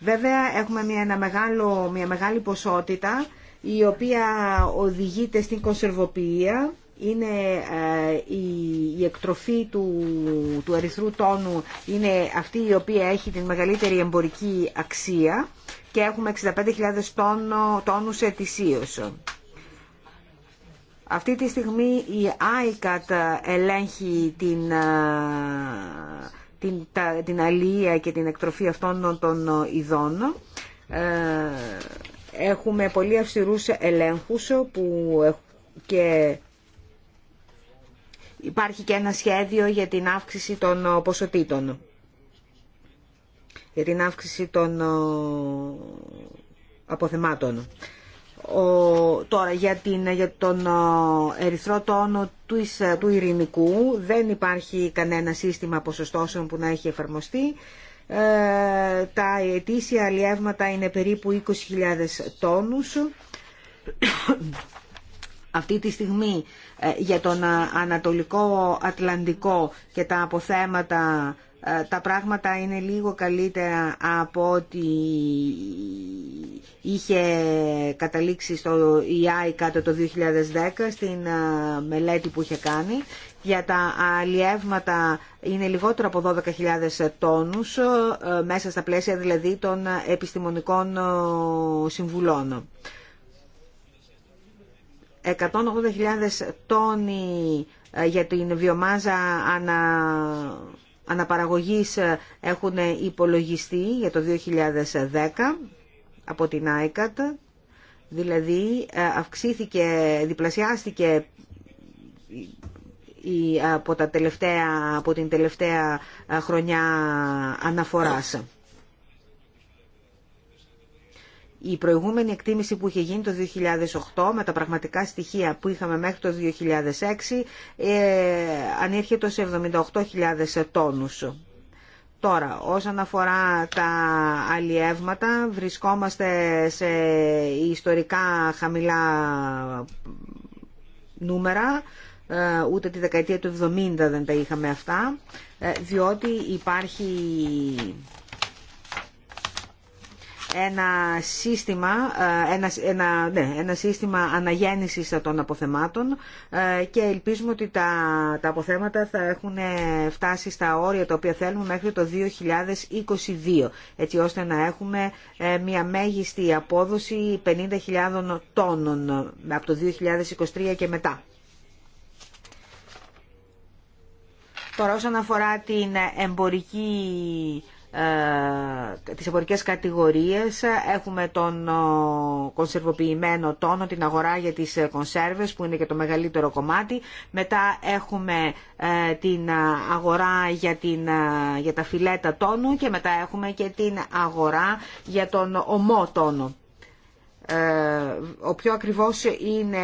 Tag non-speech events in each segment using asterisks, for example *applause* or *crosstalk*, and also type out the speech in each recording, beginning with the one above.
Βέβαια έχουμε μια, μεγάλο, μια μεγάλη ποσότητα η οποία οδηγείται στην κονσερβοποιία. Είναι ε, η, εκτροφή του, του τόνου είναι αυτή η οποία έχει την μεγαλύτερη εμπορική αξία και έχουμε 65.000 τόνου τόνους ετησίως. Αυτή τη στιγμή η ICAT ελέγχει την, ε, την, τα, και την εκτροφή αυτών των ειδών. Ε, έχουμε πολύ αυστηρούς ελέγχους που και υπάρχει και ένα σχέδιο για την αύξηση των ποσοτήτων. Για την αύξηση των αποθεμάτων τώρα για, την, για τον ερυθρό τόνο του, του ειρηνικού δεν υπάρχει κανένα σύστημα ποσοστώσεων που να έχει εφαρμοστεί. Ε, τα αιτήσια αλλιεύματα είναι περίπου 20.000 τόνους. Αυτή τη στιγμή ε, για τον ε, Ανατολικό Ατλαντικό και τα αποθέματα ε, τα πράγματα είναι λίγο καλύτερα από ότι είχε καταλήξει στο ΙΑΙ e κάτω το 2010 στην ε, μελέτη που είχε κάνει. Για τα αλλιεύματα είναι λιγότερο από 12.000 τόνους ε, μέσα στα πλαίσια δηλαδή των επιστημονικών συμβουλών. 180.000 τόνοι για την βιομάζα ανα αναπαραγωγής ε, έχουν υπολογιστεί για το 2010 από την ΆΕΚΑΤ, δηλαδή ε, αυξήθηκε, διπλασιάστηκε από, τα τελευταία, από την τελευταία ε, χρονιά αναφοράς η προηγούμενη εκτίμηση που είχε γίνει το 2008 με τα πραγματικά στοιχεία που είχαμε μέχρι το 2006 ε, ανήρχεται σε 78.000 τόνους. Τώρα, όσον αφορά τα αλλιεύματα, βρισκόμαστε σε ιστορικά χαμηλά νούμερα, ε, ούτε τη δεκαετία του 70 δεν τα είχαμε αυτά, ε, διότι υπάρχει ένα σύστημα, ε, ναι, ένα, σύστημα αναγέννησης των αποθεμάτων ε, και ελπίζουμε ότι τα, τα αποθέματα θα έχουν ε, φτάσει στα όρια τα οποία θέλουμε μέχρι το 2022 έτσι ώστε να έχουμε μια μέγιστη απόδοση 50.000 τόνων από το 2023 και μετά. Τώρα όσον αφορά την εμπορική ε, τις εμπορικές κατηγορίες έχουμε τον κονσερβοποιημένο τόνο, την αγορά για τις ε, κονσέρβες που είναι και το μεγαλύτερο κομμάτι μετά έχουμε ε, την αγορά για, την, για τα φιλέτα τόνου και μετά έχουμε και την αγορά για τον ομό τόνο ο πιο ακριβώς είναι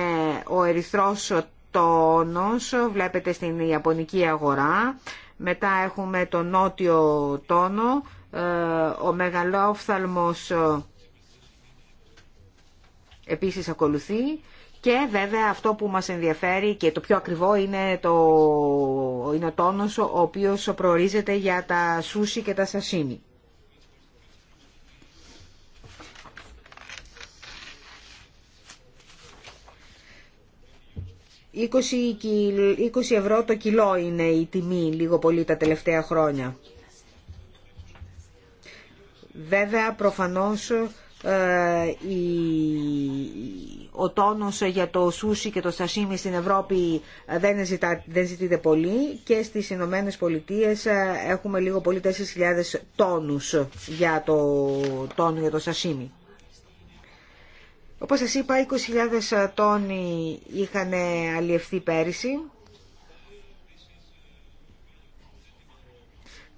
ο ερυθρός τόνος βλέπετε στην ιαπωνική αγορά μετά έχουμε τον νότιο τόνο, ε, ο μεγαλόφθαλμος ε, επίσης ακολουθεί και βέβαια αυτό που μας ενδιαφέρει και το πιο ακριβό είναι, το, είναι ο τόνος ο οποίος προορίζεται για τα σούσι και τα σασίμι. 20, ευρώ το κιλό είναι η τιμή λίγο πολύ τα τελευταία χρόνια. Βέβαια, προφανώς, ε, η, ο τόνος για το σούσι και το σασίμι στην Ευρώπη ε, δεν, ζητά, δεν ζητείται πολύ και στις Ηνωμένε Πολιτείε ε, έχουμε λίγο πολύ 4.000 τόνους για το τόνο για το σασίμι. Όπως σας είπα, 20.000 τόνοι είχαν αλλιευθεί πέρυσι.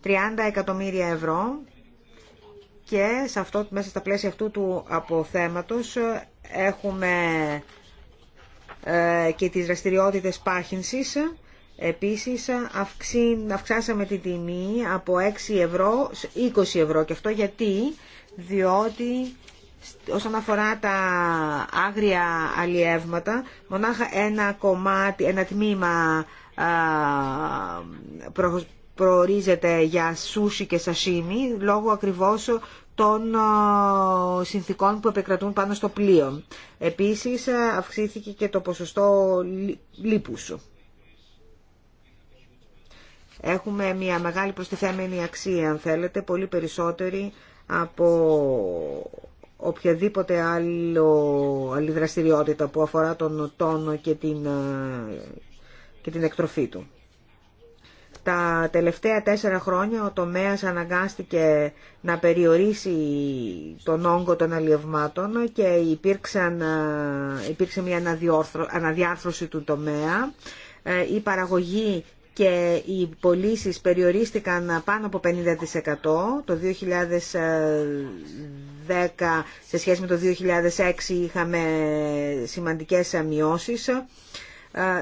30 εκατομμύρια ευρώ και σε αυτό, μέσα στα πλαίσια αυτού του αποθέματος έχουμε ε, και τις δραστηριότητες πάχυνσης. Επίσης αυξάσαμε την τιμή από 6 ευρώ σε 20 ευρώ και αυτό γιατί διότι όσον αφορά τα άγρια αλλιεύματα, μονάχα ένα κομμάτι, ένα τμήμα προορίζεται για σούσι και σασίμι, λόγω ακριβώς των συνθήκων που επικρατούν πάνω στο πλοίο. Επίσης, αυξήθηκε και το ποσοστό λίπους. Έχουμε μια μεγάλη προστιθέμενη αξία, αν θέλετε, πολύ περισσότερη από οποιαδήποτε άλλο, άλλη δραστηριότητα που αφορά τον τόνο και την, ε, και την εκτροφή του. Τα τελευταία τέσσερα χρόνια ο τομέας αναγκάστηκε να περιορίσει τον όγκο των αλλιευμάτων και υπήρξαν, ε, υπήρξε μια αναδιάρθρωση του τομέα. Ε, η παραγωγή και οι πωλήσει περιορίστηκαν πάνω από 50% το 2010 σε σχέση με το 2006 είχαμε σημαντικές μειώσεις ε,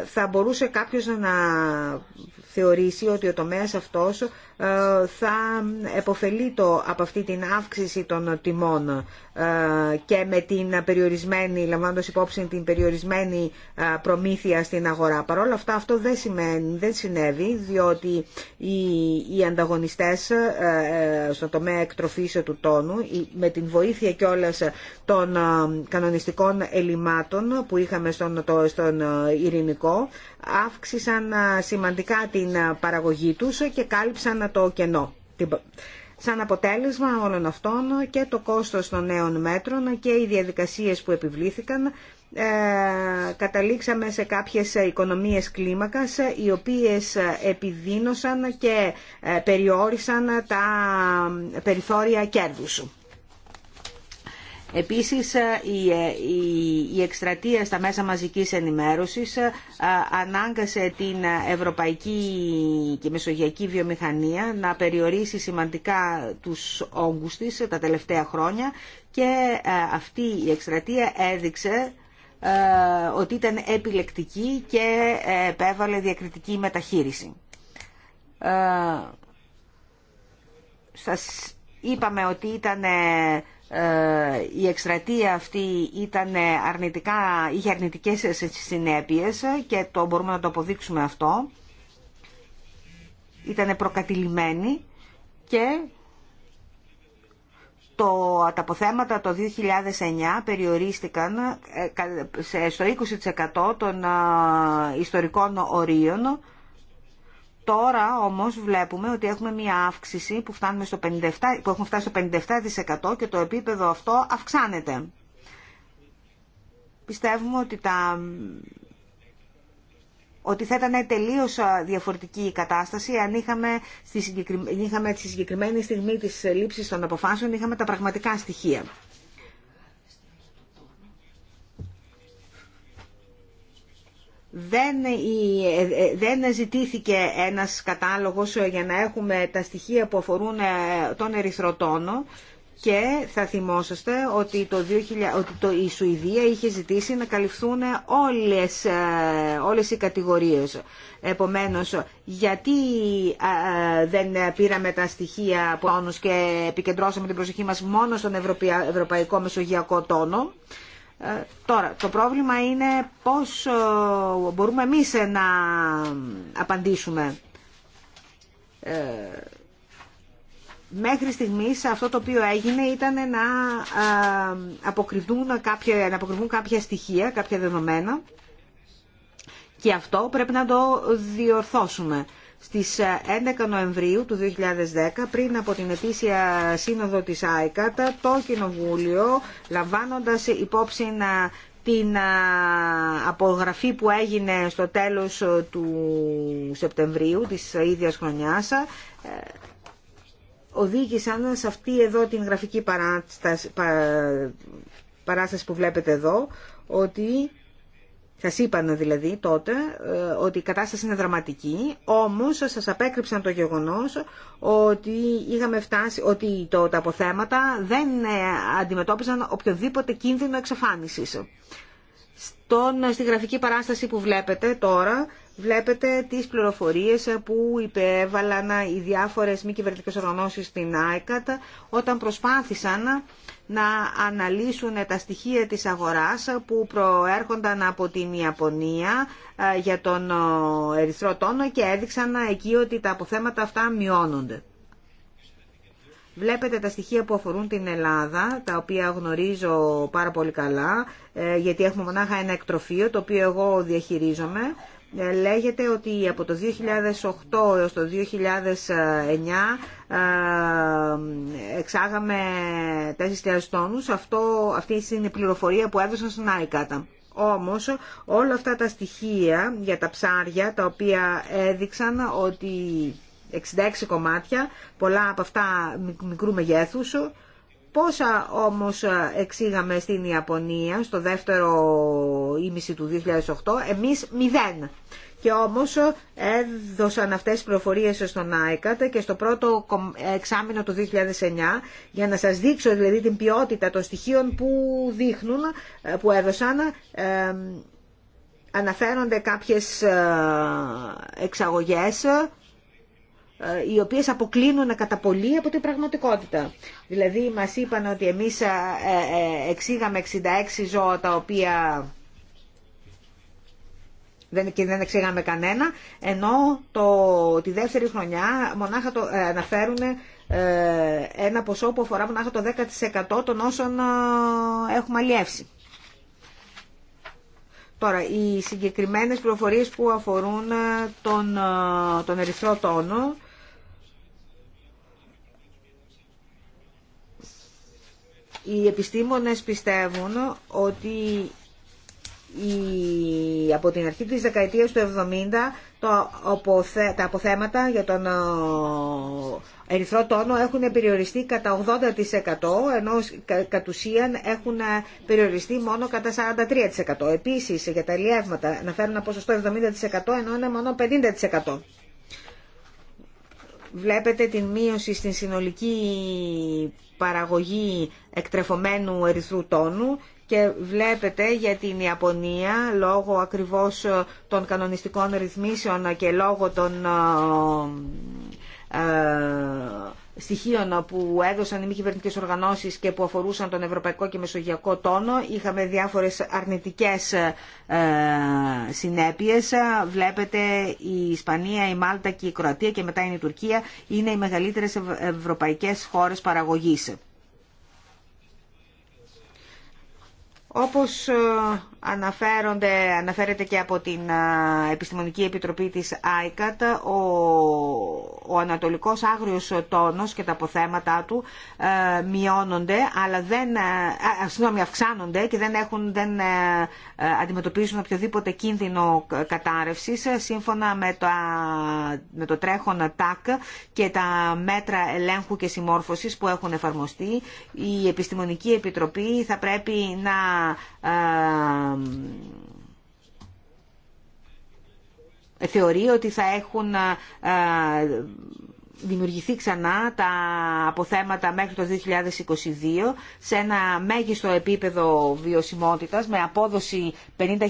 θα μπορούσε κάποιος να θεωρήσει ότι ο τομέας αυτός ε, θα το από αυτή την αύξηση των τιμών ε, και με την περιορισμένη, λαμβάνοντας υπόψη την περιορισμένη ε, προμήθεια στην αγορά. Παρ' όλα αυτά αυτό δεν, σημαίνει, δεν συνέβη διότι οι, οι ανταγωνιστές στο τομέα εκτροφής του τόνου με την βοήθεια κιόλας των κανονιστικών ελλημάτων που είχαμε στον, στον ειρηνικό αύξησαν σημαντικά την παραγωγή τους και κάλυψαν το κενό. Σαν αποτέλεσμα όλων αυτών και το κόστος των νέων μέτρων και οι διαδικασίες που επιβλήθηκαν ε, καταλήξαμε σε κάποιες οικονομίες κλίμακας οι οποίες επιδίνωσαν και ε, περιόρισαν τα περιθώρια κέρδους. Επίσης ε, ε, η, η, εκστρατεία στα μέσα μαζικής ενημέρωσης ε, ανάγκασε την ευρωπαϊκή και μεσογειακή βιομηχανία να περιορίσει σημαντικά τους όγκους της τα τελευταία χρόνια και αυτή η εκστρατεία έδειξε ότι ήταν επιλεκτική και επέβαλε διακριτική μεταχείριση. Σας είπαμε ότι ήταν ε, η εκστρατεία αυτή ήταν αρνητικά, είχε αρνητικές συνέπειες και το μπορούμε να το αποδείξουμε αυτό. Ήταν προκατηλημένη και το, τα αποθέματα το 2009 περιορίστηκαν ε, στο 20% των ε, ιστορικών ορίων Τώρα όμως βλέπουμε ότι έχουμε μία αύξηση που, φτάνουμε στο 57, που έχουμε φτάσει στο 57% και το επίπεδο αυτό αυξάνεται. Πιστεύουμε ότι, τα... ότι θα ήταν τελείως διαφορετική η κατάσταση αν είχαμε, στη συγκεκρι... είχαμε τη συγκεκριμένη στιγμή της λήψης των αποφάσεων είχαμε τα πραγματικά στοιχεία. δεν, ε, ε, δεν ζητήθηκε ένας κατάλογος για να έχουμε τα στοιχεία που αφορούν ε, τον ερυθροτόνο και θα θυμόσαστε ότι, το 2000, ότι το, η Σουηδία είχε ζητήσει να καλυφθούν όλες, όλες οι κατηγορίες. Επομένως, γιατί δεν πήραμε τα στοιχεία από τόνους και επικεντρώσαμε την προσοχή μας μόνο στον ευρωπαϊκό μεσογειακό τόνο, ε, τώρα, το πρόβλημα είναι πώς ε, μπορούμε εμείς να απαντήσουμε. Ε, μέχρι στιγμής αυτό το οποίο έγινε ήταν να αποκρυβούν κάποια, κάποια στοιχεία, κάποια δεδομένα και αυτό πρέπει να το διορθώσουμε στις 11 ε, Νοεμβρίου του 2010 πριν από την ετήσια σύνοδο της ΆΕΚΑΤΑ το Κοινοβούλιο λαμβάνοντας υπόψη ε, την ε, απογραφή που έγινε στο τέλος του Σεπτεμβρίου της ίδιας χρονιάς οδήγησαν σε αυτή εδώ την γραφική παράσταση που βλέπετε εδώ ότι σα είπαν δηλαδή τότε ε, ότι η κατάσταση είναι δραματική, όμως σα απέκρυψαν το γεγονός ότι, είχαμε φτάσει, ότι το, τα αποθέματα δεν ε, αντιμετώπιζαν οποιοδήποτε κίνδυνο εξαφάνισης. στη γραφική παράσταση που βλέπετε τώρα, βλέπετε τις πληροφορίες που υπέβαλαν οι διάφορε μη κυβερνητικέ οργανώσει στην ΆΕΚΑΤ όταν προσπάθησαν να αναλύσουν τα στοιχεία της αγοράς που προέρχονταν από την Ιαπωνία ε, για τον ε, ερυθρό τόνο και έδειξαν εκεί ότι τα αποθέματα αυτά μειώνονται. Βλέπετε τα στοιχεία που αφορούν την Ελλάδα, τα οποία γνωρίζω πάρα πολύ καλά, ε, γιατί έχουμε μονάχα ένα εκτροφείο, το οποίο εγώ διαχειρίζομαι ε, λέγεται ότι από το 2008 έως το 2009 ε, εξάγαμε 4.000 τόνους. Αυτό, αυτή είναι η πληροφορία που έδωσαν στον ΆΙΚΑΤΑ. Όμως όλα αυτά τα στοιχεία για τα ψάρια τα οποία έδειξαν ότι 66 κομμάτια, πολλά από αυτά μικρού μεγέθους, Πόσα όμως ε, εξήγαμε στην Ιαπωνία στο δεύτερο ήμιση του 2008, εμείς μηδέν. Και όμως ε, έδωσαν αυτές τις προφορίες στον ΆΕΚΑΤ και στο πρώτο εξάμεινο του 2009 για να σας δείξω δηλαδή την ποιότητα των στοιχείων που δείχνουν, ε, που έδωσαν αναφέρονται κάποιες εξαγωγές ε, οι οποίες αποκλίνουν κατά πολύ από την πραγματικότητα. Δηλαδή μας είπαν ότι εμείς ε, ε, εξήγαμε 66 ζώα τα οποία δεν, δεν εξήγαμε κανένα, ενώ το, τη δεύτερη χρονιά μονάχα το, αναφέρουν ένα ποσό που αφορά μονάχα το 10% των όσων έχουμε αλλιεύσει. Τώρα, οι συγκεκριμένες πληροφορίες που αφορούν τον, τον ερυθρό τόνο, Οι επιστήμονες πιστεύουν ότι η, από την αρχή της δεκαετίας του 70 το, τα αποθέματα για τον ερυθρό τόνο έχουν περιοριστεί κατά 80% ενώ κατ' ουσίαν έχουν περιοριστεί μόνο κατά 43%. Επίσης για τα λιεύματα να φέρουν ένα ποσοστό 70% ενώ είναι μόνο 50% βλέπετε την μείωση στην συνολική παραγωγή εκτρεφωμένου ερυθρού τόνου και βλέπετε για την Ιαπωνία λόγω ακριβώς των κανονιστικών ρυθμίσεων και λόγω των ε, στοιχείων που έδωσαν οι μη κυβερνητικέ οργανώσει και που αφορούσαν τον ευρωπαϊκό και μεσογειακό τόνο. Είχαμε διάφορε αρνητικέ ε, συνέπειε. Βλέπετε η Ισπανία, η Μάλτα και η Κροατία και μετά είναι η Τουρκία είναι οι μεγαλύτερε ευρωπαϊκέ χώρε παραγωγή. Όπως ε, Αναφέρονται, αναφέρεται και από την Επιστημονική Επιτροπή της ΆΙΚΑΤ ο, ο ανατολικός άγριος τόνος και τα αποθέματα του ε, μειώνονται αλλά δεν, ε, αυξάνονται και δεν, έχουν, δεν ε, ε, αντιμετωπίζουν οποιοδήποτε κίνδυνο κατάρρευσης ε, σύμφωνα με, με το τρέχον ΤΑΚ και τα μέτρα ελέγχου και συμμόρφωσης που έχουν εφαρμοστεί. Η Επιστημονική Επιτροπή θα πρέπει να ε, θεωρεί ότι θα έχουν ε, ε, δημιουργηθεί ξανά τα αποθέματα μέχρι το 2022 σε ένα μέγιστο επίπεδο βιωσιμότητας με απόδοση 50.000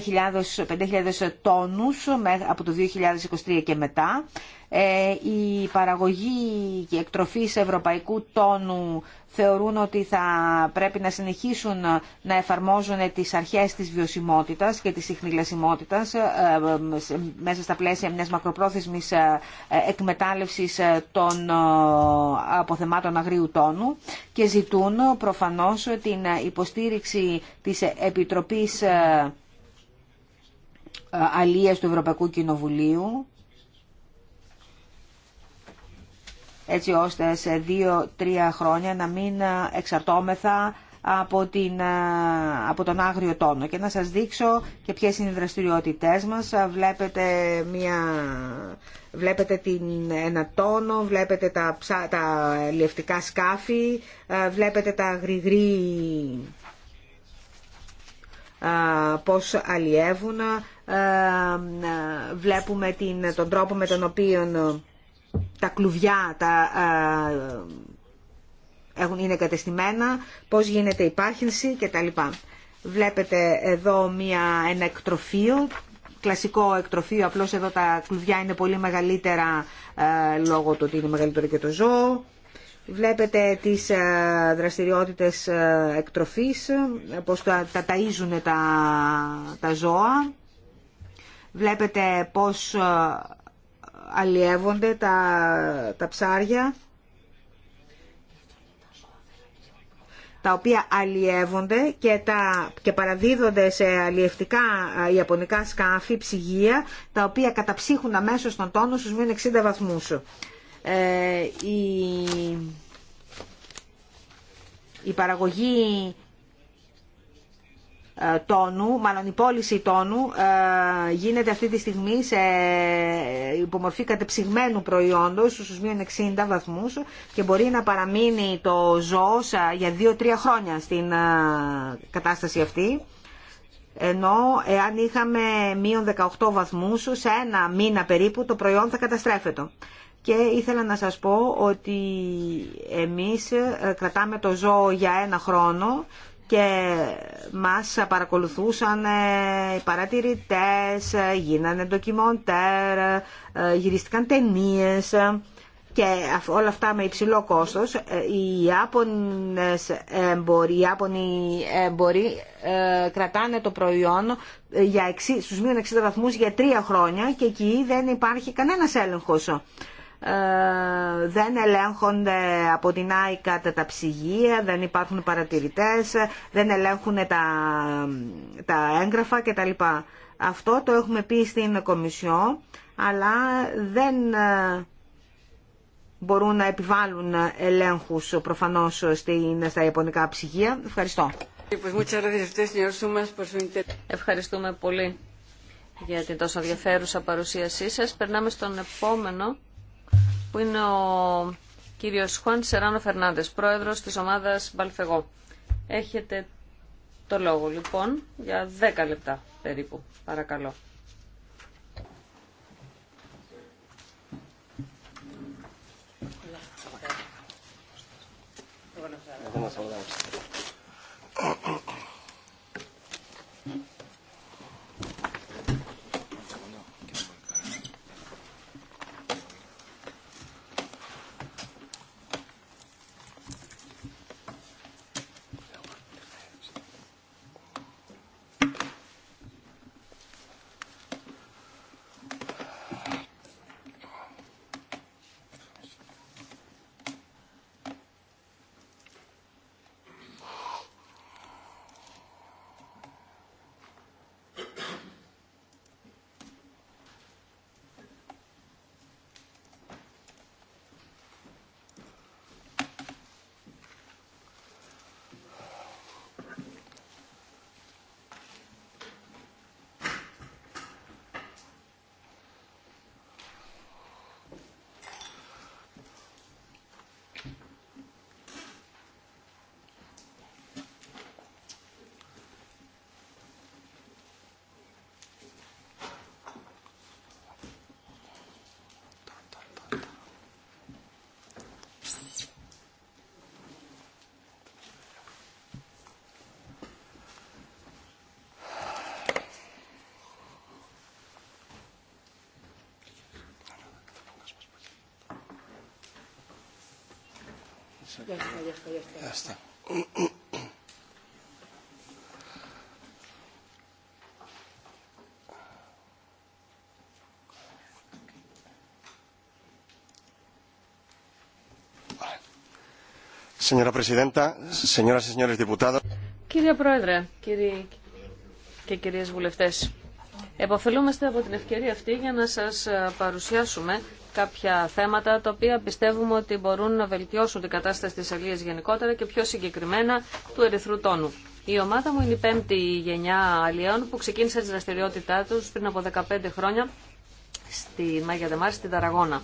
5.000 τόνους από το 2023 και μετά ε, η παραγωγή και εκτροφής ευρωπαϊκού τόνου θεωρούν ότι θα πρέπει να συνεχίσουν να εφαρμόζουν τις αρχές της βιωσιμότητας και της συχνηλεσιμότητας ε, μέσα στα πλαίσια μιας μακροπρόθεσμης ε, εκμετάλλευσης των αποθεμάτων αγρίου τόνου και ζητούν προφανώς την υποστήριξη της Επιτροπής Αλίας του Ευρωπαϊκού Κοινοβουλίου έτσι ώστε σε δύο-τρία χρόνια να μην εξαρτώμεθα από, την, από τον άγριο τόνο. Και να σας δείξω και ποιες είναι οι δραστηριότητές μας. Βλέπετε, μια, βλέπετε την, ένα τόνο, βλέπετε τα, τα λιευτικά σκάφη, βλέπετε τα γρηγρή πώς αλλιεύουν, βλέπουμε την, τον τρόπο με τον οποίο τα κλουβιά τα, έχουν, είναι κατεστημένα, πώς γίνεται η τα κτλ. Βλέπετε εδώ μια, ένα εκτροφείο, κλασικό εκτροφείο, απλώς εδώ τα κλουβιά είναι πολύ μεγαλύτερα λόγω του ότι είναι μεγαλύτερο και το ζώο. Βλέπετε τις δραστηριότητες εκτροφής, πώς τα, τα ταΐζουν τα, τα ζώα. Βλέπετε πώς αλλιεύονται τα, τα ψάρια τα οποία αλλιεύονται και, τα, και παραδίδονται σε αλλιευτικά ιαπωνικά σκάφη, ψυγεία, τα οποία καταψύχουν αμέσως τον τόνο στους μείον 60 βαθμούς. Ε, η, η παραγωγή ε, τόνου, μάλλον η πώληση τόνου ε, γίνεται αυτή τη στιγμή σε υπομορφή κατεψυγμένου προϊόντος στους μείον 60 βαθμούς και μπορεί να παραμείνει το ζώο για 2-3 χρόνια στην ε, κατάσταση αυτή ενώ εάν είχαμε μείον 18 βαθμούς σε ένα μήνα περίπου το προϊόν θα καταστρέφεται. Και ήθελα να σας πω ότι εμείς κρατάμε το ζώο για ένα χρόνο και μας παρακολουθούσαν ε, οι παρατηρητές, ε, γίνανε ντοκιμοντέρ, ε, γυρίστηκαν ταινίες και όλα αυτά με υψηλό κόστος. Οι Ιάπωνες εμποροί, οι Ιάπωνοι κρατάνε το προϊόν για στους μείον 60 βαθμούς για τρία χρόνια και εκεί δεν υπάρχει κανένας έλεγχος. Ε, δεν ελέγχονται από την ΆΙΚΑ τα ψυγεία, δεν υπάρχουν παρατηρητές, δεν ελέγχουν τα, τα έγγραφα κτλ. Αυτό το έχουμε πει στην Κομισιό, αλλά δεν ε, μπορούν να επιβάλλουν ελέγχους προφανώς στην, στα ιαπωνικά ψυγεία. Ευχαριστώ. Ευχαριστούμε πολύ για την τόσο ενδιαφέρουσα παρουσίασή σας. Περνάμε στον επόμενο που είναι ο κύριος Χουάν Σεράνο Φερνάντες, πρόεδρος της ομάδας Μπαλφεγό. Έχετε το λόγο λοιπόν για 10 λεπτά περίπου. Παρακαλώ. Ya está, Señora Presidenta, señoras y señores diputados. Κύριε Πρόεδρε, κύριοι και κυρίες βουλευτές, εποφελούμαστε από την ευκαιρία αυτή για να σας παρουσιάσουμε κάποια θέματα τα οποία πιστεύουμε ότι μπορούν να βελτιώσουν την κατάσταση της Αγγλίας γενικότερα και πιο συγκεκριμένα του ερυθρού τόνου. Η ομάδα μου είναι η πέμπτη γενιά αλλιών που ξεκίνησε τη δραστηριότητά τους πριν από 15 χρόνια στη Μάγια Δεμάρ, στην Ταραγώνα.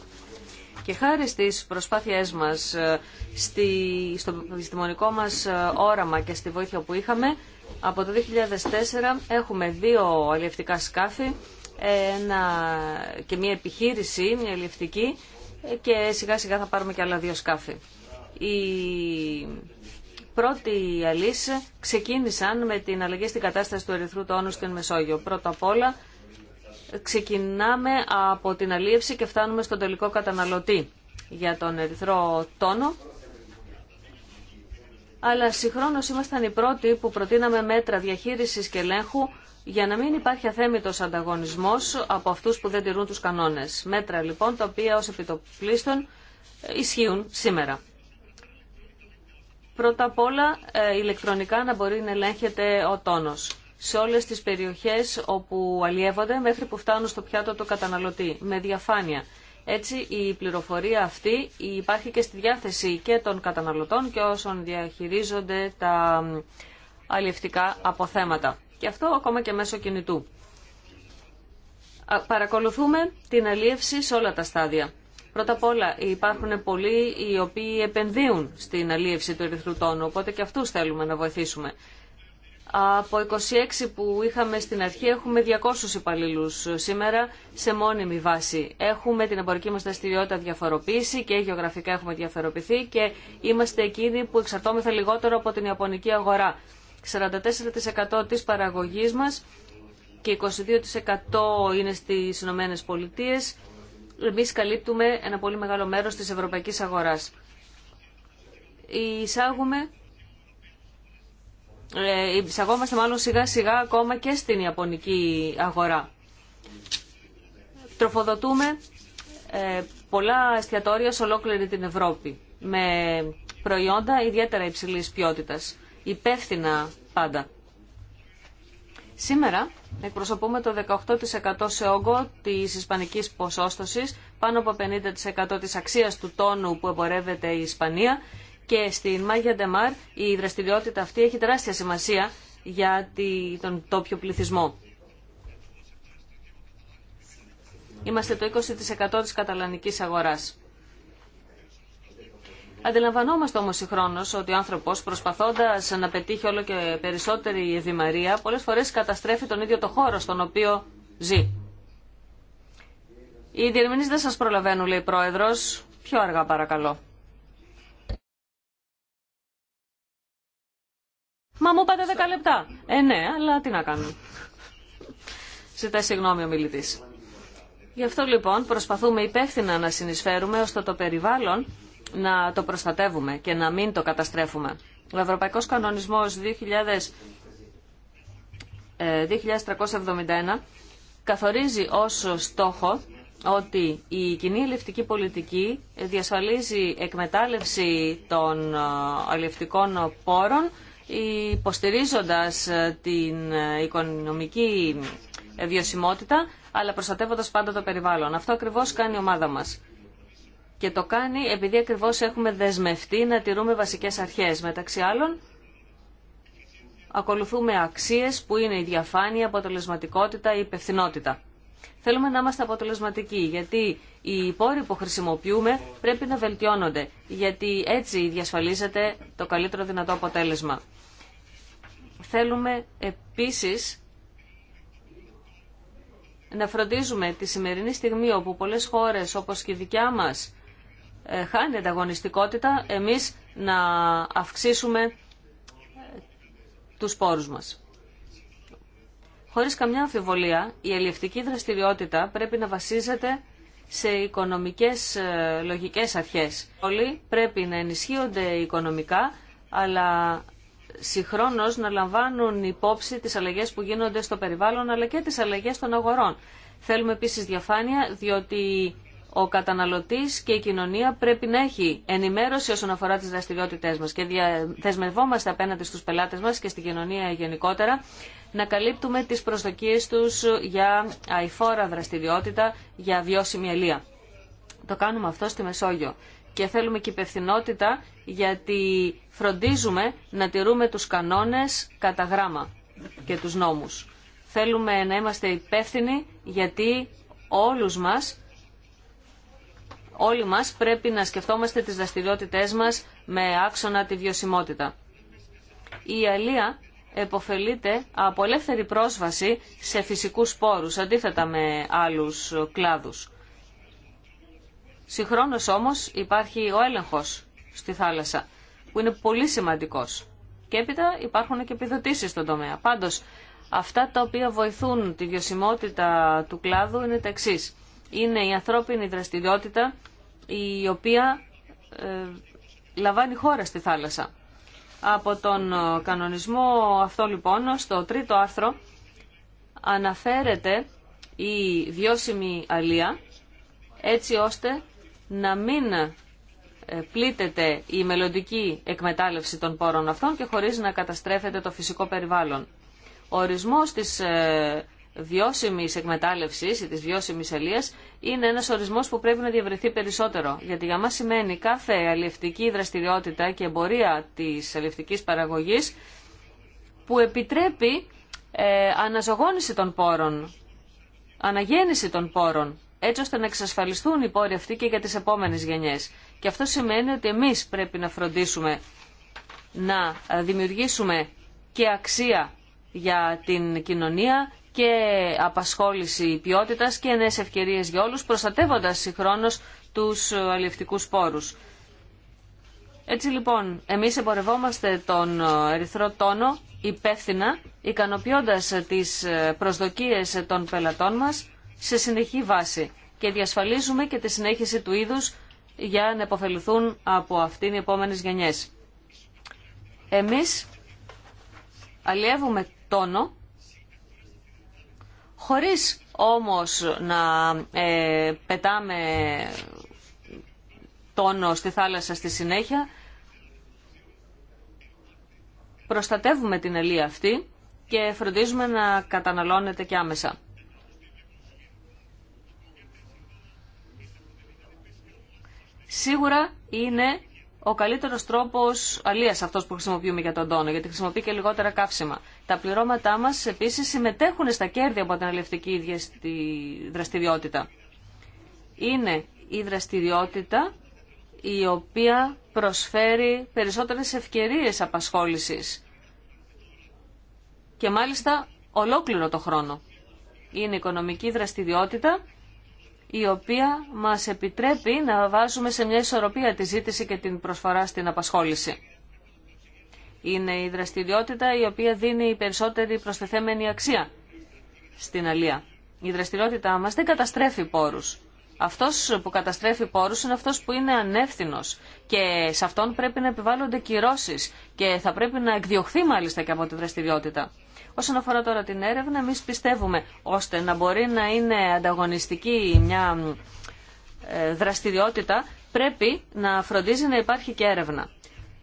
Και χάρη στις προσπάθειές μας, ε, στη, στο επιστημονικό μας ε, όραμα και στη βοήθεια που είχαμε, από το 2004 έχουμε δύο αλλιευτικά σκάφη ένα, και μια επιχείρηση, μια ελευτική και σιγά σιγά θα πάρουμε και άλλα δύο σκάφη. Η πρώτη αλής ξεκίνησαν με την αλλαγή στην κατάσταση του ερυθρού τόνου στην Μεσόγειο. Πρώτα απ' όλα ξεκινάμε από την αλίευση και φτάνουμε στον τελικό καταναλωτή για τον ερυθρό τόνο. Αλλά συγχρόνως ήμασταν οι πρώτοι που προτείναμε μέτρα διαχείρισης και ελέγχου για να μην υπάρχει αθέμητος ανταγωνισμός από αυτούς που δεν τηρούν τους κανόνες. Μέτρα λοιπόν τα οποία ως επιτοπλίστων ισχύουν σήμερα. Πρώτα απ' όλα ε, ηλεκτρονικά να μπορεί να ελέγχεται ο τόνος σε όλες τις περιοχές όπου αλλιεύονται μέχρι που φτάνουν στο πιάτο του καταναλωτή με διαφάνεια. Έτσι η πληροφορία αυτή υπάρχει και στη διάθεση και των καταναλωτών και όσων διαχειρίζονται τα αλλιευτικά αποθέματα. Και αυτό ακόμα και μέσω κινητού. Παρακολουθούμε την αλίευση σε όλα τα στάδια. Πρώτα απ' όλα υπάρχουν πολλοί οι οποίοι επενδύουν στην αλίευση του ερυθρού οπότε και αυτούς θέλουμε να βοηθήσουμε. Από 26 που είχαμε στην αρχή έχουμε 200 υπαλλήλου σήμερα σε μόνιμη βάση. Έχουμε την εμπορική μας δραστηριότητα διαφοροποίηση και γεωγραφικά έχουμε διαφοροποιηθεί και είμαστε εκείνοι που εξαρτώμεθα λιγότερο από την Ιαπωνική αγορά. 44% της παραγωγής μας και 22% είναι στις Ηνωμένε Πολιτείε. Εμείς καλύπτουμε ένα πολύ μεγάλο μέρος της ευρωπαϊκής αγοράς. Εισάγουμε ε, εισαγόμαστε μάλλον σιγά σιγά ακόμα και στην Ιαπωνική αγορά. Τροφοδοτούμε ε, πολλά εστιατόρια σε ολόκληρη την Ευρώπη με προϊόντα ιδιαίτερα υψηλής ποιότητας υπεύθυνα πάντα. Σήμερα εκπροσωπούμε το 18% σε όγκο της ισπανικής ποσόστοσης, πάνω από 50% της αξίας του τόνου που εμπορεύεται η Ισπανία και στην Μάγια Ντεμάρ η δραστηριότητα αυτή έχει τεράστια σημασία για τον τόπιο πληθυσμό. Είμαστε το 20% της καταλανικής αγοράς. Αντιλαμβανόμαστε όμως συγχρόνω ότι ο άνθρωπος προσπαθώντας να πετύχει όλο και περισσότερη ευημαρία πολλέ φορέ καταστρέφει τον ίδιο το χώρο στον οποίο ζει. Οι διερμηνείς δεν σα προλαβαίνουν, λέει η Πρόεδρος. Πιο αργά παρακαλώ. Μα μου είπατε 10 λεπτά. Ε, ναι, αλλά τι να κάνουμε. Ζητάει συγγνώμη ο μιλητή. Γι' αυτό λοιπόν προσπαθούμε υπεύθυνα να συνεισφέρουμε ώστε το περιβάλλον να το προστατεύουμε και να μην το καταστρέφουμε. Ο Ευρωπαϊκός Κανονισμός 2371 ε, καθορίζει ως στόχο ότι η κοινή ελευτική πολιτική διασφαλίζει εκμετάλλευση των ε, αλληλευτικών πόρων υποστηρίζοντας ε, την οικονομική βιωσιμότητα αλλά προστατεύοντας πάντα το περιβάλλον. Αυτό ακριβώς κάνει η ομάδα μας. Και το κάνει επειδή ακριβώς έχουμε δεσμευτεί να τηρούμε βασικές αρχές. Μεταξύ άλλων, ακολουθούμε αξίες που είναι η διαφάνεια, η αποτελεσματικότητα, η υπευθυνότητα. Θέλουμε να είμαστε αποτελεσματικοί, γιατί οι πόροι που χρησιμοποιούμε πρέπει να βελτιώνονται, γιατί έτσι διασφαλίζεται το καλύτερο δυνατό αποτέλεσμα. Θέλουμε επίσης να φροντίζουμε τη σημερινή στιγμή όπου πολλές χώρες όπως και η δικιά μας ε, χάνει ανταγωνιστικότητα εμείς να αυξήσουμε ε, τους πόρους μας. Χωρίς καμιά αμφιβολία, η ελιευτική δραστηριότητα πρέπει να βασίζεται σε οικονομικές ε, λογικές αρχές. Όλοι πρέπει να ενισχύονται οικονομικά, αλλά συγχρόνως να λαμβάνουν υπόψη τις αλλαγές που γίνονται στο περιβάλλον, αλλά και τις αλλαγές των αγορών. Θέλουμε επίσης διαφάνεια, διότι ο καταναλωτής και η κοινωνία πρέπει να έχει ενημέρωση όσον αφορά τις δραστηριότητές μας και δεσμευόμαστε απέναντι στους πελάτες μας και στην κοινωνία γενικότερα να καλύπτουμε τις προσδοκίε τους για αηφόρα δραστηριότητα, για βιώσιμη ελεία. Το κάνουμε αυτό στη Μεσόγειο και θέλουμε και υπευθυνότητα γιατί φροντίζουμε να τηρούμε τους κανόνες κατά γράμμα και τους νόμους. Θέλουμε να είμαστε υπεύθυνοι γιατί όλους μας όλοι μας πρέπει να σκεφτόμαστε τις δραστηριότητε μας με άξονα τη βιωσιμότητα. Η αλία εποφελείται από ελεύθερη πρόσβαση σε φυσικούς πόρους, αντίθετα με άλλους κλάδους. Συγχρόνως όμως υπάρχει ο έλεγχος στη θάλασσα, που είναι πολύ σημαντικός. Και έπειτα υπάρχουν και επιδοτήσεις στον τομέα. Πάντως, αυτά τα οποία βοηθούν τη βιωσιμότητα του κλάδου είναι τα εξής είναι η ανθρώπινη δραστηριότητα η οποία ε, λαμβάνει χώρα στη θάλασσα. Από τον ε, κανονισμό αυτό λοιπόν, στο τρίτο άρθρο, αναφέρεται η βιώσιμη αλία έτσι ώστε να μην ε, πλήτεται η μελλοντική εκμετάλλευση των πόρων αυτών και χωρίς να καταστρέφεται το φυσικό περιβάλλον. Ο ορισμός της ε, βιώσιμη εκμετάλλευση ή τη βιώσιμη αλίας είναι ένα ορισμό που πρέπει να διαβρεθεί περισσότερο. Γιατί για μα σημαίνει κάθε αλληλευτική δραστηριότητα και εμπορία τη αλληλευτική παραγωγή που επιτρέπει ε, αναζωγόνηση των πόρων, αναγέννηση των πόρων, έτσι ώστε να εξασφαλιστούν οι πόροι αυτοί και για τι επόμενε γενιέ. Και αυτό σημαίνει ότι εμεί πρέπει να φροντίσουμε να δημιουργήσουμε και αξία για την κοινωνία και απασχόληση ποιότητας και νέες ευκαιρίες για όλους, προστατεύοντας συγχρόνως τους αλληλευτικούς πόρους. Έτσι λοιπόν, εμείς εμπορευόμαστε τον ερυθρό τόνο υπεύθυνα, ικανοποιώντας τις προσδοκίες των πελατών μας σε συνεχή βάση και διασφαλίζουμε και τη συνέχιση του είδους για να υποφελουθούν από αυτήν οι επόμενες γενιές. Εμείς αλλιεύουμε τόνο χωρίς όμως να ε, πετάμε τόνο στη θάλασσα στη συνέχεια. Προστατεύουμε την ελία αυτή και φροντίζουμε να καταναλώνεται και άμεσα. Σίγουρα είναι ο καλύτερο τρόπο αλία αυτό που χρησιμοποιούμε για τον τόνο, γιατί χρησιμοποιεί και λιγότερα καύσιμα. Τα πληρώματά μα επίση συμμετέχουν στα κέρδη από την αλληλευτική δραστηριότητα. Είναι η δραστηριότητα η οποία προσφέρει περισσότερες ευκαιρίες απασχόλησης και μάλιστα ολόκληρο το χρόνο. Είναι οικονομική δραστηριότητα η οποία μας επιτρέπει να βάζουμε σε μια ισορροπία τη ζήτηση και την προσφορά στην απασχόληση. Είναι η δραστηριότητα η οποία δίνει η περισσότερη προσθεθέμενη αξία στην αλία. Η δραστηριότητά μας δεν καταστρέφει πόρους. Αυτός που καταστρέφει πόρους είναι αυτός που είναι ανεύθυνος και σε αυτόν πρέπει να επιβάλλονται κυρώσεις και θα πρέπει να εκδιωχθεί μάλιστα και από τη δραστηριότητα. Όσον αφορά τώρα την έρευνα, εμεί πιστεύουμε ώστε να μπορεί να είναι ανταγωνιστική μια ε, δραστηριότητα, πρέπει να φροντίζει να υπάρχει και έρευνα.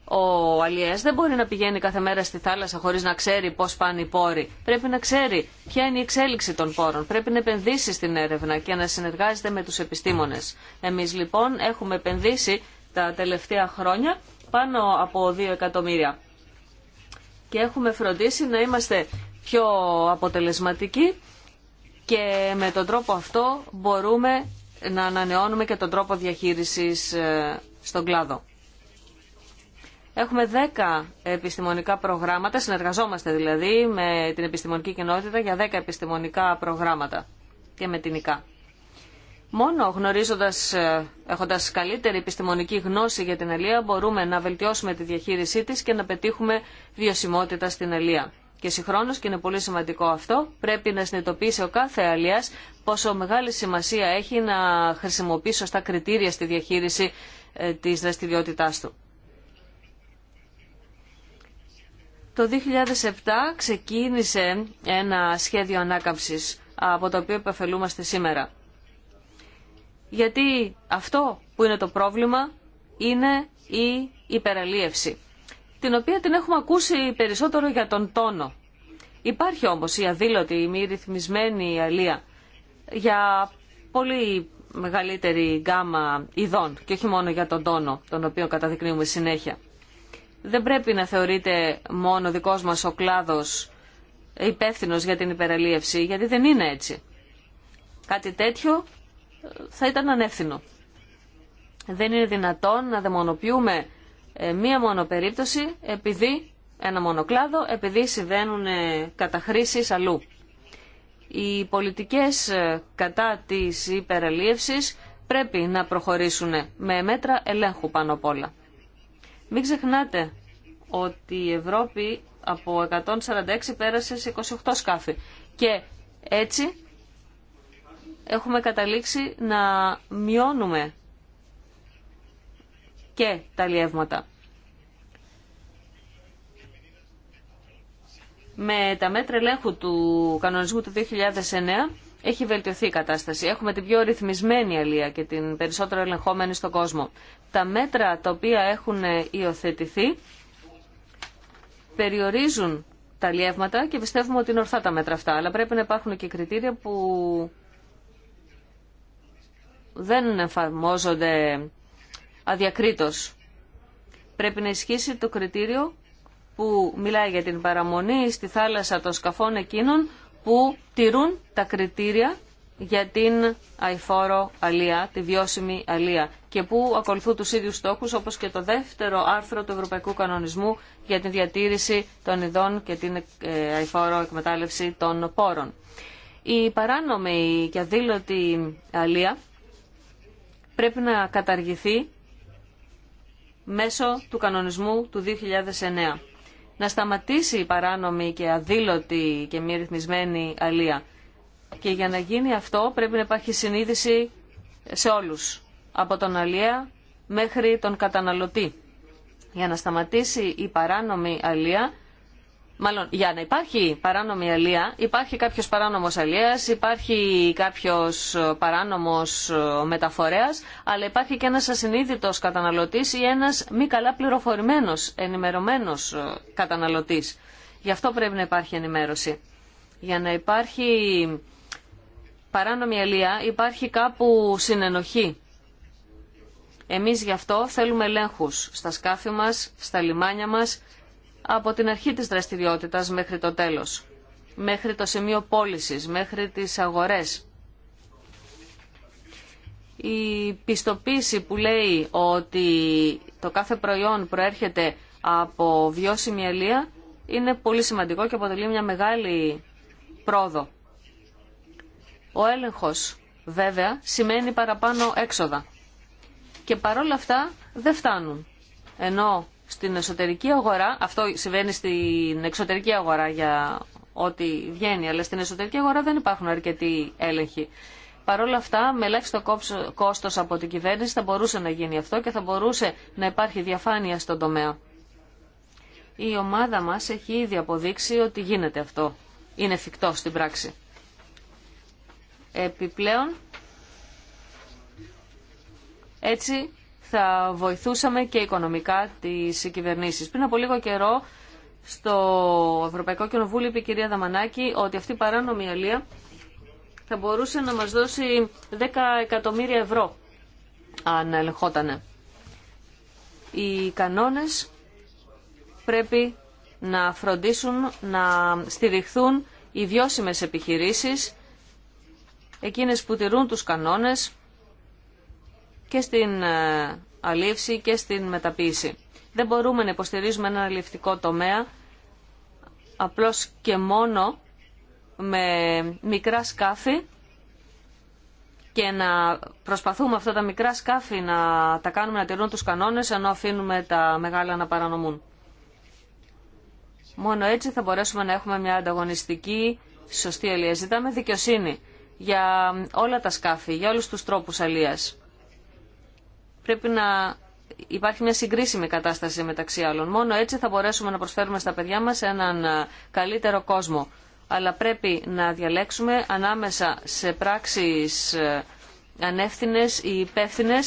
Ο Αλιέ δεν μπορεί να πηγαίνει κάθε μέρα στη θάλασσα χωρί να ξέρει πώ πάνε οι πόροι. Πρέπει να ξέρει ποια είναι η εξέλιξη των πόρων. Πρέπει να επενδύσει στην έρευνα και να συνεργάζεται με του επιστήμονε. Εμεί λοιπόν έχουμε επενδύσει τα τελευταία χρόνια πάνω από 2 εκατομμύρια και έχουμε φροντίσει να είμαστε πιο αποτελεσματικοί και με τον τρόπο αυτό μπορούμε να ανανεώνουμε και τον τρόπο διαχείρισης ε, στον κλάδο. Έχουμε 10 επιστημονικά προγράμματα, συνεργαζόμαστε δηλαδή με την επιστημονική κοινότητα για 10 επιστημονικά προγράμματα και με την ΙΚΑ. Μόνο γνωρίζοντας, ε, έχοντας καλύτερη επιστημονική γνώση για την Ελία, μπορούμε να βελτιώσουμε τη διαχείρισή της και να πετύχουμε βιωσιμότητα στην Ελία. Και συγχρόνως, και είναι πολύ σημαντικό αυτό, πρέπει να συνειδητοποιήσει ο κάθε αλίας πόσο μεγάλη σημασία έχει να χρησιμοποιεί σωστά κριτήρια στη διαχείριση ε, της δραστηριότητάς του. Το 2007 ξεκίνησε ένα σχέδιο ανάκαμψης από το οποίο επεφελούμαστε σήμερα. Γιατί αυτό που είναι το πρόβλημα είναι η υπεραλίευση, την οποία την έχουμε ακούσει περισσότερο για τον τόνο. Υπάρχει όμως η αδήλωτη, η μη ρυθμισμένη αλία για πολύ μεγαλύτερη γκάμα ειδών και όχι μόνο για τον τόνο, τον οποίο καταδεικνύουμε συνέχεια. Δεν πρέπει να θεωρείται μόνο δικός μας ο κλάδος υπεύθυνο για την υπεραλίευση, γιατί δεν είναι έτσι. Κάτι τέτοιο θα ήταν ανεύθυνο. Δεν είναι δυνατόν να δαιμονοποιούμε ε, μία μόνο περίπτωση επειδή ένα μονοκλάδο, επειδή συμβαίνουν ε, καταχρήσεις αλλού. Οι πολιτικές ε, κατά της υπεραλίευσης πρέπει να προχωρήσουν με μέτρα ελέγχου πάνω απ' όλα. Μην ξεχνάτε ότι η Ευρώπη από 146 πέρασε σε 28 σκάφη και έτσι έχουμε καταλήξει να μειώνουμε και τα λιεύματα. Με τα μέτρα ελέγχου του κανονισμού του 2009 έχει βελτιωθεί η κατάσταση. Έχουμε την πιο ρυθμισμένη αλία και την περισσότερο ελεγχόμενη στον κόσμο. Τα μέτρα τα οποία έχουν υιοθετηθεί περιορίζουν τα λιεύματα και πιστεύουμε ότι είναι ορθά τα μέτρα αυτά. Αλλά πρέπει να υπάρχουν και κριτήρια που δεν εφαρμόζονται αδιακρίτως. Πρέπει να ισχύσει το κριτήριο που μιλάει για την παραμονή στη θάλασσα των σκαφών εκείνων που τηρούν τα κριτήρια για την αηφόρο αλία, τη βιώσιμη αλία και που ακολουθούν τους ίδιους στόχους όπως και το δεύτερο άρθρο του Ευρωπαϊκού Κανονισμού για την διατήρηση των ειδών και την ε, αηφόρο εκμετάλλευση των πόρων. Η παράνομη και αδήλωτη αλία πρέπει να καταργηθεί μέσω του κανονισμού του 2009. Να σταματήσει η παράνομη και αδήλωτη και μη ρυθμισμένη αλία. Και για να γίνει αυτό πρέπει να υπάρχει συνείδηση σε όλους, από τον αλία μέχρι τον καταναλωτή. Για να σταματήσει η παράνομη αλία Μάλλον για να υπάρχει παράνομη αλεία, υπάρχει κάποιος παράνομος αλείας, υπάρχει κάποιος ε, παράνομος ε, μεταφορέας, αλλά υπάρχει και ένας ασυνείδητος καταναλωτής ή ένας μη καλά πληροφορημένος, ενημερωμένος ε, καταναλωτής. Γι' αυτό πρέπει να υπάρχει ενημέρωση. Για να υπάρχει παράνομη αλεία, υπάρχει κάπου συνενοχή. Εμείς γι' αυτό θέλουμε ελέγχους στα σκάφη μας, στα λιμάνια μας, από την αρχή της δραστηριότητας μέχρι το τέλος, μέχρι το σημείο πώλησης, μέχρι τις αγορές. Η πιστοποίηση που λέει ότι το κάθε προϊόν προέρχεται από βιώσιμη αλεία είναι πολύ σημαντικό και αποτελεί μια μεγάλη πρόοδο. Ο έλεγχος βέβαια σημαίνει παραπάνω έξοδα. Και παρόλα αυτά δεν φτάνουν. Ενώ στην εσωτερική αγορά, αυτό συμβαίνει στην εξωτερική αγορά για ό,τι βγαίνει, αλλά στην εσωτερική αγορά δεν υπάρχουν αρκετοί έλεγχοι. Παρ' όλα αυτά, με ελάχιστο κόστος από την κυβέρνηση θα μπορούσε να γίνει αυτό και θα μπορούσε να υπάρχει διαφάνεια στον τομέα. Η ομάδα μας έχει ήδη αποδείξει ότι γίνεται αυτό. Είναι εφικτό στην πράξη. Επιπλέον, έτσι θα βοηθούσαμε και οικονομικά τις κυβερνήσεις. Πριν από λίγο καιρό στο Ευρωπαϊκό Κοινοβούλιο είπε η κυρία Δαμανάκη ότι αυτή η παράνομη αλία θα μπορούσε να μας δώσει 10 εκατομμύρια ευρώ αν ελεγχότανε. Οι κανόνες πρέπει να φροντίσουν να στηριχθούν οι βιώσιμες επιχειρήσεις, εκείνες που τηρούν τους κανόνες και στην ε, αλήψη και στην μεταποίηση. Δεν μπορούμε να υποστηρίζουμε ένα αλληλευτικό τομέα απλώς και μόνο με μικρά σκάφη και να προσπαθούμε αυτά τα μικρά σκάφη να τα κάνουμε να τηρούν τους κανόνες ενώ αφήνουμε τα μεγάλα να παρανομούν. Μόνο έτσι θα μπορέσουμε να έχουμε μια ανταγωνιστική σωστή αλία. Ζητάμε δικαιοσύνη για όλα τα σκάφη, για όλους τους τρόπους αλίας πρέπει να υπάρχει μια συγκρίσιμη κατάσταση μεταξύ άλλων. Μόνο έτσι θα μπορέσουμε να προσφέρουμε στα παιδιά μας έναν ε, καλύτερο κόσμο. Αλλά πρέπει να διαλέξουμε ανάμεσα σε πράξεις ε, ανεύθυνες ή υπεύθυνε.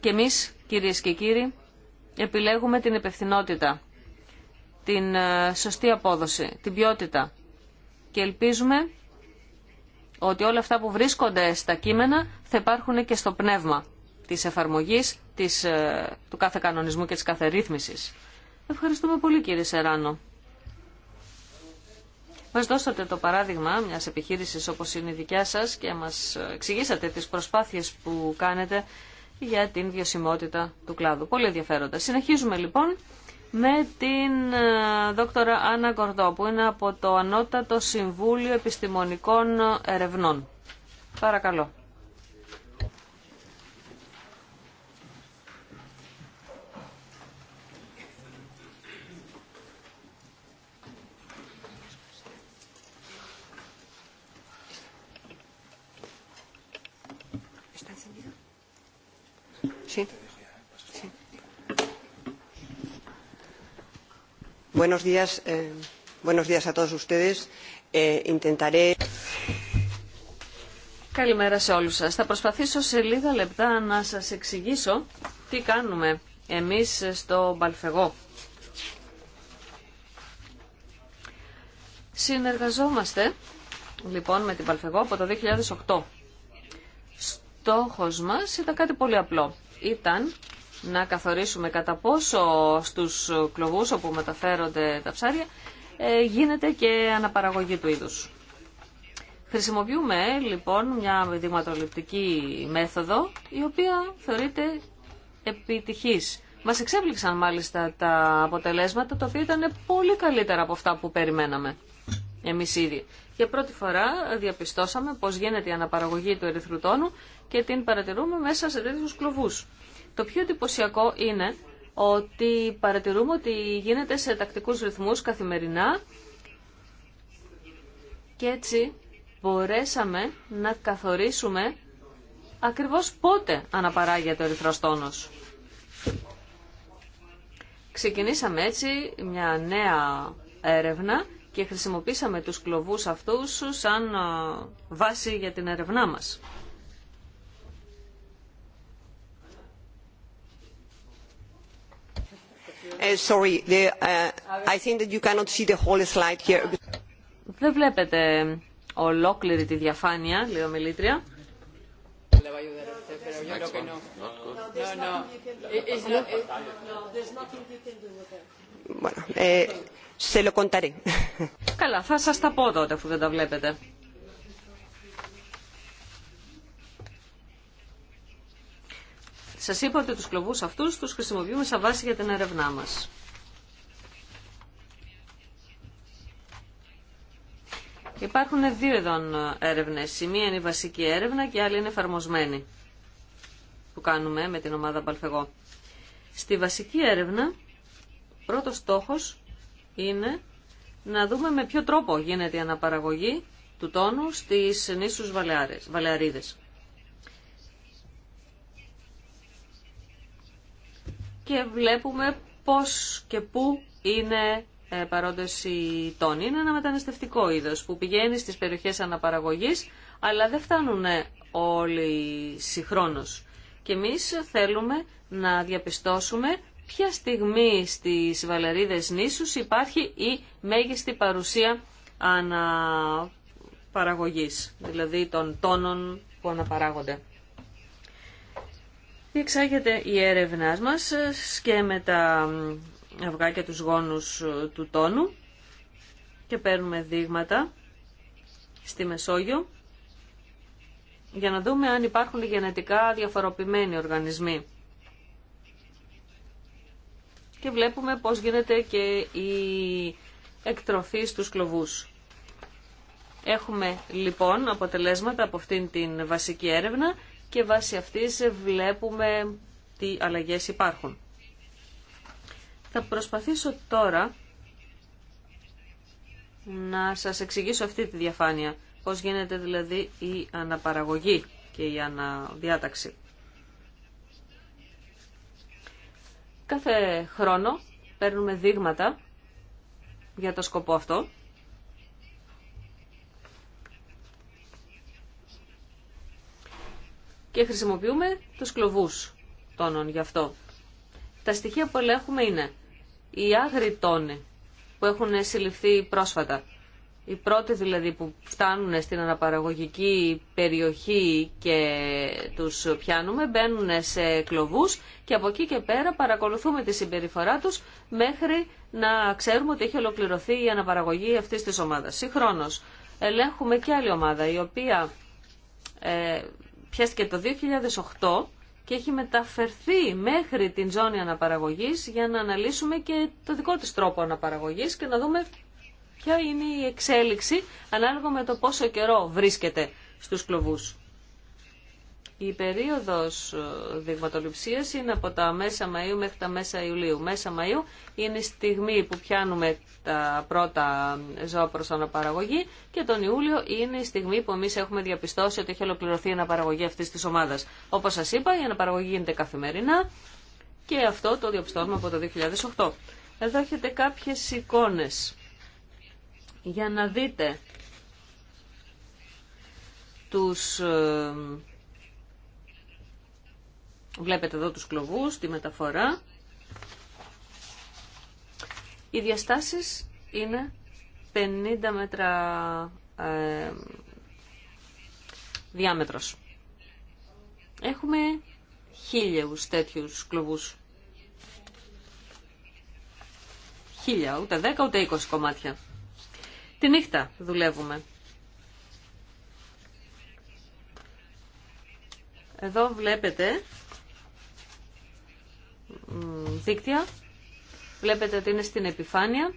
Και εμείς, κυρίες και κύριοι, επιλέγουμε την υπευθυνότητα, την ε, σωστή απόδοση, την ποιότητα. Και ελπίζουμε ότι όλα αυτά που βρίσκονται στα κείμενα θα υπάρχουν και στο πνεύμα της εφαρμογής της, ε, του κάθε κανονισμού και της κάθε ρύθμισης. Ευχαριστούμε πολύ κύριε Σεράνο. Μας δώσατε το παράδειγμα μιας επιχείρησης όπως είναι η δικιά σας και μας εξηγήσατε τις προσπάθειες που κάνετε για την βιωσιμότητα του κλάδου. Πολύ ενδιαφέροντα. Συνεχίζουμε λοιπόν με την ε, δόκτωρα Άννα Κορδό, που είναι από το Ανώτατο Συμβούλιο Επιστημονικών Ερευνών. Παρακαλώ. Καλημέρα σε όλους σας. Θα προσπαθήσω σε λίγα λεπτά να σας εξηγήσω τι κάνουμε εμείς στο Μπαλφεγό. Συνεργαζόμαστε λοιπόν με την Παλφεγό από το 2008. Στόχος μας ήταν κάτι πολύ απλό. Ήταν να καθορίσουμε κατά πόσο στους κλοβούς όπου μεταφέρονται τα ψάρια ε, γίνεται και αναπαραγωγή του είδους. Χρησιμοποιούμε λοιπόν μια δειγματοληπτική μέθοδο η οποία θεωρείται επιτυχής. Μας εξέπληξαν μάλιστα τα αποτελέσματα τα οποία ήταν πολύ καλύτερα από αυτά που περιμέναμε εμείς ήδη. Για πρώτη φορά διαπιστώσαμε πώς γίνεται η αναπαραγωγή του ερυθρού και την παρατηρούμε μέσα σε τέτοιους κλοβούς. Το πιο εντυπωσιακό είναι ότι παρατηρούμε ότι γίνεται σε τακτικούς ρυθμούς καθημερινά και έτσι μπορέσαμε να καθορίσουμε ακριβώς πότε αναπαράγεται ο ρυθρός τόνος. Ξεκινήσαμε έτσι μια νέα έρευνα και χρησιμοποίησαμε τους κλωβούς αυτούς σαν βάση για την έρευνά μας. Δεν βλέπετε ολόκληρη τη διαφάνεια, λέει ο Μιλήτρια. Ε, Καλά, θα σας τα πω τότε, αφού δεν τα βλέπετε. Σας είπα ότι τους κλωβούς αυτούς τους χρησιμοποιούμε σαν βάση για την έρευνά μας. Υπάρχουν δύο ειδών έρευνες. Η μία είναι η βασική έρευνα και η άλλη είναι εφαρμοσμένη που κάνουμε με την ομάδα Παλφεγό. Στη βασική έρευνα, πρώτος στόχος είναι να δούμε με ποιο τρόπο γίνεται η αναπαραγωγή του τόνου στις νήσους Βαλεαρίδες. και βλέπουμε πώς και πού είναι ε, παρόντες οι τόνοι. Είναι ένα μεταναστευτικό είδος που πηγαίνει στις περιοχές αναπαραγωγής, αλλά δεν φτάνουν όλοι συγχρόνως. Και εμείς θέλουμε να διαπιστώσουμε ποια στιγμή στις βαλερίδες νήσους υπάρχει η μέγιστη παρουσία αναπαραγωγής, δηλαδή των τόνων που αναπαράγονται. Διεξάγεται η έρευνά μας ε, και με τα αυγά και τους γόνους ε, του τόνου και παίρνουμε δείγματα στη Μεσόγειο για να δούμε αν υπάρχουν γενετικά διαφοροποιημένοι οργανισμοί. Και βλέπουμε πώς γίνεται και η εκτροφή στους κλοβούς. Έχουμε λοιπόν αποτελέσματα από αυτήν την βασική έρευνα και βάσει αυτής βλέπουμε τι αλλαγές υπάρχουν. Θα προσπαθήσω τώρα να σας εξηγήσω αυτή τη διαφάνεια, πώς γίνεται δηλαδή η αναπαραγωγή και η αναδιάταξη. Κάθε χρόνο παίρνουμε δείγματα για το σκοπό αυτό και χρησιμοποιούμε τους κλοβούς τόνων γι' αυτό. Τα στοιχεία που ελέγχουμε είναι οι άγριοι τόνοι που έχουν συλληφθεί πρόσφατα. Οι πρώτοι δηλαδή που φτάνουν στην αναπαραγωγική περιοχή και τους πιάνουμε, μπαίνουν σε κλοβούς και από εκεί και πέρα παρακολουθούμε τη συμπεριφορά τους μέχρι να ξέρουμε ότι έχει ολοκληρωθεί η αναπαραγωγή αυτής της ομάδας. Συγχρόνως ελέγχουμε και άλλη ομάδα η οποία ε, πιάστηκε το 2008 και έχει μεταφερθεί μέχρι την ζώνη αναπαραγωγής για να αναλύσουμε και το δικό της τρόπο αναπαραγωγής και να δούμε ποια είναι η εξέλιξη ανάλογα με το πόσο καιρό βρίσκεται στους κλοβούς. Η περίοδος ε, δειγματοληψίας είναι από τα μέσα Μαΐου μέχρι τα μέσα Ιουλίου. Μέσα Μαΐου είναι η στιγμή που πιάνουμε τα πρώτα ζώα προς αναπαραγωγή και τον Ιούλιο είναι η στιγμή που εμείς έχουμε διαπιστώσει ότι έχει ολοκληρωθεί η αναπαραγωγή αυτής της ομάδας. Όπως σας είπα, η αναπαραγωγή γίνεται καθημερινά και αυτό το διαπιστώνουμε από το 2008. Εδώ έχετε κάποιες εικόνες για να δείτε τους ε, Βλέπετε εδώ τους κλωβούς, τη μεταφορά. Οι διαστάσεις είναι 50 μέτρα ε, διάμετρος. Έχουμε χίλιους τέτοιους κλωβούς. Χίλια, ούτε 10 ούτε 20 κομμάτια. Την νύχτα δουλεύουμε. Εδώ βλέπετε δίκτυα. Βλέπετε ότι είναι στην επιφάνεια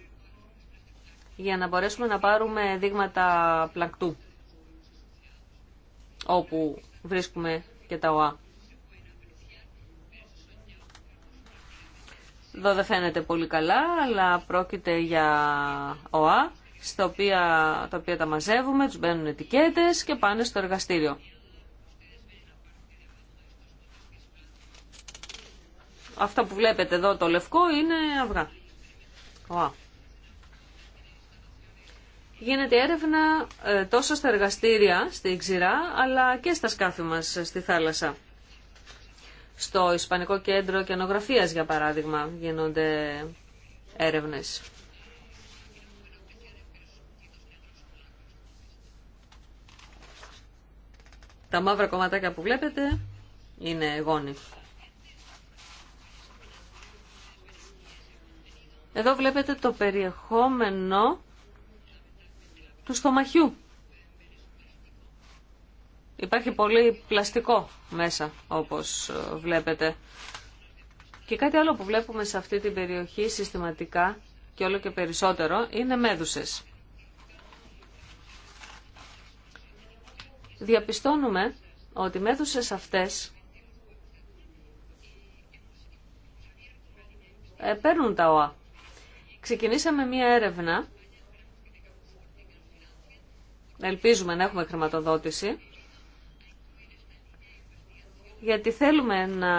για να μπορέσουμε να πάρουμε δείγματα πλακτού όπου βρίσκουμε και τα ΟΑ. Εδώ δεν φαίνεται πολύ καλά, αλλά πρόκειται για ΟΑ, στα οποία, τα οποία τα μαζεύουμε, τους μπαίνουν ετικέτες και πάνε στο εργαστήριο. Αυτά που βλέπετε εδώ το λευκό είναι αυγά. Γίνεται έρευνα ε, τόσο στα εργαστήρια, στη Ξηρά, αλλά και στα σκάφη μας ε, στη θάλασσα. Στο Ισπανικό Κέντρο Κενογραφίας, για παράδειγμα, γίνονται έρευνες. Τα μαύρα κομματάκια που βλέπετε είναι γόνοι. Εδώ βλέπετε το περιεχόμενο του στομαχιού. Υπάρχει πολύ πλαστικό μέσα, όπως ε, βλέπετε. Και κάτι άλλο που βλέπουμε σε αυτή την περιοχή συστηματικά και όλο και περισσότερο είναι μέδουσες. Διαπιστώνουμε ότι μέδουσες αυτές ε, παίρνουν τα ΟΑ Ξεκινήσαμε μία έρευνα, ελπίζουμε να έχουμε χρηματοδότηση, γιατί θέλουμε να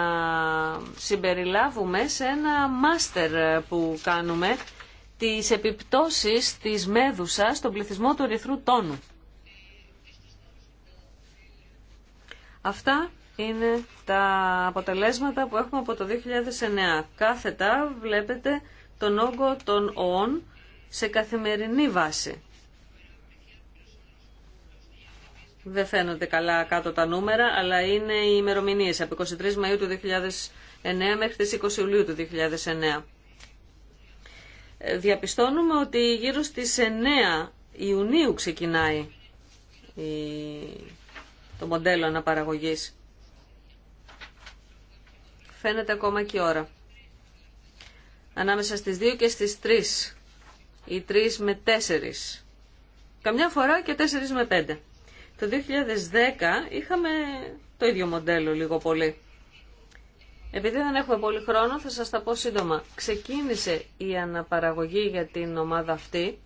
συμπεριλάβουμε σε ένα μάστερ που κάνουμε τις επιπτώσεις της μέδουσα στον πληθυσμό του ερυθρού τόνου. Αυτά είναι τα αποτελέσματα που έχουμε από το 2009. Κάθετα βλέπετε τον όγκο των ΟΟΝ σε καθημερινή βάση. Δεν φαίνονται καλά κάτω τα νούμερα, αλλά είναι οι ημερομηνίε από 23 Μαΐου του 2009 μέχρι τις 20 Ιουλίου του 2009. Διαπιστώνουμε ότι γύρω στις 9 Ιουνίου ξεκινάει το μοντέλο αναπαραγωγής. Φαίνεται ακόμα και η ώρα ανάμεσα στις 2 και στις 3 ή 3 με 4 καμιά φορά και 4 με 5 το 2010 είχαμε το ίδιο μοντέλο λίγο πολύ επειδή δεν έχουμε πολύ χρόνο θα σας τα πω σύντομα ξεκίνησε η αναπαραγωγή για την ομάδα αυτή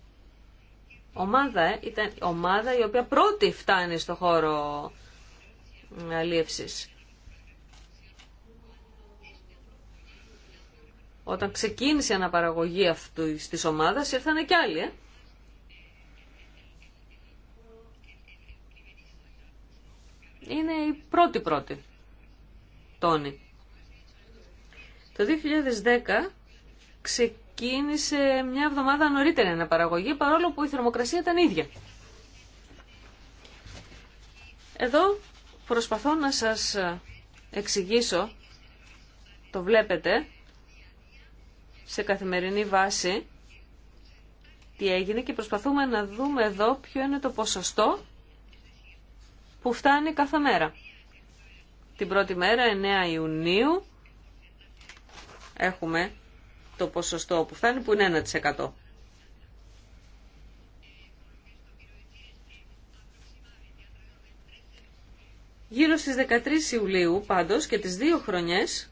ομάδα ε, ήταν ομάδα η οποία πρώτη φτάνει στο χώρο ε, αλίευσης Όταν ξεκίνησε η αναπαραγωγή αυτού της ομάδας ήρθανε κι άλλοι, ε? Είναι η πρώτη πρώτη, Τόνι. Το 2010 ξεκίνησε μια εβδομάδα νωρίτερα η αναπαραγωγή, παρόλο που η θερμοκρασία ήταν ίδια. Εδώ προσπαθώ να σας εξηγήσω, το βλέπετε, σε καθημερινή βάση τι έγινε και προσπαθούμε να δούμε εδώ ποιο είναι το ποσοστό που φτάνει κάθε μέρα. Την πρώτη μέρα, 9 Ιουνίου, έχουμε το ποσοστό που φτάνει που είναι 1%. Γύρω στις 13 Ιουλίου πάντως και τις δύο χρονιές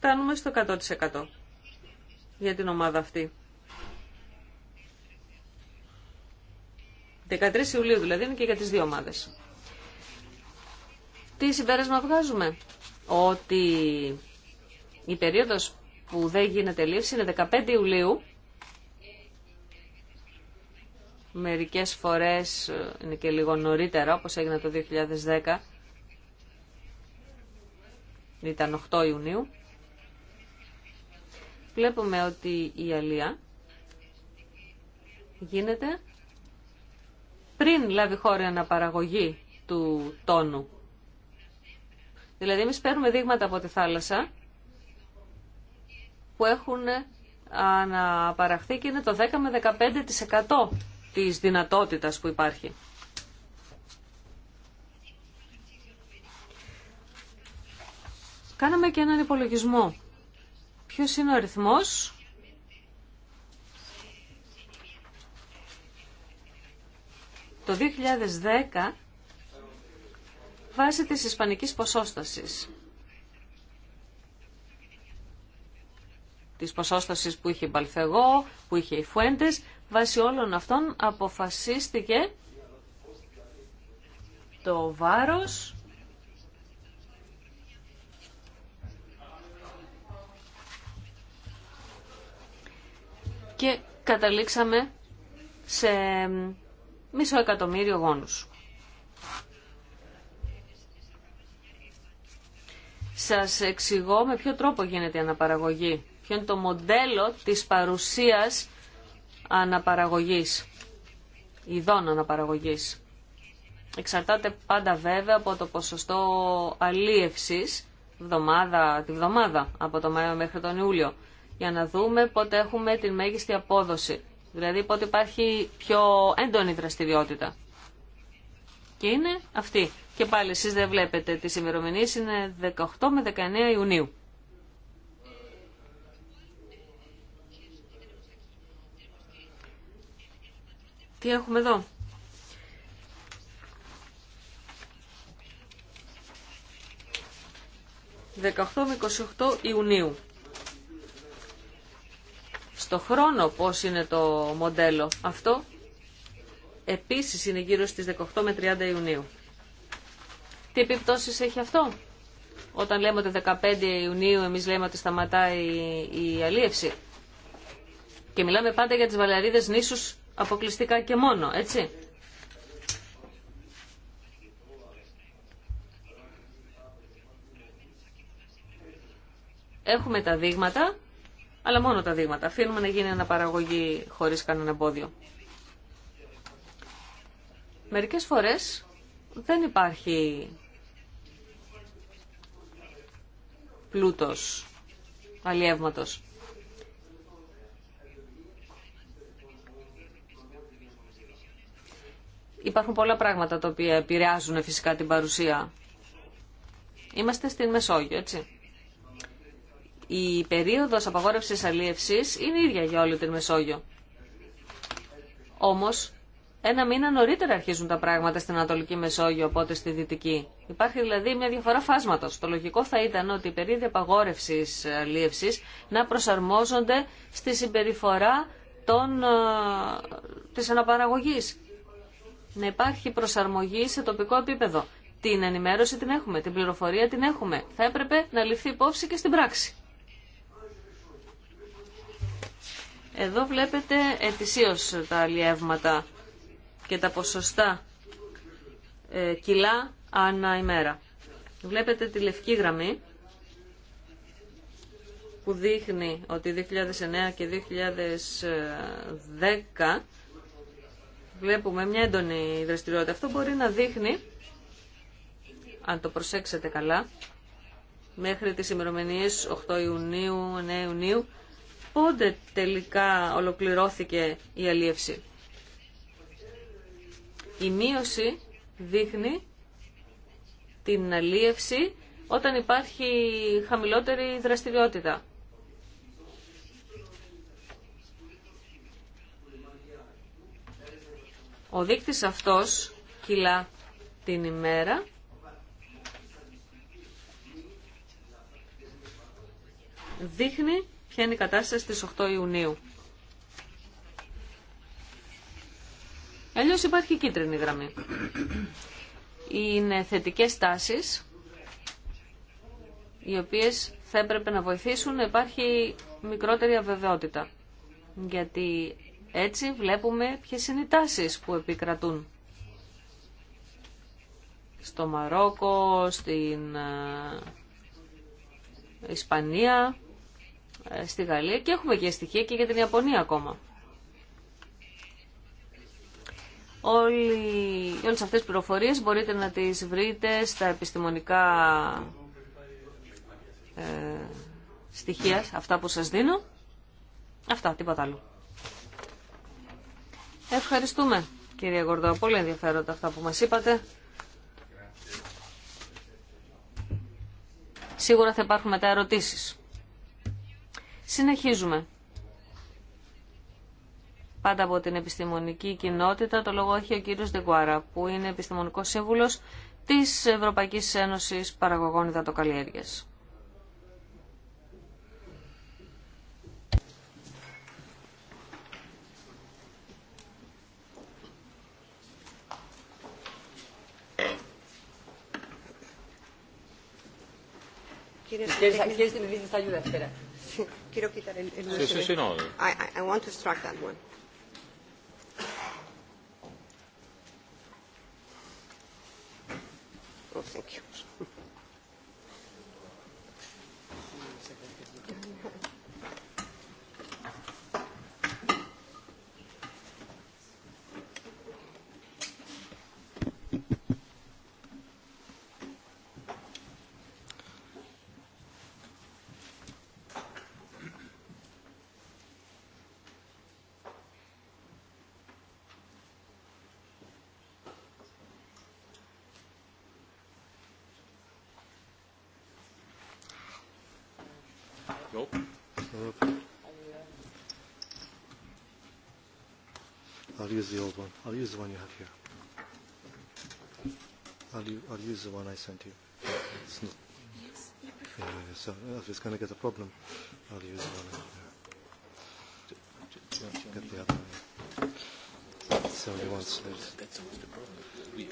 φτάνουμε στο 100% για την ομάδα αυτή. 13 Ιουλίου δηλαδή είναι και για τις δύο ομάδες. Τι συμπέρασμα βγάζουμε. Ότι η περίοδος που δεν γίνεται λήψη είναι 15 Ιουλίου. Μερικές φορές ε, είναι και λίγο νωρίτερα όπως έγινε το 2010. Ήταν 8 Ιουνίου βλέπουμε ότι η αλία γίνεται πριν λάβει χώρα αναπαραγωγή του τόνου. Δηλαδή εμείς παίρνουμε δείγματα από τη θάλασσα που έχουν αναπαραχθεί και είναι το 10 με 15% της δυνατότητας που υπάρχει. Κάναμε και έναν υπολογισμό Ποιος είναι ο αριθμός? Το 2010 βάσει της ισπανικής ποσόστασης. Της ποσόστασης που είχε η Μπαλφεγό, που είχε η Φουέντες, βάσει όλων αυτών αποφασίστηκε το βάρος και καταλήξαμε σε μισό εκατομμύριο γόνους. Σας εξηγώ με ποιο τρόπο γίνεται η αναπαραγωγή. Ποιο είναι το μοντέλο της παρουσίας αναπαραγωγής, ειδών αναπαραγωγής. Εξαρτάται πάντα βέβαια από το ποσοστό αλίευσης, βδομάδα, τη βδομάδα, από το Μάιο μέχρι τον Ιούλιο για να δούμε πότε έχουμε την μέγιστη απόδοση. Δηλαδή πότε υπάρχει πιο έντονη δραστηριότητα. Και είναι αυτή. Και πάλι εσείς δεν βλέπετε τις ημερομηνίες, είναι 18 με 19 Ιουνίου. Τι έχουμε εδώ. «18 με 28 Ιουνίου» το χρόνο πώς είναι το μοντέλο αυτό. Επίσης είναι γύρω στις 18 με 30 Ιουνίου. Τι επιπτώσεις έχει αυτό. Όταν λέμε ότι 15 Ιουνίου εμείς λέμε ότι σταματάει η αλίευση. Και μιλάμε πάντα για τις βαλαρίδες νήσους αποκλειστικά και μόνο, έτσι. Έχουμε τα δείγματα αλλά μόνο τα δείγματα. Αφήνουμε να γίνει παραγωγή χωρίς κανένα εμπόδιο. Μερικές φορές δεν υπάρχει πλούτος αλλιεύματος. Υπάρχουν πολλά πράγματα τα οποία επηρεάζουν φυσικά την παρουσία. Είμαστε στην Μεσόγειο, έτσι η περίοδο απαγόρευση αλίευση είναι ίδια για όλη την Μεσόγειο. Όμω, ένα μήνα νωρίτερα αρχίζουν τα πράγματα στην Ανατολική Μεσόγειο από ό,τι στη Δυτική. Υπάρχει δηλαδή μια διαφορά φάσματο. Το λογικό θα ήταν ότι οι περίοδοι απαγόρευση αλίευση να προσαρμόζονται στη συμπεριφορά των, ε, της αναπαραγωγής. Να υπάρχει προσαρμογή σε τοπικό επίπεδο. Την ενημέρωση την έχουμε, την πληροφορία την έχουμε. Θα έπρεπε να ληφθεί υπόψη και στην πράξη. Εδώ βλέπετε ετησίως τα αλλιεύματα και τα ποσοστά ε, κιλά ανά ημέρα. Βλέπετε τη λευκή γραμμή που δείχνει ότι 2009 και 2010 βλέπουμε μια έντονη δραστηριότητα. Αυτό μπορεί να δείχνει, αν το προσέξετε καλά, μέχρι τις ημερομηνίες 8 Ιουνίου, 9 Ιουνίου, πότε τελικά ολοκληρώθηκε η αλίευση. Η μείωση δείχνει την αλίευση όταν υπάρχει χαμηλότερη δραστηριότητα. Ο δείκτης αυτός κιλά την ημέρα δείχνει ποια είναι η κατάσταση στις 8 Ιουνίου. Αλλιώ υπάρχει κίτρινη γραμμή. Είναι θετικές τάσεις οι οποίες θα έπρεπε να βοηθήσουν να υπάρχει μικρότερη αβεβαιότητα. Γιατί έτσι βλέπουμε ποιες είναι οι τάσεις που επικρατούν. Στο Μαρόκο, στην ε, Ισπανία, ε, στη Γαλλία και έχουμε και στοιχεία και για την Ιαπωνία ακόμα. Όλοι, όλες αυτές τις πληροφορίες μπορείτε να τις βρείτε στα επιστημονικά ε, στοιχεία, αυτά που σας δίνω. Αυτά, τίποτα άλλο. Ευχαριστούμε κύριε Γορδό, πολύ ενδιαφέροντα αυτά που μας είπατε. Σίγουρα θα υπάρχουν μετά ερωτήσεις. Συνεχίζουμε. Πάντα από την επιστημονική κοινότητα το λόγο έχει ο κύριος Δεγκουάρα, που είναι επιστημονικός σύμβουλος της Ευρωπαϊκής Ένωσης Παραγωγών Υδατοκαλλιέργειας. ¿Quieres, quieres, quieres, Quiero quitar el, el Sí, sí, sí, no. I, I want to strike that one. Oh, thank you. I'll use the old one. I'll use the one you have here. I'll, I'll use the one I sent you. It's not, yeah, so if it's going to get a problem, I'll use the one. here. Get the other one. So he wants to. That's always the problem. We,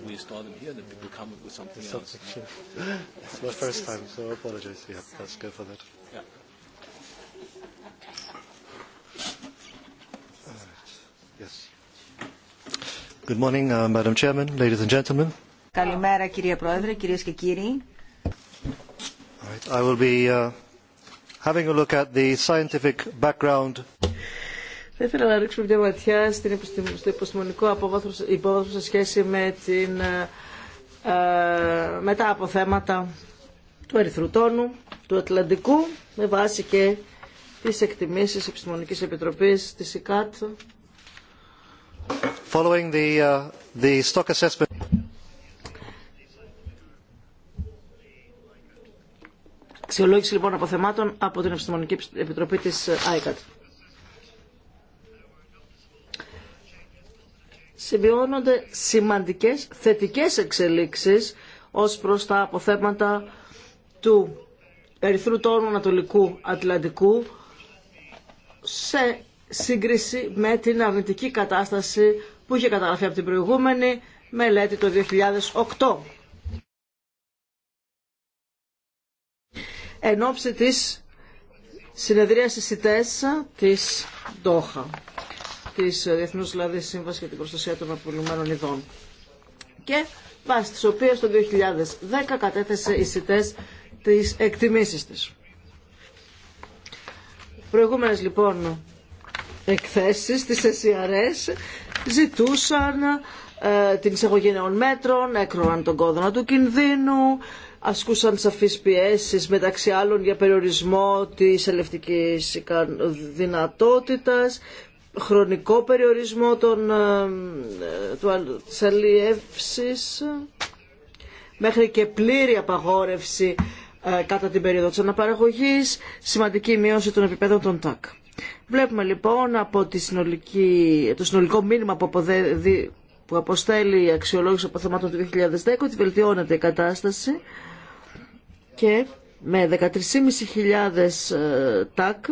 we, we install them here and then people come with something else. it's my first time, so I apologize. Yeah, let's go for that. Uh, Καλημέρα κύριε Πρόεδρε, κυρίες και κύριοι. Θα ήθελα να ρίξουμε μια ματιά στην στο επιστημονικό υπόβαθρο σε σχέση με την αποθέματα ε, ε, μετά από θέματα του ερυθρού τόνου, του Ατλαντικού, με βάση και τις εκτιμήσεις Επιστημονικής Επιτροπής της ΕΚΑΤ. Following the, uh, λοιπόν αποθεμάτων από την Επιστημονική Επιτροπή της ICAT. Σημειώνονται σημαντικές θετικές εξελίξεις ως προς τα αποθέματα του ερυθρού τόνου Ανατολικού Ατλαντικού σε σύγκριση με την αρνητική κατάσταση που είχε καταγραφεί από την προηγούμενη μελέτη το 2008. Εν ώψη της συνεδρίασης ΙΤΕΣ της ΔΟΧΑ, της Διεθνούς δηλαδή Σύμβασης για την Προστασία των Απολυμμένων Ειδών. Και βάσει της οποίας το 2010 κατέθεσε οι ΣΥΤΕΣ τις εκτιμήσεις της. Προηγούμενες λοιπόν εκθέσεις, τις SCRS, ζητούσαν ε, την εισαγωγή νέων μέτρων, έκροναν τον κόδωνα του κινδύνου, ασκούσαν σαφείς πιέσεις μεταξύ άλλων για περιορισμό της ελευτικής δυνατότητας, χρονικό περιορισμό των, ε, του, της αλλιεύσης, μέχρι και πλήρη απαγόρευση ε, κατά την περίοδο της αναπαραγωγής, σημαντική μείωση των επιπέδων των ΤΑΚ. Βλέπουμε λοιπόν από τη συνολική, το συνολικό μήνυμα που, που αποστέλει η αξιολόγηση αποθεμάτων του 2010 ότι βελτιώνεται η κατάσταση και με 13.500 ε, τάκ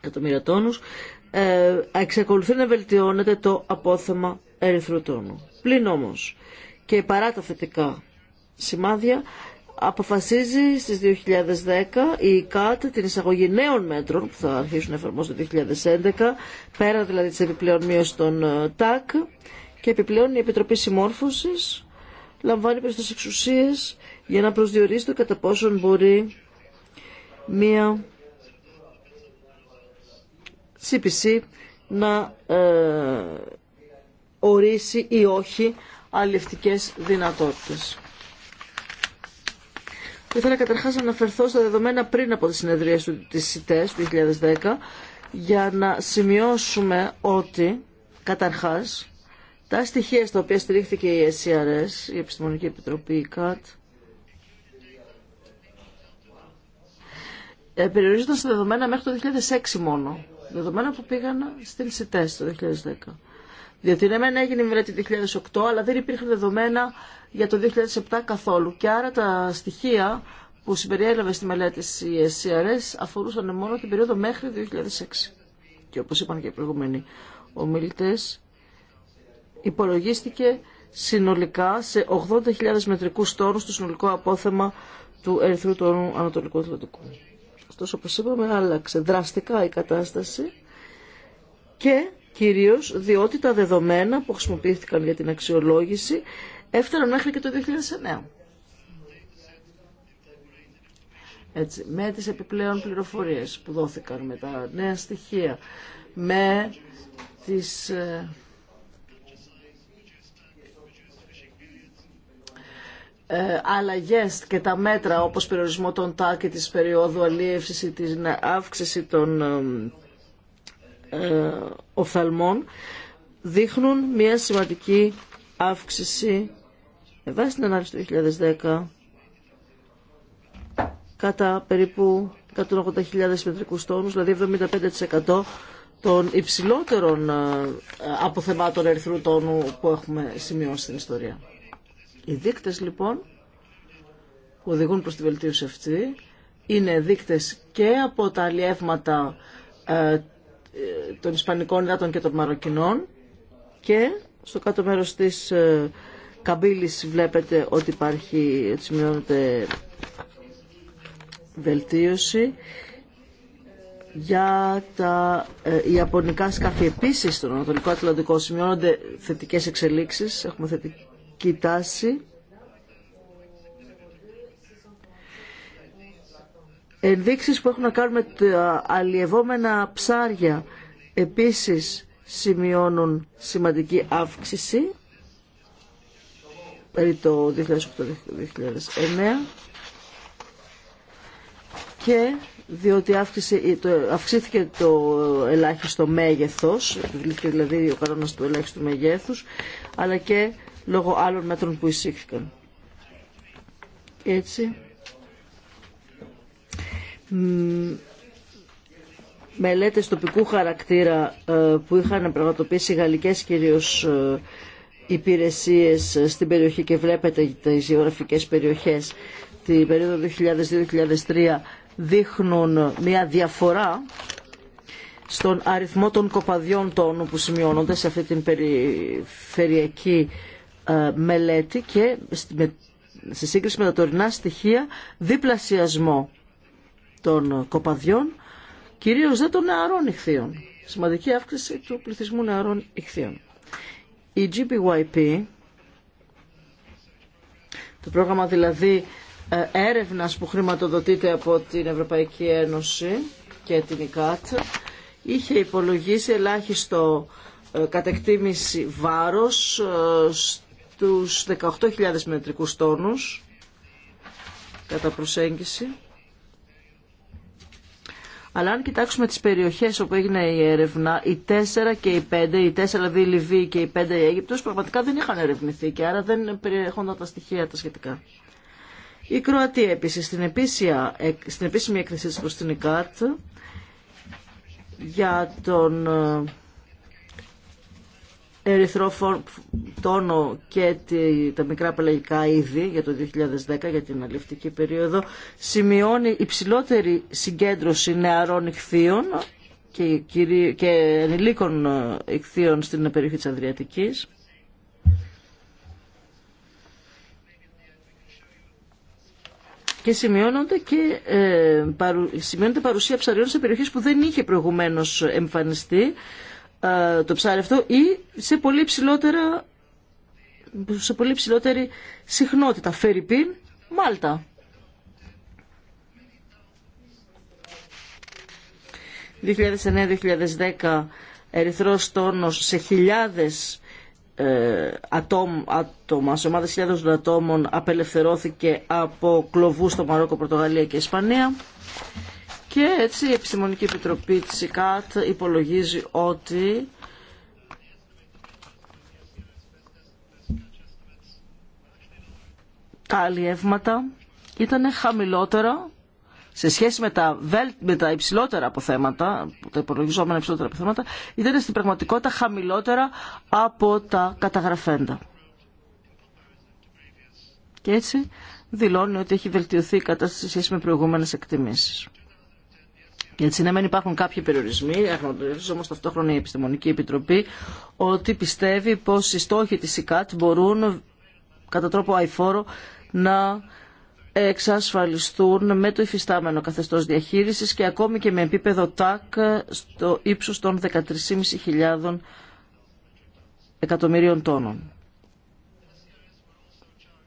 εκατομμύρια τόνους ε, εξακολουθεί να βελτιώνεται το απόθεμα ερυθροτόνου. Πλην όμως και παρά τα θετικά σημάδια αποφασίζει στις 2010 η ΚΑΤ την εισαγωγή νέων μέτρων που θα αρχίσουν να εφαρμόζονται το 2011, πέρα δηλαδή της επιπλέον μείωση των ε, ΤΑΚ και επιπλέον η Επιτροπή Συμμόρφωσης λαμβάνει περισσότερες εξουσίες για να προσδιορίσει το κατά πόσον μπορεί μία CPC να ε, ορίσει ή όχι αλληλευτικές δυνατότητες. Θα ήθελα καταρχάς να αναφερθώ στα δεδομένα πριν από τις συνεδρίες του, της ΣΥΤΕΣ του 2010 για να σημειώσουμε ότι καταρχάς τα στοιχεία στα οποία στηρίχθηκε η SCRS, η Επιστημονική Επιτροπή, η ΚΑΤ, ε, περιορίζονταν στα δεδομένα μέχρι το 2006 μόνο. Δεδομένα που πήγαν στην ΣΥΤΕΣ το 2010. Διότι ναι, έγινε η μελέτη 2008, αλλά δεν υπήρχαν δεδομένα για το 2007 καθόλου. Και άρα τα στοιχεία που συμπεριέλαβε στη μελέτη τη ΕΣΥΑΡΕΣ αφορούσαν μόνο την περίοδο μέχρι 2006. Και όπως είπαν και οι προηγούμενοι ομιλητές, υπολογίστηκε συνολικά σε 80.000 μετρικούς τόνους το συνολικό απόθεμα του ερυθρού τόνου Ανατολικού Ατλαντικού. Ωστόσο, όπως είπαμε, άλλαξε δραστικά η κατάσταση και κυρίως διότι τα δεδομένα που χρησιμοποιήθηκαν για την αξιολόγηση έφταναν μέχρι και το 2009. Έτσι, με τις επιπλέον πληροφορίες που δόθηκαν, με τα νέα στοιχεία, με τις ε, ε, αλλαγές και τα μέτρα όπως περιορισμό των ΤΑ και της περίοδου αλίευσης ή την αύξηση των ε, ε οφθαλμών δείχνουν μια σημαντική αύξηση με βάση την ανάλυση του 2010 κατά περίπου 180.000 μετρικούς τόνους, δηλαδή 75% των υψηλότερων ε, αποθεμάτων ερυθρού τόνου που έχουμε σημειώσει στην ιστορία. Οι δείκτες λοιπόν που οδηγούν προς τη βελτίωση αυτή είναι δείκτες και από τα αλλιεύματα ε, ε, των Ισπανικών υδάτων και των Μαροκινών και στο κάτω μέρος της Καμπύλης βλέπετε ότι υπάρχει, έτσι βελτίωση. Για τα ε, ιαπωνικά σκάφη επίσης στον Ανατολικό Ατλαντικό σημειώνονται θετικές εξελίξεις, έχουμε θετική τάση. Ενδείξεις που έχουν να κάνουν με τα αλλιευόμενα ψάρια επίσης σημειώνουν σημαντική αύξηση περί το 2008-2009 και διότι ε, αυξήθηκε το ελάχιστο μέγεθος, δηλαδή ο κανόνας του ελάχιστου μεγέθους, αλλά και λόγω άλλων μέτρων που εισήχθηκαν. Έτσι, μελέτες τοπικού χαρακτήρα ε, που είχαν πραγματοποιήσει οι γαλλικές κυρίως ε, υπηρεσίες στην περιοχή και βλέπετε τις γεωγραφικές περιοχές την περίοδο 2002-2003 δείχνουν μια διαφορά στον αριθμό των κοπαδιών τόνου που σημειώνονται σε αυτή την περιφερειακή ε, μελέτη και σε σύγκριση με τα τωρινά στοιχεία διπλασιασμό των κοπαδιών, κυρίως δεν των νεαρών ηχθείων. Σημαντική αύξηση του πληθυσμού νεαρών ηχθείων. Η GPYP, το πρόγραμμα δηλαδή ε, έρευνας που χρηματοδοτείται από την Ευρωπαϊκή Ένωση και την ΕΚΑΤ, είχε υπολογίσει ελάχιστο ε, κατεκτήμηση βάρος ε, στους 18.000 μετρικούς τόνους κατά προσέγγιση αλλά αν κοιτάξουμε τις περιοχές όπου έγινε η έρευνα, οι 4 και οι 5, οι 4 δηλαδή η Λιβύη και οι 5 η Αίγυπτος, πραγματικά δεν είχαν ερευνηθεί και άρα δεν περιεχόνταν τα στοιχεία τα σχετικά. Η Κροατία επίσης στην, επίσημη, στην επίσημη έκθεση της προς την ΕΚΑΤ για τον ε, ερυθρό τόνο και τα μικρά πελαγικά είδη για το 2010 για την αληφτική περίοδο σημειώνει υψηλότερη συγκέντρωση νεαρών ηχθείων και, και ενηλίκων ε, ηχθείων στην περιοχή της Ανδριατικής. Και σημειώνονται και ε, παρουσία ψαριών σε περιοχές που δεν είχε προηγουμένως εμφανιστεί ε, το ψάρι αυτό ή σε πολύ ψηλότερα σε πολύ ψηλότερη συχνότητα. Φερρυπίν, Μάλτα. 2009-2010 ερυθρός τόνος σε χιλιάδες ε, ατόμ, άτομα, σε ομάδες χιλιάδες ατόμων απελευθερώθηκε από κλοβού στο Μαρόκο, Πορτογαλία και Ισπανία. Και έτσι η Επιστημονική Επιτροπή της ΙΚΑΤ υπολογίζει ότι τα αλλιεύματα ήταν χαμηλότερα σε σχέση με τα, βελ, με τα υψηλότερα αποθέματα, τα υπολογιζόμενα υψηλότερα αποθέματα, ήταν στην πραγματικότητα χαμηλότερα από τα καταγραφέντα. Και έτσι δηλώνει ότι έχει βελτιωθεί η κατάσταση σε σχέση με προηγούμενες εκτιμήσεις. Γιατί ναι, μεν υπάρχουν κάποιοι περιορισμοί, αγνωρίζει όμω ταυτόχρονα η Επιστημονική Επιτροπή ότι πιστεύει πω οι στόχοι τη ΙΚΑΤ μπορούν κατά τρόπο αιφόρο να εξασφαλιστούν με το υφιστάμενο καθεστώς διαχείρισης και ακόμη και με επίπεδο ΤΑΚ στο ύψος των 13.500 εκατομμυρίων τόνων.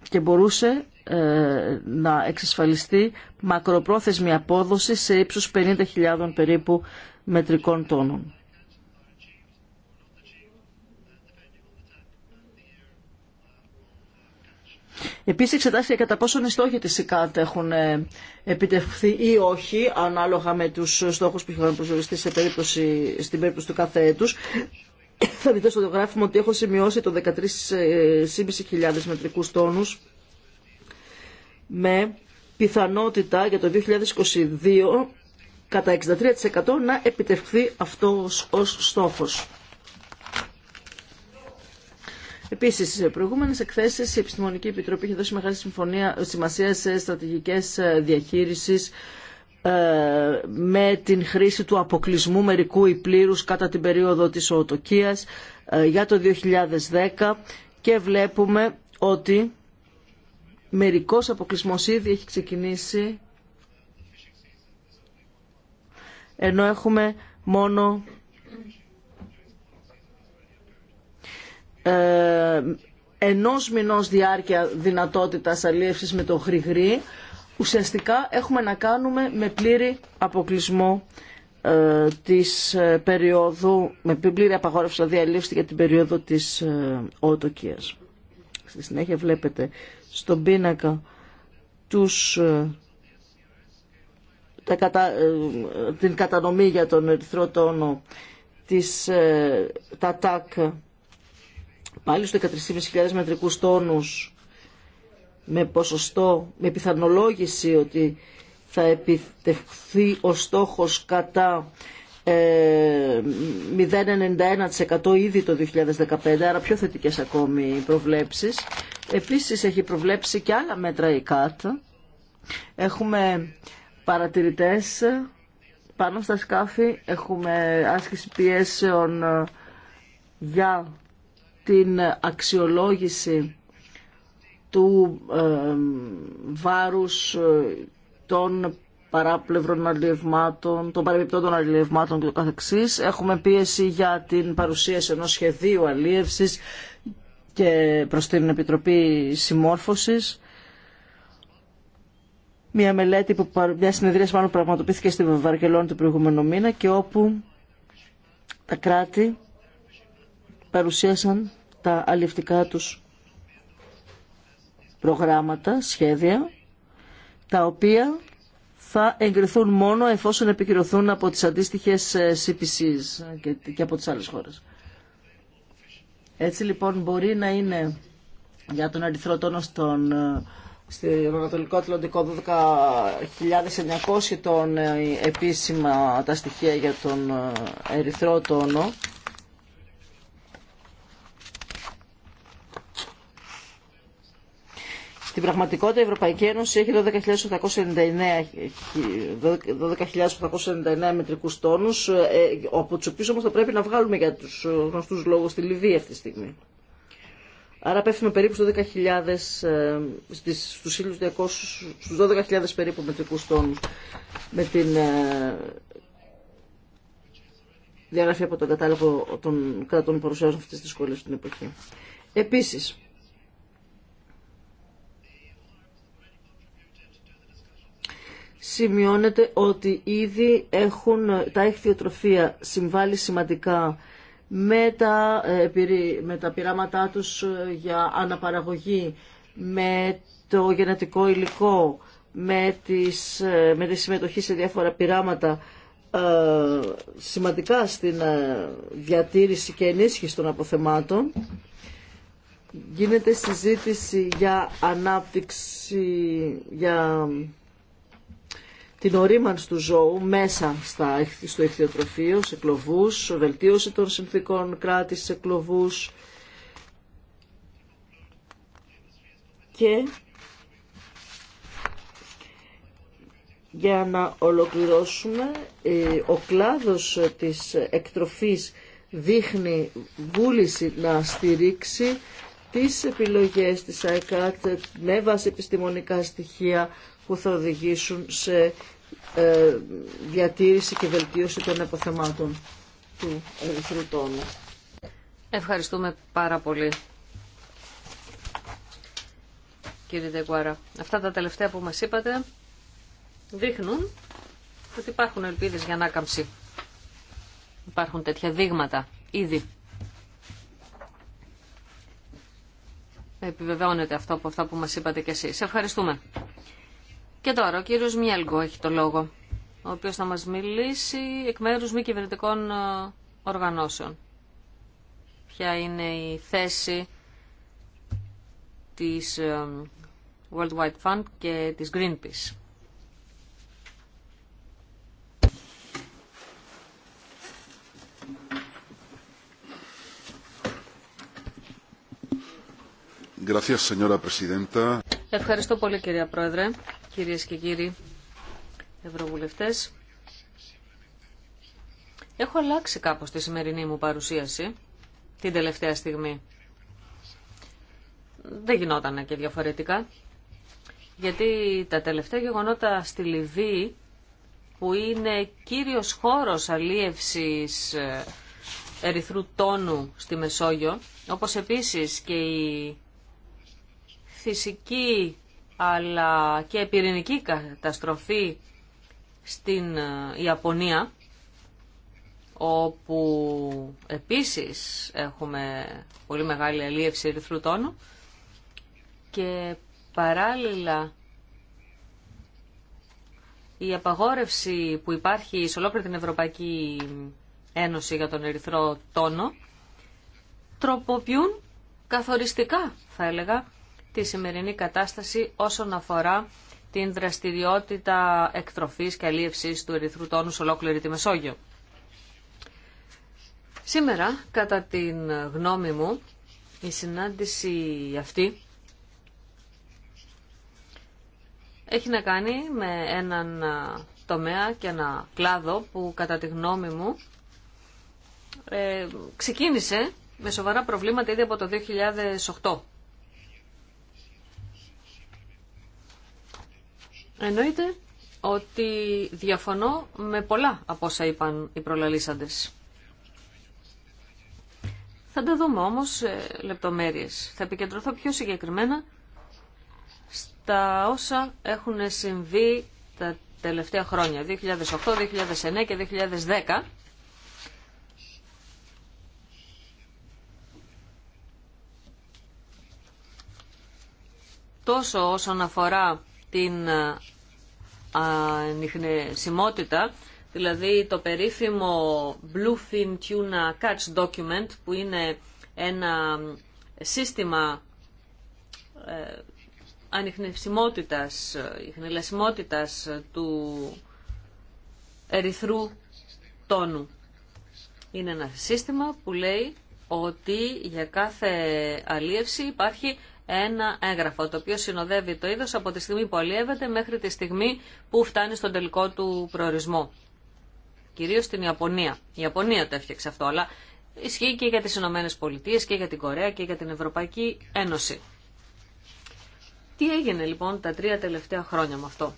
Και μπορούσε ε, να εξασφαλιστεί μακροπρόθεσμη απόδοση σε ύψους 50.000 περίπου μετρικών τόνων. Επίσης εξετάστηκε κατά πόσον οι στόχοι της ΣΥΚΑΤ έχουν ε, επιτευχθεί ή όχι, ανάλογα με τους στόχους που είχαν προσδιοριστεί σε περίπτωση, στην περίπτωση του κάθε έτους. *coughs* Θα δείτε στο γράφημα ότι έχω σημειώσει το 13.500 ε, μετρικούς τόνους με πιθανότητα για το 2022 κατά 63% να επιτευχθεί αυτός ως στόχος. Επίση, σε προηγούμενε εκθέσει η Επιστημονική Επιτροπή είχε δώσει μεγάλη συμφωνία, σημασία σε στρατηγικέ ε, διαχείριση ε, με την χρήση του αποκλεισμού μερικού ή κατά την περίοδο της οτοκίας ε, για το 2010 και βλέπουμε ότι μερικός αποκλεισμός ήδη έχει ξεκινήσει ενώ έχουμε μόνο ε, ενός μηνός διάρκεια δυνατότητας αλίευσης με το γρηγρή, ουσιαστικά έχουμε να κάνουμε με πλήρη αποκλεισμό ε, της ε, περίοδου, με πλήρη απαγόρευση δηλαδή για την περίοδο της ε, οτοκίας. Στη συνέχεια βλέπετε στον πίνακα τους, ε, ε, την κατανομή για τον ερυθρό τόνο της, ε, τα πάλι στο 13.500 μετρικούς τόνους με ποσοστό, με πιθανολόγηση ότι θα επιτευχθεί ο στόχος κατά 0,91% ε, ήδη το 2015, άρα πιο θετικές ακόμη οι προβλέψεις. Επίσης έχει προβλέψει και άλλα μέτρα η ΚΑΤ. Έχουμε παρατηρητές πάνω στα σκάφη, έχουμε άσκηση πιέσεων ε, για την αξιολόγηση του ε, βάρους των παράπλευρων αλλιευμάτων, των παρεμπιπτόντων αλλιευμάτων κ.ο.κ. Έχουμε πίεση για την παρουσίαση ενός σχεδίου αλλίευσης και προς την Επιτροπή Συμμόρφωσης. Μια μελέτη, που, μια συνεδρία μάλλον πραγματοποιήθηκε στη Βαρκελόνη του προηγούμενο μήνα και όπου τα κράτη παρουσίασαν τα αλληλευτικά τους προγράμματα, σχέδια, τα οποία θα εγκριθούν μόνο εφόσον επικυρωθούν από τις αντίστοιχες ε, CPCs ε, και από τις άλλες χώρες. Έτσι λοιπόν μπορεί να είναι για τον αριθρό τόνο στον, ε, Ανατολικό Ατλαντικό 12.900 επίσημα τα στοιχεία για τον ερυθρό τόνο Στην πραγματικότητα η Ευρωπαϊκή Ένωση έχει 12.899 12 μετρικούς τόνους, ε, από τους οποίους όμως θα πρέπει να βγάλουμε για τους γνωστούς λόγους στη Λιβύη αυτή τη στιγμή. Άρα πέφτουμε περίπου ε, στους 12.000, στους 12.000 περίπου μετρικούς τόνους με την ε, διαγραφή από τον κατάλογο των κρατών που παρουσιάζουν αυτές τις σχολές στην εποχή. Επίσης, σημειώνεται ότι ήδη έχουν τα ηχθειοτροφία συμβάλει σημαντικά με τα, ε, με πειράματά τους ε, για αναπαραγωγή, με το γενετικό υλικό, με, τις, ε, με τη συμμετοχή σε διάφορα πειράματα σημαντικά στην διατήρηση και ενίσχυση των αποθεμάτων. Γίνεται συζήτηση για ανάπτυξη, για την ορίμανση του ζώου μέσα στα, στο ηχθειοτροφείο, σε κλοβούς, βελτίωση των συνθήκων κράτη σε κλοβούς και για να ολοκληρώσουμε ε, ο κλάδος της εκτροφής δείχνει βούληση να στηρίξει τις επιλογές της ΑΕΚΑΤ με βάση επιστημονικά στοιχεία που θα οδηγήσουν σε ε, διατήρηση και βελτίωση των αποθεμάτων του ερυθρού τόνου. Ευχαριστούμε πάρα πολύ. Κύριε Δεγκουάρα, αυτά τα τελευταία που μας είπατε δείχνουν ότι υπάρχουν ελπίδες για ανάκαμψη. Υπάρχουν τέτοια δείγματα ήδη. Επιβεβαιώνεται αυτό από αυτά που μας είπατε κι εσείς. Ευχαριστούμε. Και τώρα ο κύριος Μιέλγκο έχει το λόγο, ο οποίος θα μας μιλήσει εκ μέρους μη κυβερνητικών ε, οργανώσεων. Ποια είναι η θέση της ε, World Wide Fund και της Greenpeace. Ευχαριστώ πολύ κυρία Πρόεδρε κυρίες και κύριοι ευρωβουλευτές. Έχω αλλάξει κάπως τη σημερινή μου παρουσίαση την τελευταία στιγμή. Δεν γινόταν και διαφορετικά, γιατί τα τελευταία γεγονότα στη Λιβύη, που είναι κύριος χώρος αλίευσης ε, ερυθρού τόνου στη Μεσόγειο, όπως επίσης και η φυσική αλλά και πυρηνική καταστροφή στην ε, Ιαπωνία, όπου επίσης έχουμε πολύ μεγάλη αλίευση ερυθρού τόνου και παράλληλα η απαγόρευση που υπάρχει σε ολόκληρη την Ευρωπαϊκή Ένωση για τον ερυθρό τόνο τροποποιούν καθοριστικά θα έλεγα η σημερινή κατάσταση όσον αφορά την δραστηριότητα εκτροφής και αλίευσης του ερυθρού τόνου σε ολόκληρη τη Μεσόγειο. Σήμερα, κατά την γνώμη μου, η συνάντηση αυτή έχει να κάνει με έναν τομέα και ένα κλάδο που κατά τη γνώμη μου ε, ξεκίνησε με σοβαρά προβλήματα ήδη από το 2008 Εννοείται ότι διαφωνώ με πολλά από όσα είπαν οι προλαλήσαντες. Θα τα δούμε όμως σε λεπτομέρειες. Θα επικεντρωθώ πιο συγκεκριμένα στα όσα έχουν συμβεί τα τελευταία χρόνια, 2008, 2009 και 2010, τόσο όσον αφορά την ε, ανιχνεσιμότητα, δηλαδή το περίφημο Bluefin Tuna Catch Document που είναι ένα σύστημα ε, ανιχνευσιμότητας, ιχνηλασιμότητας ε, του ερυθρού τόνου. Είναι ένα σύστημα που λέει ότι για κάθε αλίευση υπάρχει ένα έγγραφο το οποίο συνοδεύει το είδος από τη στιγμή που αλλιεύεται μέχρι τη στιγμή που φτάνει στον τελικό του προορισμό. Κυρίως στην Ιαπωνία. Η Ιαπωνία το έφτιαξε αυτό, αλλά ισχύει και για τις Ηνωμένες Πολιτείες και για την Κορέα και για την Ευρωπαϊκή Ένωση. Τι έγινε λοιπόν τα τρία τελευταία χρόνια με αυτό.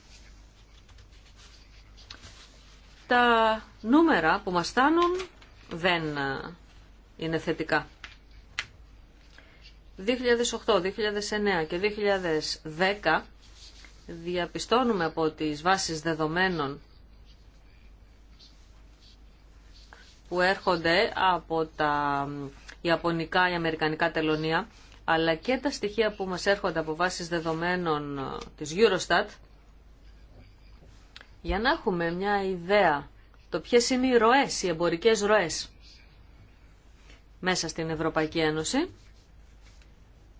Τα νούμερα που μας φτάνουν δεν ε, είναι θετικά. 2008, 2009 και 2010 διαπιστώνουμε από τις βάσεις δεδομένων που έρχονται από τα Ιαπωνικά ή Αμερικανικά τελωνία, αλλά και τα στοιχεία που μας έρχονται από βάσεις δεδομένων ε, της Eurostat, για να έχουμε μια ιδέα το ποιες είναι οι ροές, οι εμπορικές ροές μέσα στην Ευρωπαϊκή Ένωση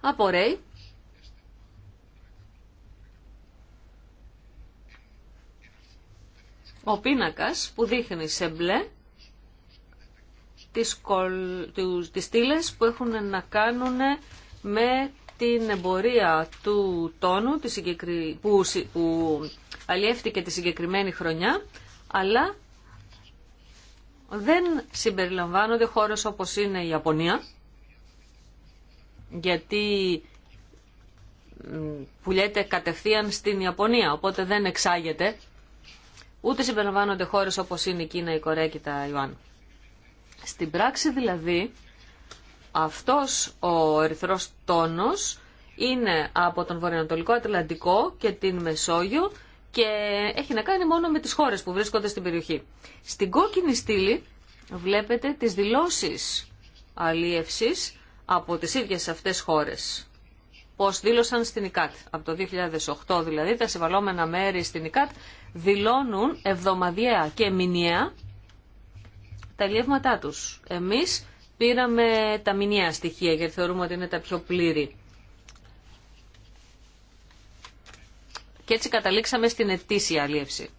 απορρέει ο πίνακας που δείχνει σε μπλε τις, κολ, τις στήλες που έχουν να κάνουν με την εμπορία του τόνου που, που αλλιεύτηκε τη συγκεκριμένη χρονιά, αλλά δεν συμπεριλαμβάνονται χώρες όπως είναι η Ιαπωνία, γιατί πουλιέται κατευθείαν στην Ιαπωνία, οπότε δεν εξάγεται. Ούτε συμπεριλαμβάνονται χώρες όπως είναι η Κίνα, η Κορέα και τα Ιωάννη. Στην πράξη δηλαδή, αυτός ο ερυθρός τόνος είναι από τον Βορειοανατολικό Ατλαντικό και την Μεσόγειο και έχει να κάνει μόνο με τις χώρες που βρίσκονται στην περιοχή. Στην κόκκινη στήλη βλέπετε τις δηλώσεις αλίευσης από τις ίδιες αυτές χώρες. Πώς δήλωσαν στην ΙΚΑΤ. Από το 2008 δηλαδή τα συμβαλόμενα μέρη στην ΙΚΑΤ δηλώνουν εβδομαδιαία και μηνιαία τα ελιεύματά τους. Εμείς πήραμε τα μηνιαία στοιχεία γιατί θεωρούμε ότι είναι τα πιο πλήρη. Και έτσι καταλήξαμε στην ετήσια αλίευση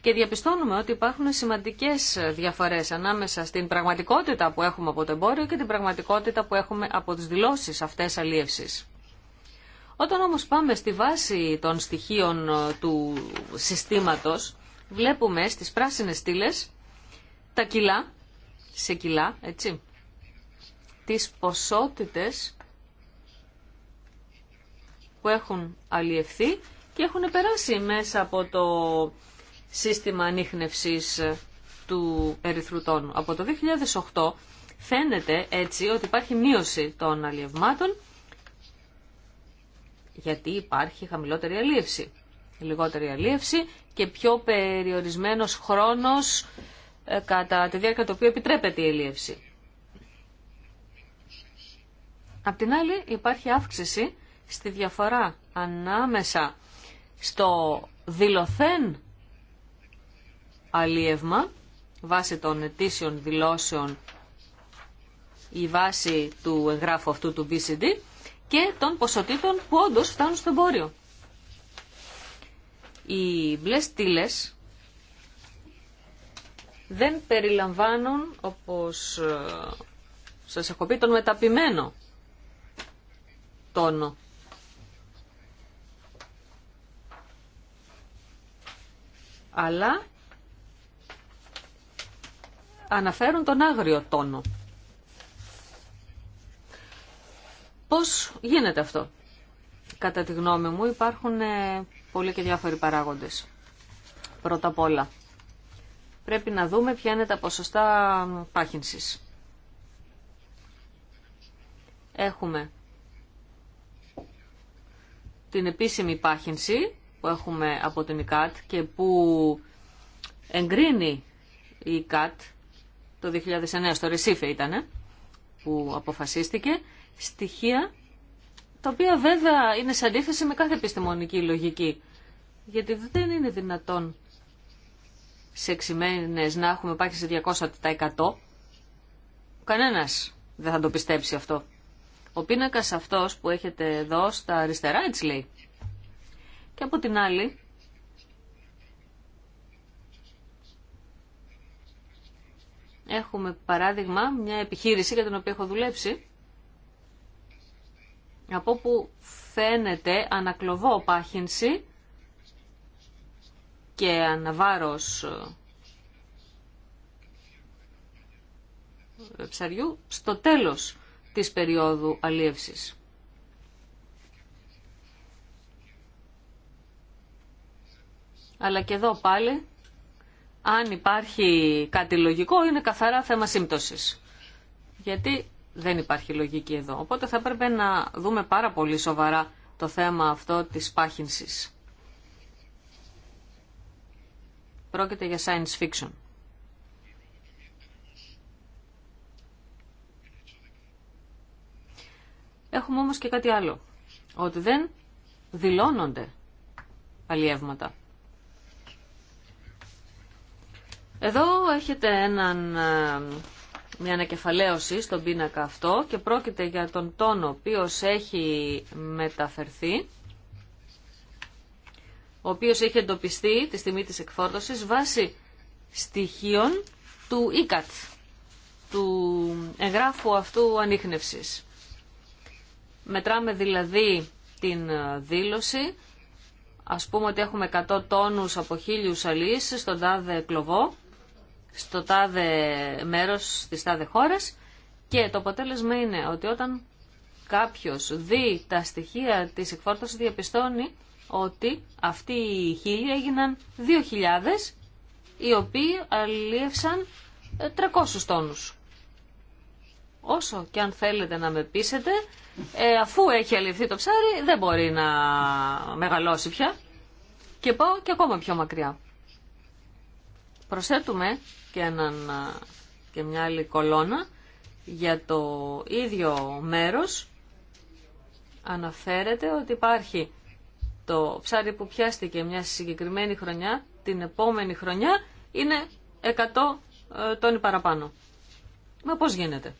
και διαπιστώνουμε ότι υπάρχουν σημαντικέ διαφορές ανάμεσα στην πραγματικότητα που έχουμε από το εμπόριο και την πραγματικότητα που έχουμε από τι δηλώσει αυτές αλλίευση. Όταν όμως πάμε στη βάση των στοιχείων του συστήματος, βλέπουμε στις πράσινες στήλε τα κιλά, σε κιλά, έτσι, τις ποσότητες που έχουν αλλιευθεί και έχουν περάσει μέσα από το σύστημα ανείχνευσης του ερυθρού Από το 2008 φαίνεται έτσι ότι υπάρχει μείωση των αλλιευμάτων γιατί υπάρχει χαμηλότερη αλίευση, λιγότερη αλίευση και πιο περιορισμένος χρόνος ε, κατά τη διάρκεια του οποίου επιτρέπεται η αλίευση. Απ' την άλλη υπάρχει αύξηση στη διαφορά ανάμεσα στο δηλωθέν αλίευμα βάσει των αιτήσεων δηλώσεων η βάση του εγγράφου αυτού του BCD και των ποσοτήτων που όντως φτάνουν στο εμπόριο. Οι μπλε στήλε δεν περιλαμβάνουν, όπως ε, σας έχω πει, τον μεταπημένο τόνο. Αλλά αναφέρουν τον άγριο τόνο. Πώς γίνεται αυτό. Κατά τη γνώμη μου υπάρχουν ε, πολλοί και διάφοροι παράγοντες. Πρώτα απ' όλα, πρέπει να δούμε ποια είναι τα ποσοστά πάχυνσης. Έχουμε την επίσημη πάχυνση που έχουμε από την ΙΚΑΤ και που εγκρίνει η ΙΚΑΤ το 2009 στο Ρεσίφε ήταν που αποφασίστηκε, στοιχεία τα οποία βέβαια είναι σε αντίθεση με κάθε επιστημονική λογική. Γιατί δεν είναι δυνατόν σε εξημένες να έχουμε πάει σε 200%. Κανένας δεν θα το πιστέψει αυτό. Ο πίνακας αυτός που έχετε εδώ στα αριστερά έτσι λέει. Και από την άλλη Έχουμε παράδειγμα μια επιχείρηση για την οποία έχω δουλέψει, από που φαίνεται ανακλωβό πάχυνση και αναβάρος ε, ψαριού στο τέλος της περίοδου αλίευσης. Αλλά και εδώ πάλι αν υπάρχει κάτι λογικό είναι καθαρά θέμα σύμπτωσης. Γιατί δεν υπάρχει λογική εδώ. Οπότε θα έπρεπε να δούμε πάρα πολύ σοβαρά το θέμα αυτό της πάχυνσης. Πρόκειται για science fiction. Έχουμε όμως και κάτι άλλο. Ότι δεν δηλώνονται αλλιεύματα. Εδώ έχετε έναν, ε, μια ανακεφαλαίωση στον πίνακα αυτό και πρόκειται για τον τόνο ο οποίος έχει μεταφερθεί ο οποίος έχει εντοπιστεί τη στιγμή της εκφόρτωσης βάσει στοιχείων του ΙΚΑΤ, e του εγγράφου αυτού ανείχνευσης. Μετράμε δηλαδή την ε, δήλωση, ας πούμε ότι έχουμε 100 τόνους από χίλιους αλείς στον τάδε κλοβό στο τάδε μέρος της τάδε χώρας και το αποτέλεσμα είναι ότι όταν κάποιος δει τα στοιχεία της εκφόρτωσης διαπιστώνει ότι αυτοί οι χίλιοι έγιναν 2.000 οι οποίοι αλλιεύσαν 300 ε, τόνους. Όσο και αν θέλετε να με πείσετε, ε, αφού έχει αλλιευθεί το ψάρι δεν μπορεί να μεγαλώσει πια. Και πάω και ακόμα πιο μακριά προσέτουμε και, έναν, και μια άλλη κολόνα για το ίδιο μέρος. Αναφέρεται ότι υπάρχει το ψάρι που πιάστηκε μια συγκεκριμένη χρονιά, την επόμενη χρονιά είναι 100 ε, τόνοι παραπάνω. Μα πώς γίνεται.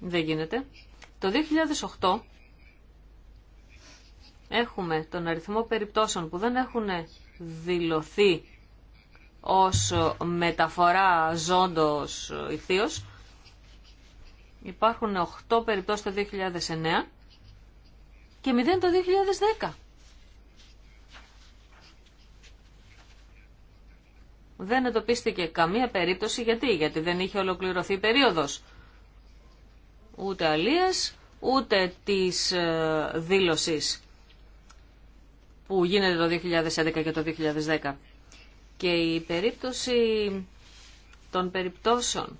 Δεν γίνεται. Το 2008 έχουμε τον αριθμό περιπτώσεων που δεν έχουν δηλωθεί ως μεταφορά ζώντος ηθιος. υπάρχουν 8 περιπτώσεις το 2009 και 0 το 2010. Δεν εντοπίστηκε καμία περίπτωση γιατί, γιατί δεν είχε ολοκληρωθεί η περίοδος. Ούτε αλίας, ούτε της ε, δήλωσης που γίνεται το 2011 και το 2010. Και η περίπτωση των περιπτώσεων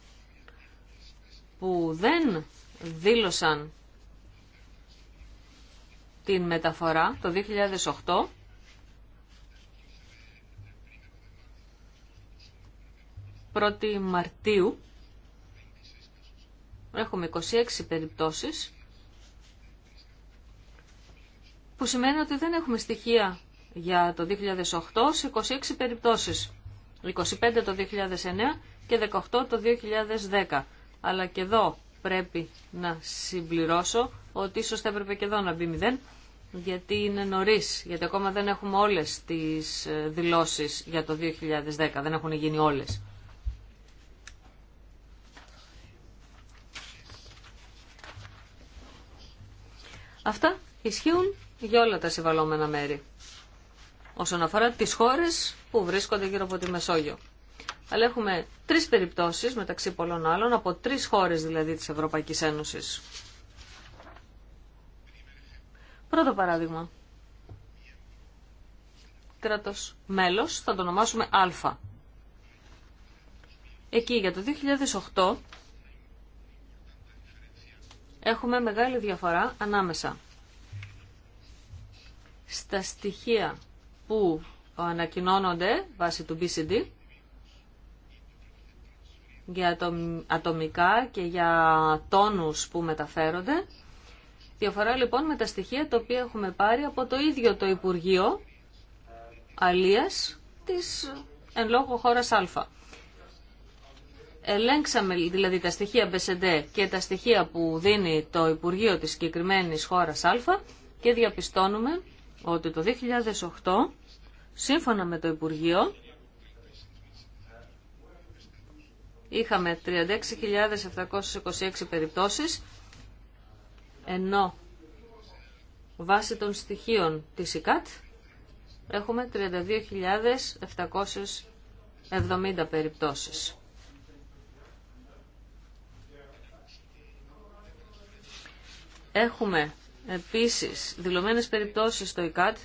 που δεν δήλωσαν την μεταφορά το 2008 1η Μαρτίου έχουμε 26 περιπτώσεις που σημαίνει ότι δεν έχουμε στοιχεία για το 2008 σε 26 περιπτώσεις. 25 το 2009 και 18 το 2010. Αλλά και εδώ πρέπει να συμπληρώσω ότι ίσως θα έπρεπε και εδώ να μπει 0 γιατί είναι νωρίς, γιατί ακόμα δεν έχουμε όλες τις ε, δηλώσεις για το 2010, δεν έχουν γίνει όλες. Αυτά ισχύουν για όλα τα συμβαλώμενα μέρη όσον αφορά τις χώρες που βρίσκονται γύρω από τη Μεσόγειο. Αλλά έχουμε τρεις περιπτώσεις μεταξύ πολλών άλλων, από τρεις χώρες δηλαδή της Ευρωπαϊκής Ένωσης. Πρώτο παράδειγμα. Κράτος μέλος, θα το ονομάσουμε Α. Εκεί για το 2008 έχουμε μεγάλη διαφορά ανάμεσα στα στοιχεία που ανακοινώνονται βάσει του BCD για ατομικά και για τόνους που μεταφέρονται. Διαφορά λοιπόν με τα στοιχεία τα οποία έχουμε πάρει από το ίδιο το Υπουργείο Αλίας της εν λόγω χώρας Α. Ελέγξαμε δηλαδή τα στοιχεία BCD και τα στοιχεία που δίνει το Υπουργείο της συγκεκριμένη χώρας Α και διαπιστώνουμε ότι το 2008, σύμφωνα με το Υπουργείο, είχαμε 36.726 περιπτώσεις, ενώ βάσει των στοιχείων της ΙΚΑΤ έχουμε 32.770 περιπτώσεις. Έχουμε Επίσης, δηλωμένες περιπτώσεις στο ΙΚΑΤ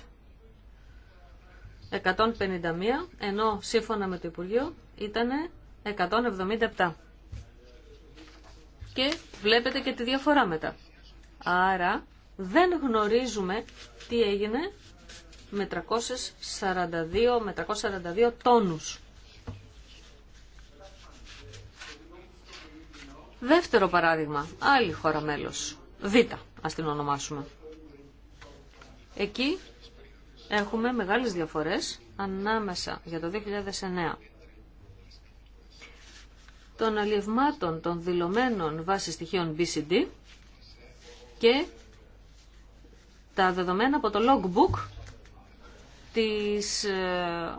151, ενώ σύμφωνα με το Υπουργείο ήταν 177. Και βλέπετε και τη διαφορά μετά. Άρα δεν γνωρίζουμε τι έγινε με 342, με 342 τόνους. Δεύτερο παράδειγμα, άλλη χώρα μέλος, Β ας την ονομάσουμε. Εκεί έχουμε μεγάλες διαφορές ανάμεσα για το 2009 των αλλιευμάτων των δηλωμένων βάσει στοιχείων BCD και τα δεδομένα από το logbook της ε,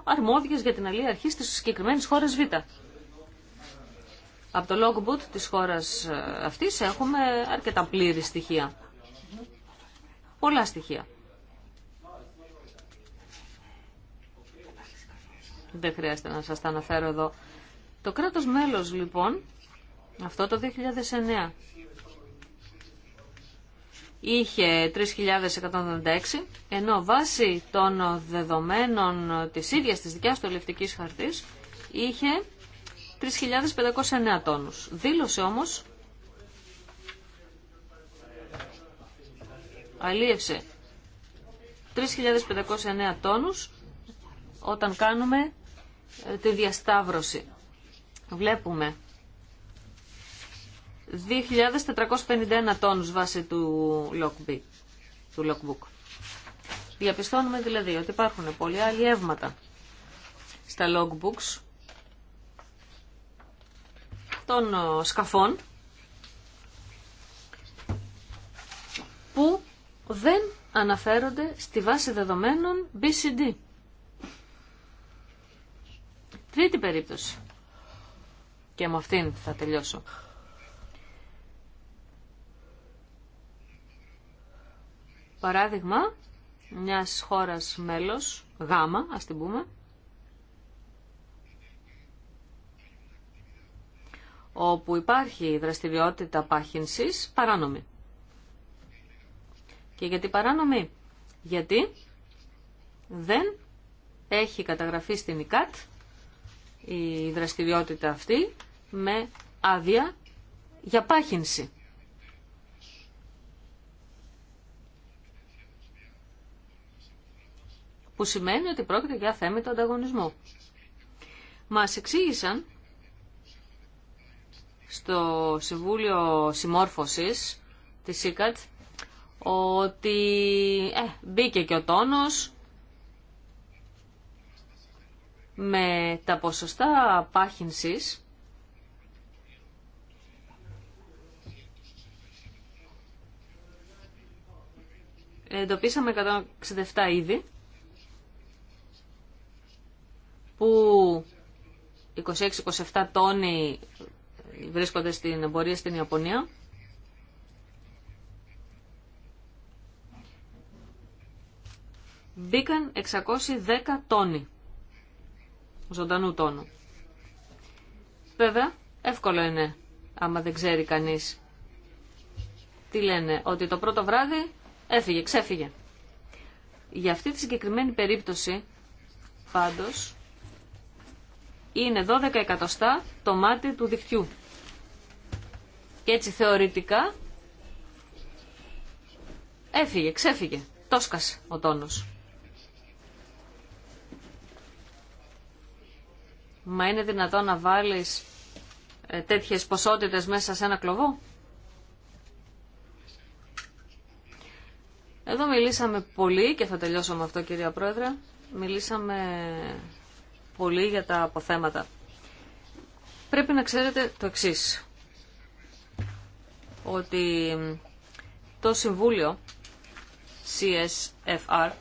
αρμόδιας για την αλληλεία αρχή της συγκεκριμένης χώρας Β. Από το logbook της χώρας ε, αυτής έχουμε αρκετά πλήρη στοιχεία πολλά στοιχεία. Δεν χρειάζεται να σας τα αναφέρω εδώ. Το κράτος μέλος λοιπόν, αυτό το 2009, είχε 3.196, ενώ βάσει των δεδομένων της ίδιας της δικιάς του ελευτικής χαρτής είχε 3.509 τόνους. Δήλωσε όμως αλίευσε 3.509 τόνους όταν κάνουμε ε, τη διασταύρωση. Βλέπουμε 2.451 τόνους βάσει του logbook. Του logbook. Διαπιστώνουμε δηλαδή ότι υπάρχουν πολλοί αλλιεύματα στα logbooks των ε, σκαφών που δεν αναφέρονται στη βάση δεδομένων BCD. Τρίτη περίπτωση. Και με αυτήν θα τελειώσω. Παράδειγμα μιας χώρας μέλος, γάμα, ας την πούμε, όπου υπάρχει δραστηριότητα πάχυνσης παράνομη. Και γιατί παράνομη. Γιατί δεν έχει καταγραφεί στην ΙΚΑΤ η δραστηριότητα αυτή με άδεια για πάχυνση. Που σημαίνει ότι πρόκειται για θέμα του ανταγωνισμού. Μας εξήγησαν στο Συμβούλιο Συμμόρφωσης της ΣΥΚΑΤ ότι ε, μπήκε και ο τόνος με τα ποσοστά πάχυνσης εντοπίσαμε 167 είδη που 26-27 τόνοι βρίσκονται στην εμπορία στην Ιαπωνία μπήκαν 610 τόνοι ζωντανού τόνου. Βέβαια, εύκολο είναι άμα δεν ξέρει κανείς τι λένε, ότι το πρώτο βράδυ έφυγε, ξέφυγε. Για αυτή τη συγκεκριμένη περίπτωση, πάντως, είναι 12 εκατοστά το μάτι του δικτυού. Και έτσι θεωρητικά έφυγε, ξέφυγε, τόσκασε ο τόνος. Μα είναι δυνατόν να βάλεις ε, τέτοιες ποσότητες μέσα σε ένα κλωβό. Εδώ μιλήσαμε πολύ και θα τελειώσω με αυτό κυρία Πρόεδρε. Μιλήσαμε πολύ για τα αποθέματα. Πρέπει να ξέρετε το εξής. Ότι το Συμβούλιο CSFR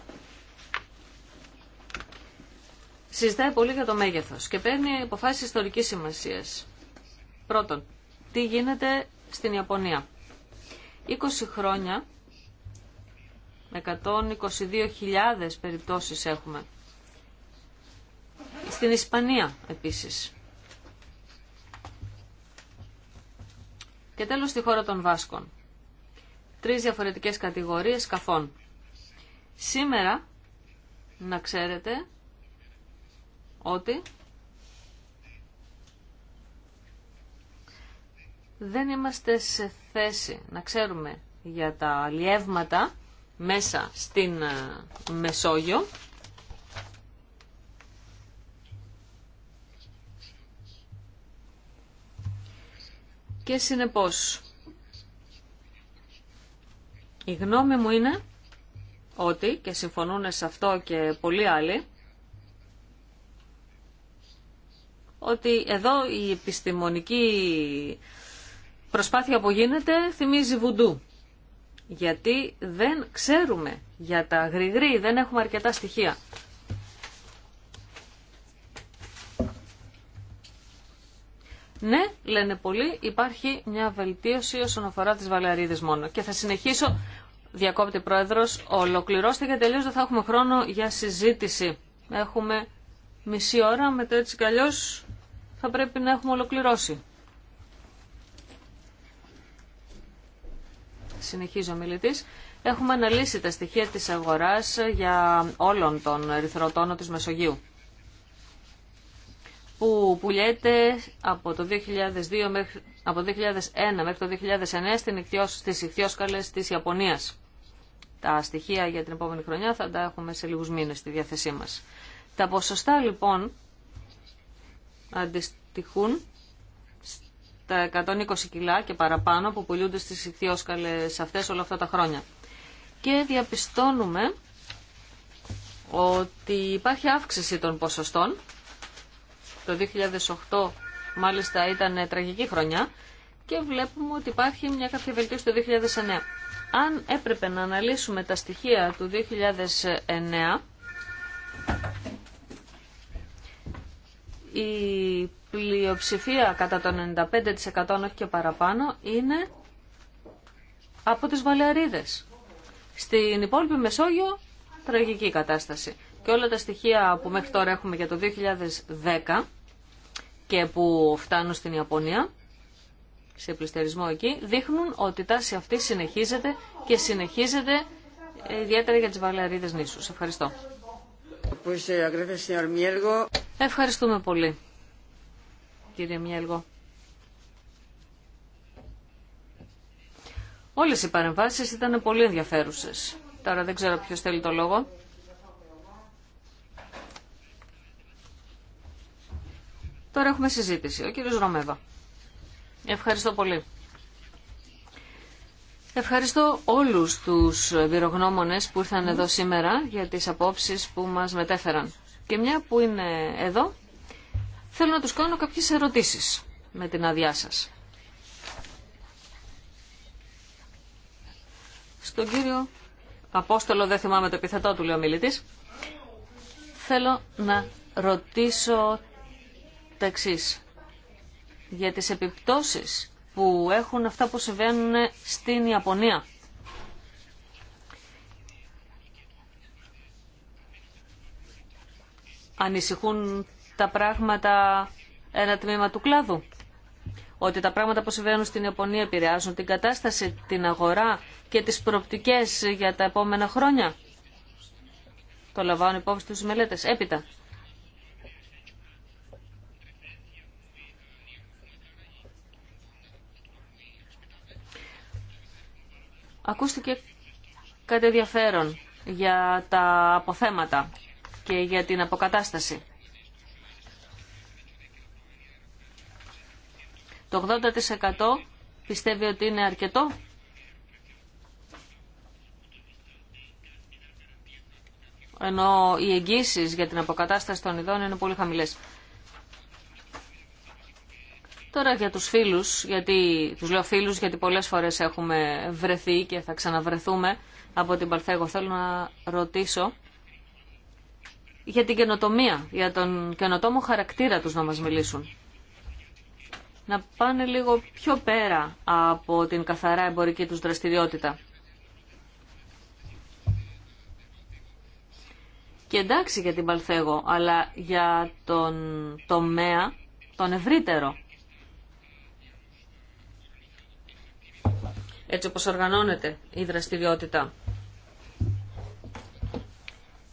συζητάει πολύ για το μέγεθος και παίρνει αποφάσεις ιστορικής σημασίας. Πρώτον, τι γίνεται στην Ιαπωνία. 20 χρόνια, 122.000 περιπτώσεις έχουμε. Στην Ισπανία επίσης. Και τέλος στη χώρα των Βάσκων. Τρεις διαφορετικές κατηγορίες σκαφών. Σήμερα, να ξέρετε, ότι δεν είμαστε σε θέση να ξέρουμε για τα λιεύματα μέσα στην ε, Μεσόγειο. Και συνεπώς, η γνώμη μου είναι ότι, και συμφωνούν σε αυτό και πολλοί άλλοι, ότι εδώ η επιστημονική προσπάθεια που γίνεται θυμίζει βουντού. Γιατί δεν ξέρουμε για τα γρηγρή, δεν έχουμε αρκετά στοιχεία. Ναι, λένε πολλοί, υπάρχει μια βελτίωση όσον αφορά τις βαλαρίδες μόνο. Και θα συνεχίσω, διακόπτη πρόεδρος, ολοκληρώστε και τελείως δεν θα έχουμε χρόνο για συζήτηση. Έχουμε μισή ώρα, το έτσι καλώς θα πρέπει να έχουμε ολοκληρώσει. Συνεχίζω μιλητής. Έχουμε αναλύσει τα στοιχεία της αγοράς για όλων των ερυθροτόνο της Μεσογείου που πουλιέται από το 2002 μέχρι, από το 2001 μέχρι το 2009 στην ικτιός, στις Ιαπωνία. της Ιαπωνίας. Τα στοιχεία για την επόμενη χρονιά θα τα έχουμε σε λίγους μήνες στη διάθεσή μας. Τα ποσοστά λοιπόν αντιστοιχούν στα 120 κιλά και παραπάνω που πουλούνται στις ηθιόσκαλες αυτές όλα αυτά τα χρόνια. Και διαπιστώνουμε ότι υπάρχει αύξηση των ποσοστών. Το 2008 μάλιστα ήταν τραγική χρονιά και βλέπουμε ότι υπάρχει μια κάποια βελτίωση το 2009. Αν έπρεπε να αναλύσουμε τα στοιχεία του 2009, η πλειοψηφία κατά το 95% όχι και παραπάνω είναι από τις Βαλεαρίδες. Στην υπόλοιπη Μεσόγειο τραγική κατάσταση. Και όλα τα στοιχεία που μέχρι τώρα έχουμε για το 2010 και που φτάνουν στην Ιαπωνία, σε πληστερισμό εκεί, δείχνουν ότι η τάση αυτή συνεχίζεται και συνεχίζεται ιδιαίτερα για τις Βαλεαρίδες νήσους. Ευχαριστώ. Eh, Ευχαριστούμε πολύ, κύριε Μιέλγο. Όλες οι παρεμβάσει ήταν πολύ ενδιαφέρουσε. Τώρα δεν ξέρω ποιο θέλει το λόγο. Τώρα έχουμε συζήτηση. Ο κύριος Ρωμέβα. Ευχαριστώ πολύ. Ευχαριστώ όλους τους βιρογνώμονες που ήρθαν εδώ σήμερα για τις απόψεις που μας μετέφεραν. Και μια που είναι εδώ, θέλω να τους κάνω κάποιες ερωτήσεις με την άδειά σας. Στον κύριο Απόστολο, δεν θυμάμαι το επιθετό του, λέει ο θέλω να ρωτήσω τα εξής. Για τις επιπτώσεις που έχουν αυτά που συμβαίνουν στην Ιαπωνία. Ανησυχούν τα πράγματα ένα τμήμα του κλάδου. Ότι τα πράγματα που συμβαίνουν στην Ιαπωνία επηρεάζουν την κατάσταση, την αγορά και τις προοπτικές για τα επόμενα χρόνια. Το λαμβάνουν υπόψη τους μελέτες. Έπειτα, Ακούστηκε κάτι ενδιαφέρον για τα αποθέματα και για την αποκατάσταση. Το 80% πιστεύει ότι είναι αρκετό. Ενώ οι εγγύσεις για την αποκατάσταση των ειδών είναι πολύ χαμηλές. Τώρα για τους φίλους, γιατί τους λέω φίλους γιατί πολλές φορές έχουμε βρεθεί και θα ξαναβρεθούμε από την Παλθέγο. Θέλω να ρωτήσω για την καινοτομία, για τον καινοτόμο χαρακτήρα τους να μας μιλήσουν. Να πάνε λίγο πιο πέρα από την καθαρά εμπορική τους δραστηριότητα. Και εντάξει για την Παλθέγο, αλλά για τον τομέα, τον ευρύτερο έτσι όπως οργανώνεται η δραστηριότητα.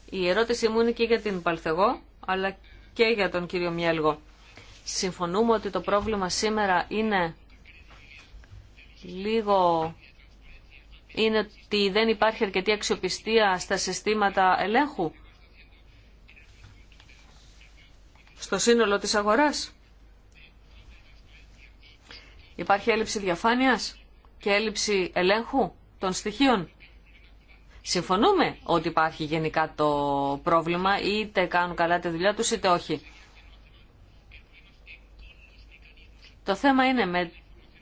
Η ερώτησή μου είναι και για την Παλθεγό, αλλά και για τον κύριο Μιέλγο. Συμφωνούμε ότι το πρόβλημα σήμερα είναι λίγο είναι ότι δεν υπάρχει αρκετή αξιοπιστία στα συστήματα ελέγχου στο σύνολο της αγοράς. Υπάρχει έλλειψη διαφάνειας και έλλειψη ελέγχου των στοιχείων. Συμφωνούμε ότι υπάρχει γενικά το πρόβλημα, είτε κάνουν καλά τη δουλειά τους είτε όχι. Το θέμα είναι με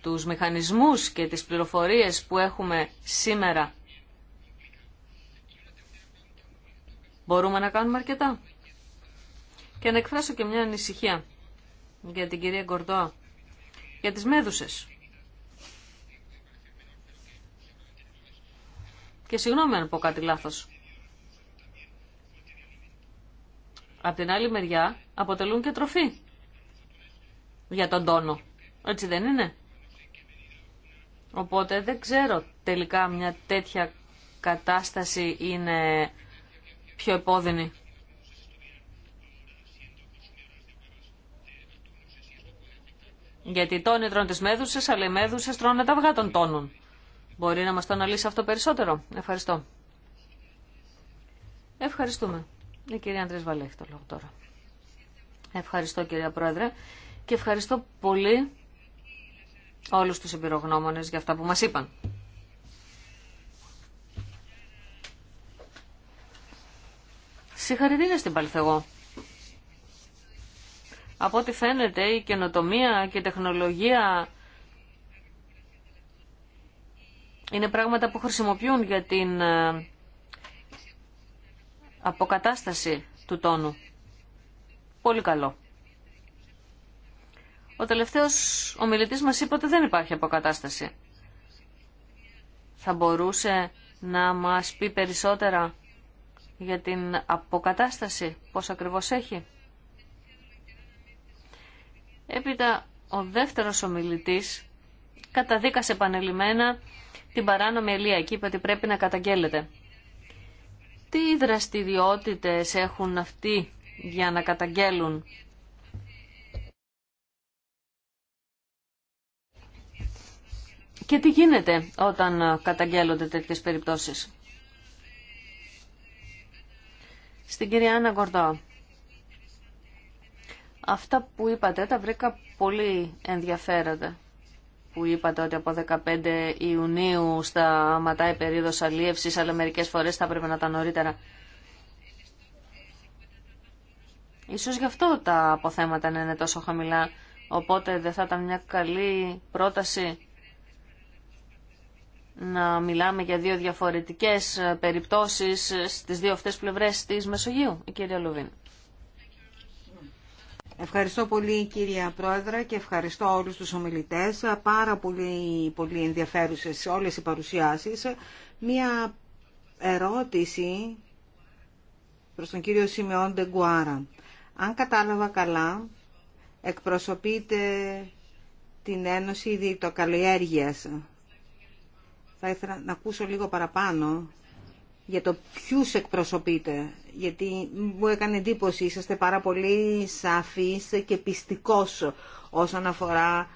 τους μηχανισμούς και τις πληροφορίες που έχουμε σήμερα. Μπορούμε να κάνουμε αρκετά. Και να εκφράσω και μια ανησυχία για την κυρία Γκορδόα, για τις μέδουσες. Και συγγνώμη αν πω κάτι λάθος. Απ' την άλλη μεριά αποτελούν και τροφή για τον τόνο. Έτσι δεν είναι. Οπότε δεν ξέρω τελικά μια τέτοια κατάσταση είναι πιο επώδυνη. Γιατί τόνοι τρώνε τις μέδουσες, αλλά οι μέδουσες τρώνε τα αυγά των τόνων. Μπορεί να μας το αναλύσει αυτό περισσότερο. Ευχαριστώ. Ευχαριστούμε. Η κυρία Αντρές Βαλέ το λόγο τώρα. Ευχαριστώ κυρία Πρόεδρε και ευχαριστώ πολύ όλους τους εμπειρογνώμονες για αυτά που μας είπαν. Συγχαρητήρια στην Παλθεγό. Από ό,τι φαίνεται η καινοτομία και η τεχνολογία Είναι πράγματα που χρησιμοποιούν για την ε, αποκατάσταση του τόνου. Πολύ καλό. Ο τελευταίος ομιλητής μας είπε ότι δεν υπάρχει αποκατάσταση. Θα μπορούσε να μας πει περισσότερα για την αποκατάσταση, πώς ακριβώς έχει. Έπειτα ο δεύτερος ομιλητής καταδίκασε επανελειμμένα την παράνομη ελεία εκεί είπε ότι πρέπει να καταγγέλλεται. Τι δραστηριότητες έχουν αυτοί για να καταγγέλουν Και τι γίνεται όταν καταγγέλλονται τέτοιες περιπτώσεις. Στην κυρία Άννα Γκορδό. Αυτά που είπατε τα βρήκα πολύ ενδιαφέροντα που είπατε ότι από 15 Ιουνίου σταματάει ματάει περίοδος αλίευσης, αλλά μερικέ φορέ θα έπρεπε να τα νωρίτερα. Ίσως γι' αυτό τα αποθέματα να είναι τόσο χαμηλά, οπότε δεν θα ήταν μια καλή πρόταση να μιλάμε για δύο διαφορετικές περιπτώσεις στις δύο αυτές πλευρές της Μεσογείου, η κυρία Λουβίν. Ευχαριστώ πολύ κυρία Πρόεδρα και ευχαριστώ όλους τους ομιλητές. Πάρα πολύ, πολύ ενδιαφέρουσες όλες οι παρουσιάσεις. Μία ερώτηση προς τον κύριο Σιμεών Ντεγκουάρα. Αν κατάλαβα καλά, εκπροσωπείτε την Ένωση Διεκτοκαλλιέργειας. Θα ήθελα να ακούσω λίγο παραπάνω για το ποιους εκπροσωπείτε γιατί μου έκανε εντύπωση, είσαστε πάρα πολύ σαφής και πιστικός όσον αφορά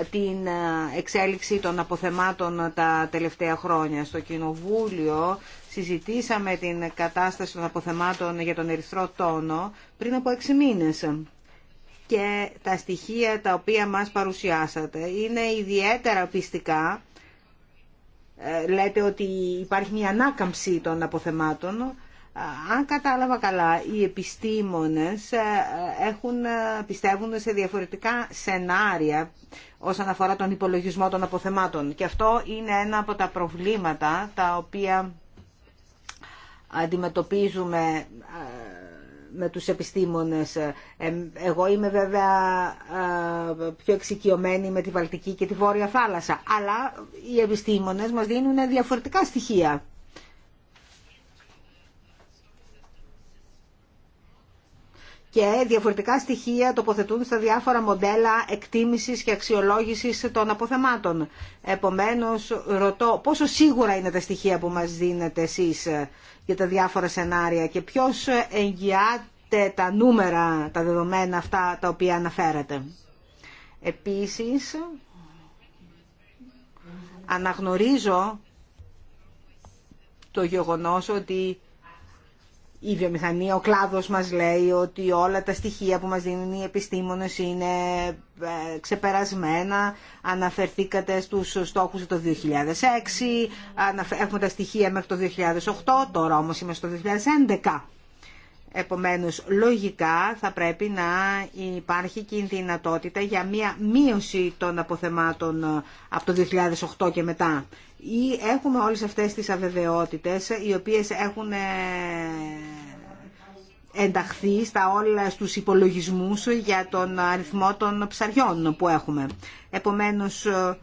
ε, την ε, εξέλιξη των αποθεμάτων τα τελευταία χρόνια. Στο Κοινοβούλιο συζητήσαμε την κατάσταση των αποθεμάτων για τον ερυθρό τόνο πριν από έξι μήνες. Και τα στοιχεία τα οποία μας παρουσιάσατε είναι ιδιαίτερα πιστικά. Ε, λέτε ότι υπάρχει μια ανάκαμψη των αποθεμάτων αν κατάλαβα καλά, οι επιστήμονες ε, έχουν, ε, πιστεύουν σε διαφορετικά σενάρια όσον αφορά τον υπολογισμό των αποθεμάτων. Και αυτό είναι ένα από τα προβλήματα τα οποία αντιμετωπίζουμε ε, με τους επιστήμονες. Εγώ είμαι βέβαια πιο εξοικειωμένη με τη Βαλτική και τη Βόρεια Θάλασσα, αλλά οι επιστήμονες μας δίνουν διαφορετικά στοιχεία. και διαφορετικά στοιχεία τοποθετούν στα διάφορα μοντέλα εκτίμησης και αξιολόγησης των αποθεμάτων. Επομένως, ρωτώ πόσο σίγουρα είναι τα στοιχεία που μας δίνετε εσείς ε, για τα διάφορα σενάρια και ποιος εγγυάται τα νούμερα, τα δεδομένα αυτά τα οποία αναφέρατε. Επίσης, αναγνωρίζω το γεγονός ότι η βιομηχανία, ο κλάδος μας λέει ότι όλα τα στοιχεία που μας δίνουν οι επιστήμονες είναι ε, ξεπερασμένα. Αναφερθήκατε στους στόχους το 2006, έχουμε τα στοιχεία μέχρι το 2008, τώρα όμως είμαστε στο 2011. Επομένως, λογικά θα πρέπει να υπάρχει και η δυνατότητα για μία μείωση των αποθεμάτων ε, από το 2008 και μετά. Ή έχουμε όλες αυτές τις αβεβαιότητες, οι οποίες έχουν ε, ενταχθεί στα όλα στους υπολογισμούς για τον αριθμό των ψαριών που έχουμε. Επομένως, ε,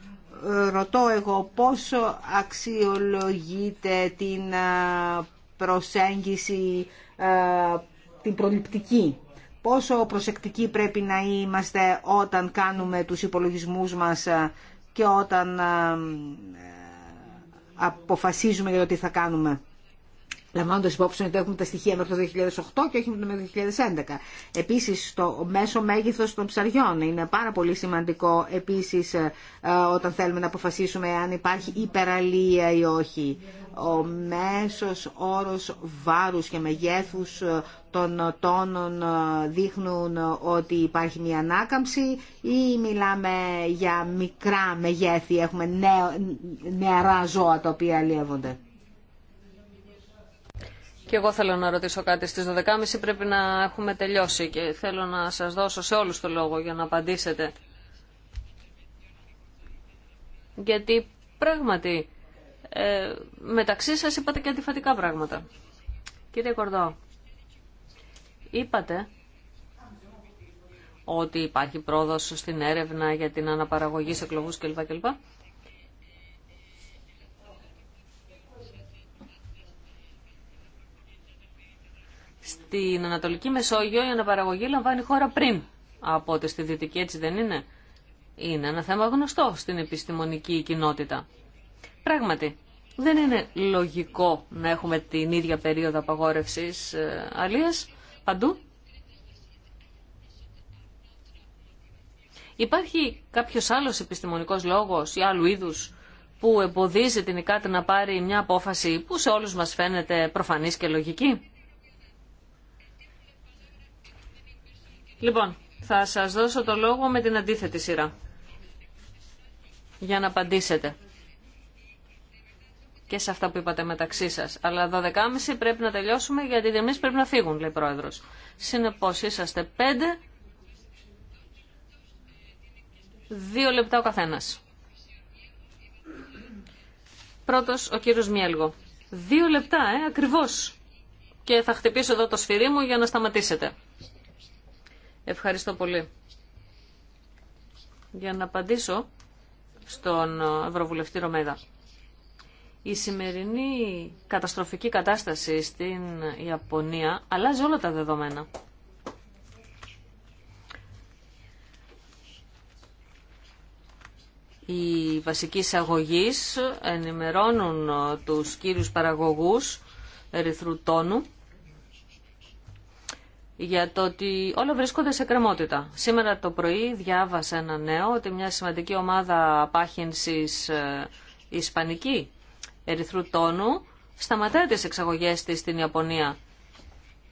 ρωτώ εγώ πόσο αξιολογείται την προσέγγιση ε, την προληπτική. Πόσο προσεκτικοί πρέπει να είμαστε όταν κάνουμε τους υπολογισμούς μας ε, και όταν ε, αποφασίζουμε για το τι θα κάνουμε λαμβάνοντα υπόψη ότι έχουμε τα στοιχεία μέχρι το 2008 και όχι μέχρι το 2011. Επίση, το μέσο μέγεθο των ψαριών είναι πάρα πολύ σημαντικό επίση ε, όταν θέλουμε να αποφασίσουμε αν υπάρχει υπεραλία ή όχι. Ο μέσο όρο βάρου και μεγέθου ε, των τόνων ε, δείχνουν ότι υπάρχει μια ανάκαμψη ή μιλάμε για μικρά μεγέθη, έχουμε νεαρά ζώα τα οποία αλλιεύονται. Και εγώ θέλω να ρωτήσω κάτι. Στις 12.30 πρέπει να έχουμε τελειώσει και θέλω να σας δώσω σε όλους το λόγο για να απαντήσετε. Γιατί πράγματι ε, μεταξύ σας είπατε και αντιφατικά πράγματα. Κύριε Κορδό, είπατε ότι υπάρχει πρόοδος στην έρευνα για την αναπαραγωγή σε κλοβούς κλπ. Στην Ανατολική Μεσόγειο η αναπαραγωγή λαμβάνει χώρα πριν από ό,τι στη Δυτική, έτσι δεν είναι. Είναι ένα θέμα γνωστό στην επιστημονική κοινότητα. Πράγματι, δεν είναι λογικό να έχουμε την ίδια περίοδο απαγόρευσης ε, αλίας παντού. Υπάρχει κάποιος άλλος επιστημονικός λόγος ή άλλου είδους που εμποδίζει την ΕΚΑΤ να πάρει μια απόφαση που σε όλους μας φαίνεται προφανής και λογική. Λοιπόν, θα σας δώσω το λόγο με την αντίθετη σειρά για να απαντήσετε και σε αυτά που είπατε μεταξύ σας. Αλλά 12.30 πρέπει να τελειώσουμε γιατί οι πρέπει να φύγουν, λέει ο Πρόεδρος. Συνεπώς είσαστε πέντε, δύο λεπτά ο καθένας. Πρώτος ο κύριος Μιέλγο. Δύο λεπτά, ε, ακριβώς. Και θα χτυπήσω εδώ το σφυρί μου για να σταματήσετε. Ευχαριστώ πολύ. Για να απαντήσω στον Ευρωβουλευτή Ρομέδα. Η σημερινή καταστροφική κατάσταση στην Ιαπωνία αλλάζει όλα τα δεδομένα. Οι βασικοί εισαγωγείς ενημερώνουν τους κύριους παραγωγούς ερυθρού για το ότι όλα βρίσκονται σε κρεμότητα. Σήμερα το πρωί διάβασα ένα νέο ότι μια σημαντική ομάδα απάχυνσης ε, ισπανική ερυθρού τόνου σταματάει τις εξαγωγές της στην Ιαπωνία.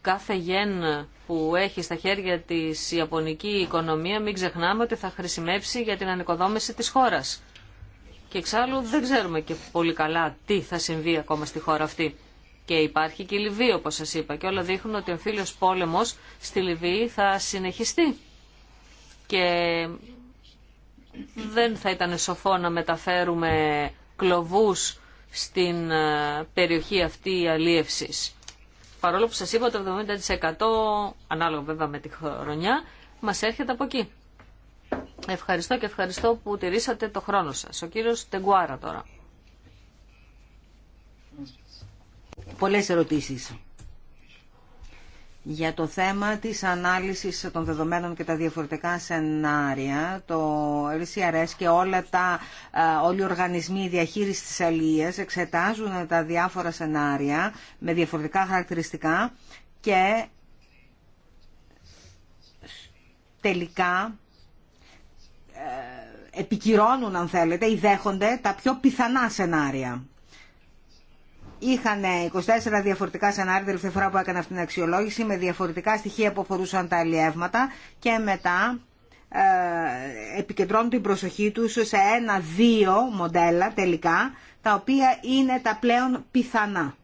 Κάθε γεν που έχει στα χέρια της ιαπωνική οικονομία μην ξεχνάμε ότι θα χρησιμεύσει για την ανοικοδόμηση της χώρας. Και εξάλλου δεν ξέρουμε και πολύ καλά τι θα συμβεί ακόμα στη χώρα αυτή. Και υπάρχει και η Λιβύη όπως σας είπα και όλα δείχνουν ότι ο φίλος πόλεμος στη Λιβύη θα συνεχιστεί. Και δεν θα ήταν σοφό να μεταφέρουμε κλοβούς στην ε, περιοχή αυτή αλίευσης. Παρόλο που σας είπα το 70% ανάλογα βέβαια με τη χρονιά μας έρχεται από εκεί. Ευχαριστώ και ευχαριστώ που τηρήσατε το χρόνο σας. Ο κύριος Τεγκουάρα τώρα. πολλές ερωτήσεις για το θέμα της ανάλυσης των δεδομένων και τα διαφορετικά σενάρια, το RCRS και όλα τα, ε, όλοι οι οργανισμοί διαχείρισης της αλίας εξετάζουν τα διάφορα σενάρια με διαφορετικά χαρακτηριστικά και τελικά ε, επικυρώνουν, αν θέλετε, ή δέχονται τα πιο πιθανά σενάρια είχαν 24 διαφορετικά σενάρια δηλαδή τελευταία φορά που έκανε αυτήν την αξιολόγηση με διαφορετικά στοιχεία που αφορούσαν τα αλλιεύματα και μετά ε, επικεντρώνουν την προσοχή τους σε ένα-δύο μοντέλα τελικά τα οποία είναι τα πλέον πιθανά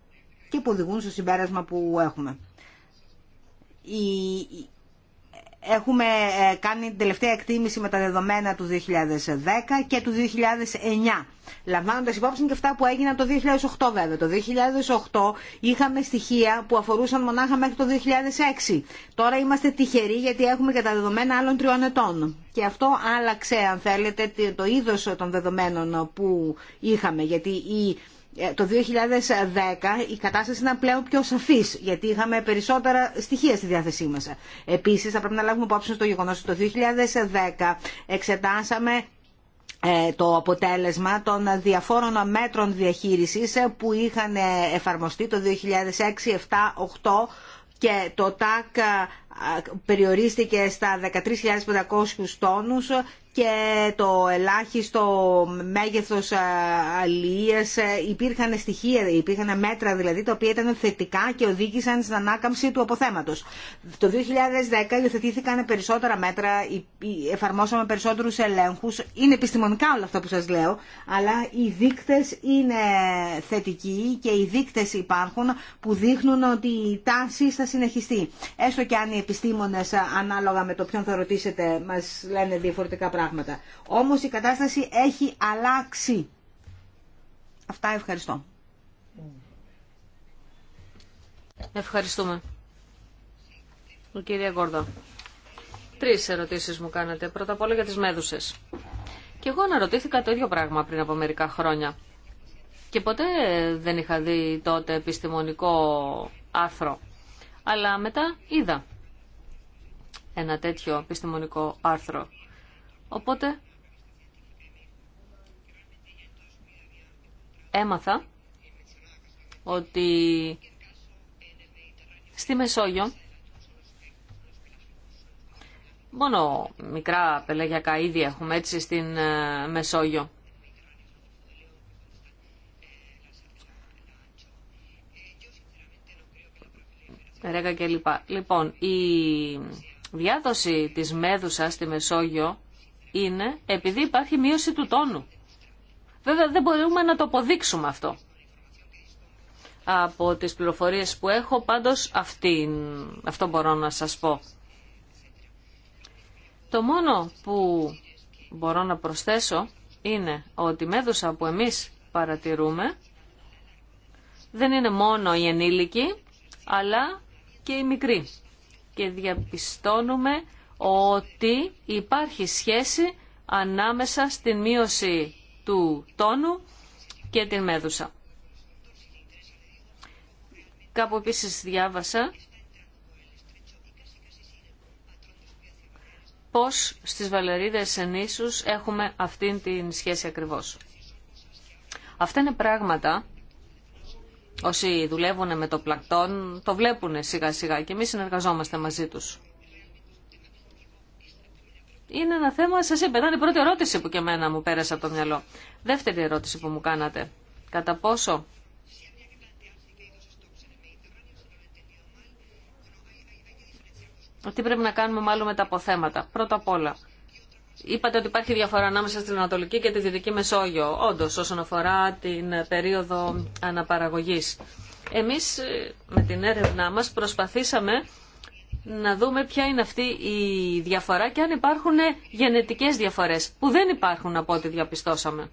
και που οδηγούν στο συμπέρασμα που έχουμε. Έχουμε ε, κάνει την τελευταία εκτίμηση με τα δεδομένα του 2010 και του 2009. Λαμβάνοντα υπόψη και αυτά που έγιναν το 2008 βέβαια. Το 2008 είχαμε στοιχεία που αφορούσαν μονάχα μέχρι το 2006. Τώρα είμαστε τυχεροί γιατί έχουμε και τα δεδομένα άλλων τριών ετών. Και αυτό άλλαξε αν θέλετε το είδος των δεδομένων που είχαμε. Γιατί η ε, το 2010 η κατάσταση ήταν πλέον πιο σαφής, γιατί είχαμε περισσότερα στοιχεία στη διάθεσή μα. Επίσης, θα πρέπει να λάβουμε υπόψη στο γεγονό ότι το 2010 εξετάσαμε ε, το αποτέλεσμα των διαφόρων μέτρων διαχείρισης που είχαν ε, εφαρμοστεί το 2006, 2007, 2008 και το ΤΑΚ περιορίστηκε στα 13.500 τόνους και το ελάχιστο μέγεθος αλίας ε, υπήρχαν στοιχεία, υπήρχαν μέτρα δηλαδή τα οποία ήταν θετικά και οδήγησαν στην ανάκαμψη του αποθέματος. Το 2010 υιοθετήθηκαν περισσότερα μέτρα, εφαρμόσαμε περισσότερους ελέγχους. Είναι επιστημονικά όλα αυτά που σας λέω, αλλά οι δείκτες είναι θετικοί και οι δείκτες υπάρχουν που δείχνουν ότι η τάση θα συνεχιστεί. Έστω και αν η επιστήμονες ε, ανάλογα με το ποιον θα ρωτήσετε μας λένε διαφορετικά πράγματα. Όμως η κατάσταση έχει αλλάξει. Αυτά ευχαριστώ. Ευχαριστούμε. κύριε Γκόρδο. Τρεις ερωτήσεις μου κάνατε. Πρώτα απ' όλα για τις μέδουσες. Και εγώ αναρωτήθηκα το ίδιο πράγμα πριν από μερικά χρόνια. Και ποτέ δεν είχα δει τότε επιστημονικό άθρο. Αλλά μετά είδα ένα τέτοιο επιστημονικό άρθρο. Οπότε έμαθα ότι στη Μεσόγειο μόνο μικρά πελαγιακά είδη έχουμε έτσι στην ε, Μεσόγειο. Ρέγα και λοιπά. Λοιπόν, η διάδοση της μέδουσας στη Μεσόγειο είναι επειδή υπάρχει μείωση του τόνου. Βέβαια δεν μπορούμε να το αποδείξουμε αυτό. Από τις πληροφορίες που έχω πάντως αυτό μπορώ να σας πω. Το μόνο που μπορώ να προσθέσω είναι ότι η μέδουσα που εμείς παρατηρούμε δεν είναι μόνο η ενήλικη αλλά και η μικρή και διαπιστώνουμε ότι υπάρχει σχέση ανάμεσα στην μείωση του τόνου και την μέδουσα. Κάπου επίση, διάβασα πώς στις βαλερίδες ενίσους έχουμε αυτήν την σχέση ακριβώς. Αυτά είναι πράγματα Όσοι δουλεύουν με το πλακτόν το βλέπουν σιγά σιγά και εμείς συνεργαζόμαστε μαζί τους. Είναι ένα θέμα, σας είπα, ήταν η πρώτη ερώτηση που και εμένα μου πέρασε από το μυαλό. Δεύτερη ερώτηση που μου κάνατε. Κατά πόσο τι πρέπει να κάνουμε μάλλον με τα αποθέματα. Πρώτα απ' όλα, Είπατε ότι υπάρχει διαφορά ανάμεσα στην Ανατολική και τη Δυτική Μεσόγειο, όντως όσον αφορά την περίοδο αναπαραγωγής. Εμείς ε, με την έρευνά μας προσπαθήσαμε να δούμε ποια είναι αυτή η διαφορά και αν υπάρχουν γενετικές διαφορές, που δεν υπάρχουν από ό,τι διαπιστώσαμε.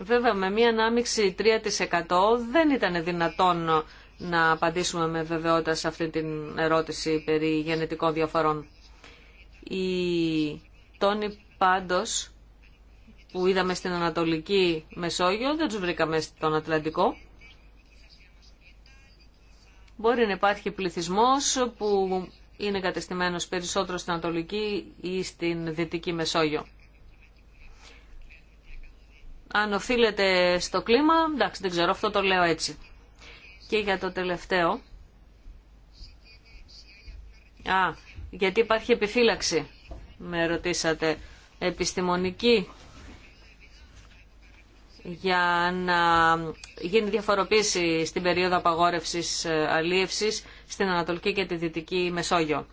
Βέβαια με μία ανάμειξη 3% δεν ήταν δυνατόν να απαντήσουμε με βεβαιότητα σε αυτή την ερώτηση περί γενετικών διαφορών. Η τόνοι πάντως που είδαμε στην Ανατολική Μεσόγειο δεν τους βρήκαμε στον Ατλαντικό. Μπορεί να υπάρχει πληθυσμός που είναι κατεστημένος περισσότερο στην Ανατολική ή στην Δυτική Μεσόγειο. Αν οφείλεται στο κλίμα, εντάξει δεν ξέρω, αυτό το λέω έτσι. Και για το τελευταίο. Α, γιατί υπάρχει επιφύλαξη, με ρωτήσατε, επιστημονική για να γίνει διαφοροποίηση στην περίοδο απαγόρευσης ε, αλίευσης στην Ανατολική και τη Δυτική Μεσόγειο.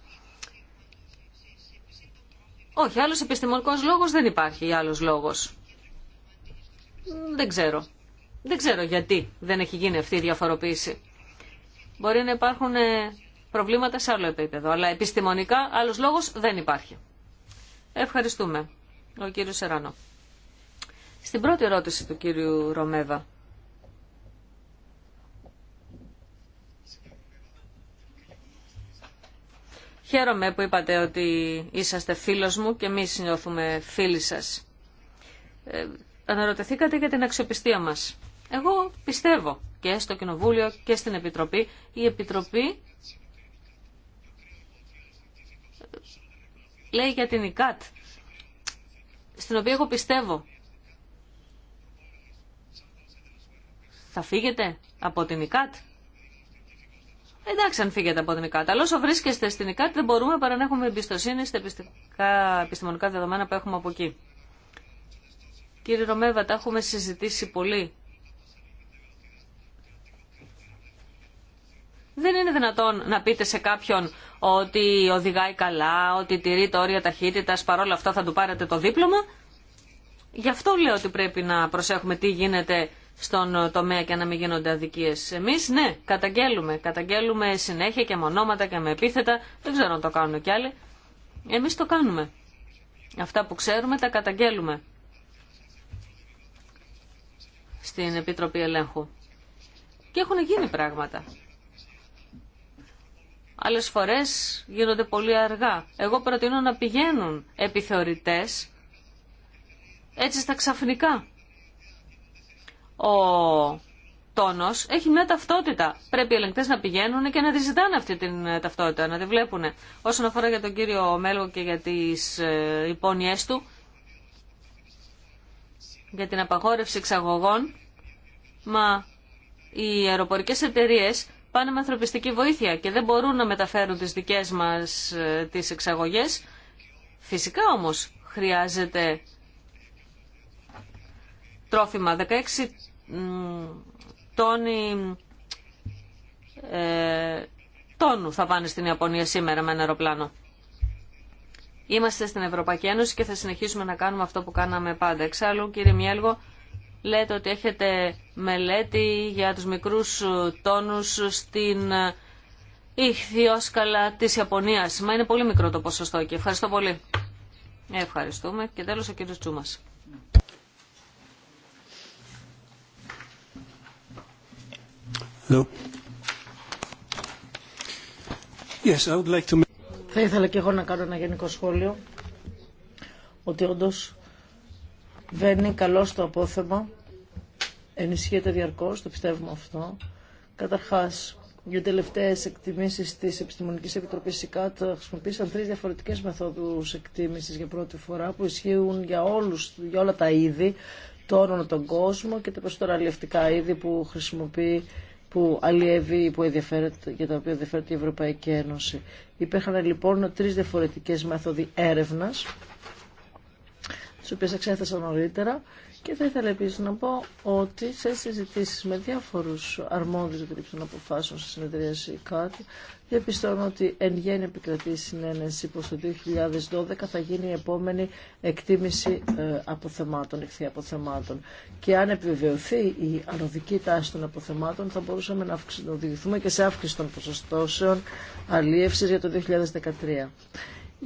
Όχι, άλλος επιστημονικός λόγος δεν υπάρχει, άλλος λόγος. Δεν ξέρω. Δεν ξέρω γιατί δεν έχει γίνει αυτή η διαφοροποίηση. Μπορεί να υπάρχουν ε, προβλήματα σε άλλο επίπεδο, αλλά επιστημονικά άλλος λόγος δεν υπάρχει. Ευχαριστούμε, ο κύριος Σεράνο. Στην πρώτη ερώτηση του κύριου Ρωμέβα. Χαίρομαι που είπατε ότι είσαστε φίλος μου και εμείς νιώθουμε φίλοι σας. Ε, αναρωτηθήκατε για την αξιοπιστία μας. Εγώ πιστεύω και στο Κοινοβούλιο και στην Επιτροπή. Η Επιτροπή λέει για την ΙΚΑΤ, στην οποία εγώ πιστεύω. Θα φύγετε από την ΙΚΑΤ. Εντάξει αν φύγετε από την ΙΚΑΤ, αλλά όσο βρίσκεστε στην ΙΚΑΤ δεν μπορούμε παρά να έχουμε εμπιστοσύνη στα επιστημονικά δεδομένα που έχουμε από εκεί. Κύριε Ρωμέβα, τα έχουμε συζητήσει πολύ Δεν είναι δυνατόν να πείτε σε κάποιον ότι οδηγάει καλά, ότι τηρεί τα όρια ταχύτητας, παρόλα αυτά θα του πάρετε το δίπλωμα. Γι' αυτό λέω ότι πρέπει να προσέχουμε τι γίνεται στον τομέα και να μην γίνονται αδικίες. Εμείς ναι, καταγγέλουμε. Καταγγέλουμε συνέχεια και με ονόματα και με επίθετα. Δεν ξέρω αν το κάνουν κι άλλοι. Εμείς το κάνουμε. Αυτά που ξέρουμε τα καταγγέλουμε στην Επιτροπή Ελέγχου. Και έχουν γίνει πράγματα άλλε φορέ γίνονται πολύ αργά. Εγώ προτείνω να πηγαίνουν επιθεωρητές έτσι στα ξαφνικά. Ο τόνος έχει μια ταυτότητα. Πρέπει οι ελεγκτέ να πηγαίνουν και να τη ζητάνε αυτή την ε, ταυτότητα, να τη βλέπουν. Όσον αφορά για τον κύριο Μέλγο και για τις ε, υπόνοιέ του, για την απαγόρευση εξαγωγών, μα οι αεροπορικές εταιρείες πάνε με ανθρωπιστική βοήθεια και δεν μπορούν να μεταφέρουν τις δικές μας ε, τις εξαγωγές. Φυσικά όμως χρειάζεται τρόφιμα. 16 τόνοι ε, τόνου θα πάνε στην Ιαπωνία σήμερα με ένα αεροπλάνο. Είμαστε στην Ευρωπαϊκή Ένωση και θα συνεχίσουμε να κάνουμε αυτό που κάναμε πάντα. Εξάλλου, κύριε Μιέλγο, λέτε ότι έχετε μελέτη για τους μικρούς ε, τόνους στην ε, ηχθιόσκαλα της Ιαπωνίας. Μα είναι πολύ μικρό το ποσοστό εκεί. Ευχαριστώ πολύ. Ευχαριστούμε. Και τέλος ο κύριος Τσούμας. Yes, Θα ήθελα και εγώ να κάνω ένα γενικό σχόλιο ότι όντως βαίνει καλό στο απόθεμα, ενισχύεται διαρκώ, το πιστεύουμε αυτό. Καταρχά, για τελευταίε εκτιμήσει τη επιστημονική Επιτροπή ΣΥΚΑΤ χρησιμοποίησαν τρει διαφορετικέ μεθόδου εκτίμηση για πρώτη φορά που ισχύουν για, όλους, για όλα τα είδη, όνομα τον κόσμο και τα περισσότερα αλληλευτικά είδη που χρησιμοποιεί που αλλιεύει που ενδιαφέρεται, για τα οποία ενδιαφέρεται η Ευρωπαϊκή Ένωση. Υπήρχαν λοιπόν τρεις διαφορετικές μέθοδοι έρευνας τι οποίε εξέθεσα νωρίτερα και θα ήθελα επίση να πω ότι σε συζητήσει με διάφορου αρμόδιους για των αποφάσεων στη συνεδρίαση ΚΑΤ διαπιστώνω ότι εν γέννη επικρατεί η συνένεση πω το 2012 θα γίνει η επόμενη εκτίμηση ε, αποθεμάτων, αποθεμάτων. Και αν επιβεβαιωθεί η αρρωδική τάση των αποθεμάτων θα μπορούσαμε να οδηγηθούμε και σε αύξηση των ποσοστώσεων αλίευση για το 2013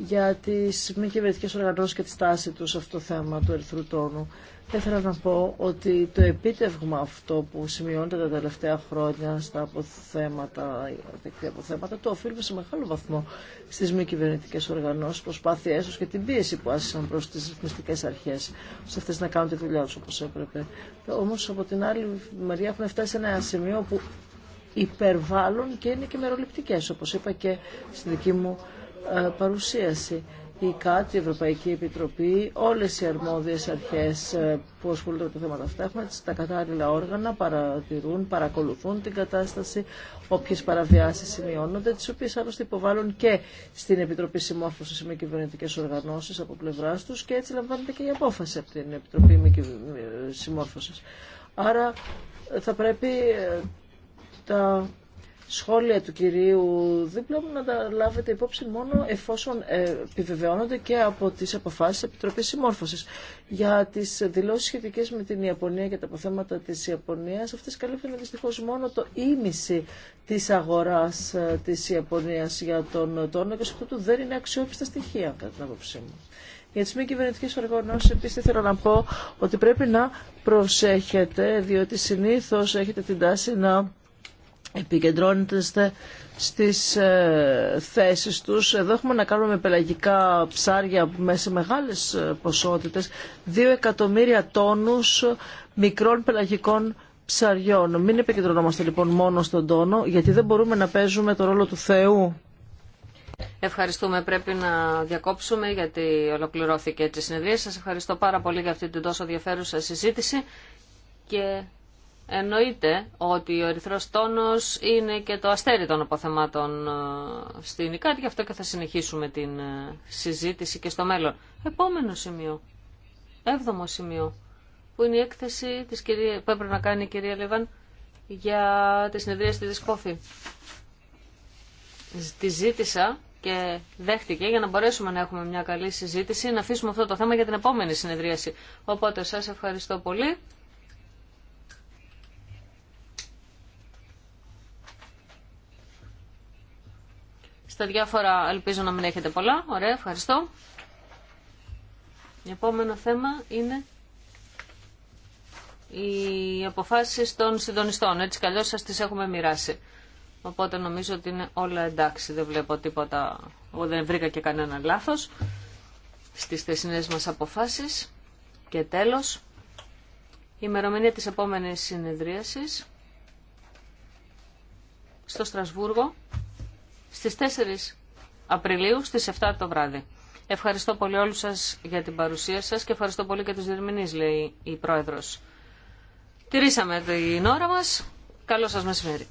για τι μη κυβερνητικέ οργανώσεις και τη στάση του σε αυτό το θέμα του ερθρού τόνου. Θα ήθελα να πω ότι το επίτευγμα αυτό που σημειώνεται τα τελευταία χρόνια στα αποθέματα, αποθέματα το οφείλουμε σε μεγάλο βαθμό στι μη κυβερνητικέ οργανώσεις, προσπάθειέ του και την πίεση που άσκησαν προ τι ρυθμιστικέ αρχέ ώστε αυτές να κάνουν τη δουλειά του όπως έπρεπε. Όμω από την άλλη μεριά έχουν φτάσει σε ένα σημείο που υπερβάλλουν και είναι και μεροληπτικέ, όπω είπα και στη δική μου ε, παρουσίαση. Η ΚΑΤ, η Ευρωπαϊκή Επιτροπή, όλες οι αρμόδιες αρχές ε, που ασχολούνται με τα θέματα αυτά έχουν τα κατάλληλα όργανα, παρατηρούν, παρακολουθούν την κατάσταση, όποιες παραβιάσεις σημειώνονται, τις οποίες άλλωστε υποβάλλουν και στην Επιτροπή Συμμόρφωσης με κυβερνητικές οργανώσεις από πλευρά τους και έτσι λαμβάνεται και η απόφαση από την Επιτροπή Συμμόρφωσης. Άρα ε, θα πρέπει τα σχόλια του κυρίου δίπλα μου να τα λάβετε υπόψη μόνο εφόσον ε, επιβεβαιώνονται και από τις αποφάσεις της Επιτροπής Συμμόρφωσης. Για τις δηλώσεις σχετικές με την Ιαπωνία και τα αποθέματα της Ιαπωνίας, αυτές καλύπτουν δυστυχώ μόνο το ίμιση της αγοράς ε, της Ιαπωνίας για τον τόνο και σε αυτό του δεν είναι αξιόπιστα στοιχεία κατά την άποψή μου. Για τις μη κυβερνητικές οργανώσεις επίσης θέλω να πω ότι πρέπει να προσέχετε διότι συνήθως έχετε την τάση να επικεντρώνεται στις ε, θέσεις τους. Εδώ έχουμε να κάνουμε πελαγικά ψάρια σε μεγάλες ε, ποσότητες, δύο εκατομμύρια τόνους μικρών πελαγικών ψαριών. Μην επικεντρωνόμαστε λοιπόν μόνο στον τόνο, γιατί δεν μπορούμε να παίζουμε το ρόλο του Θεού. Ευχαριστούμε. Πρέπει να διακόψουμε γιατί ολοκληρώθηκε τη η συνεδρία. Σας ευχαριστώ πάρα πολύ για αυτή την τόσο ενδιαφέρουσα συζήτηση και Εννοείται ότι ο ερυθρός τόνος είναι και το αστέρι των αποθεμάτων ε, στην ΙΚΑΤ, γι' αυτό και θα συνεχίσουμε την ε, συζήτηση και στο μέλλον. Επόμενο σημείο, έβδομο σημείο, που είναι η έκθεση της που έπρεπε να κάνει η κυρία Λεβάν για τη συνεδρία στη Δισκόφη. Τη ζήτησα και δέχτηκε για να μπορέσουμε να έχουμε μια καλή συζήτηση, να αφήσουμε αυτό το θέμα για την επόμενη συνεδρίαση. Οπότε σας ευχαριστώ πολύ. Στα διάφορα ελπίζω να μην έχετε πολλά. Ωραία, ευχαριστώ. Επόμενο θέμα είναι οι αποφάσεις των συντονιστών. Έτσι καλώς σας τις έχουμε μοιράσει. Οπότε νομίζω ότι είναι όλα εντάξει. Δεν βλέπω τίποτα, εγώ δεν βρήκα και κανένα λάθος στις θεσινές μας αποφάσεις. Και τέλος, η ημερομηνία της επόμενης συνεδρίασης στο Στρασβούργο στις 4 Απριλίου στις 7 το βράδυ. Ευχαριστώ πολύ όλους σας για την παρουσία σας και ευχαριστώ πολύ και τους διερμηνείς, λέει η Πρόεδρος. Τηρήσαμε την ώρα μας. Καλό σας μεσημέρι.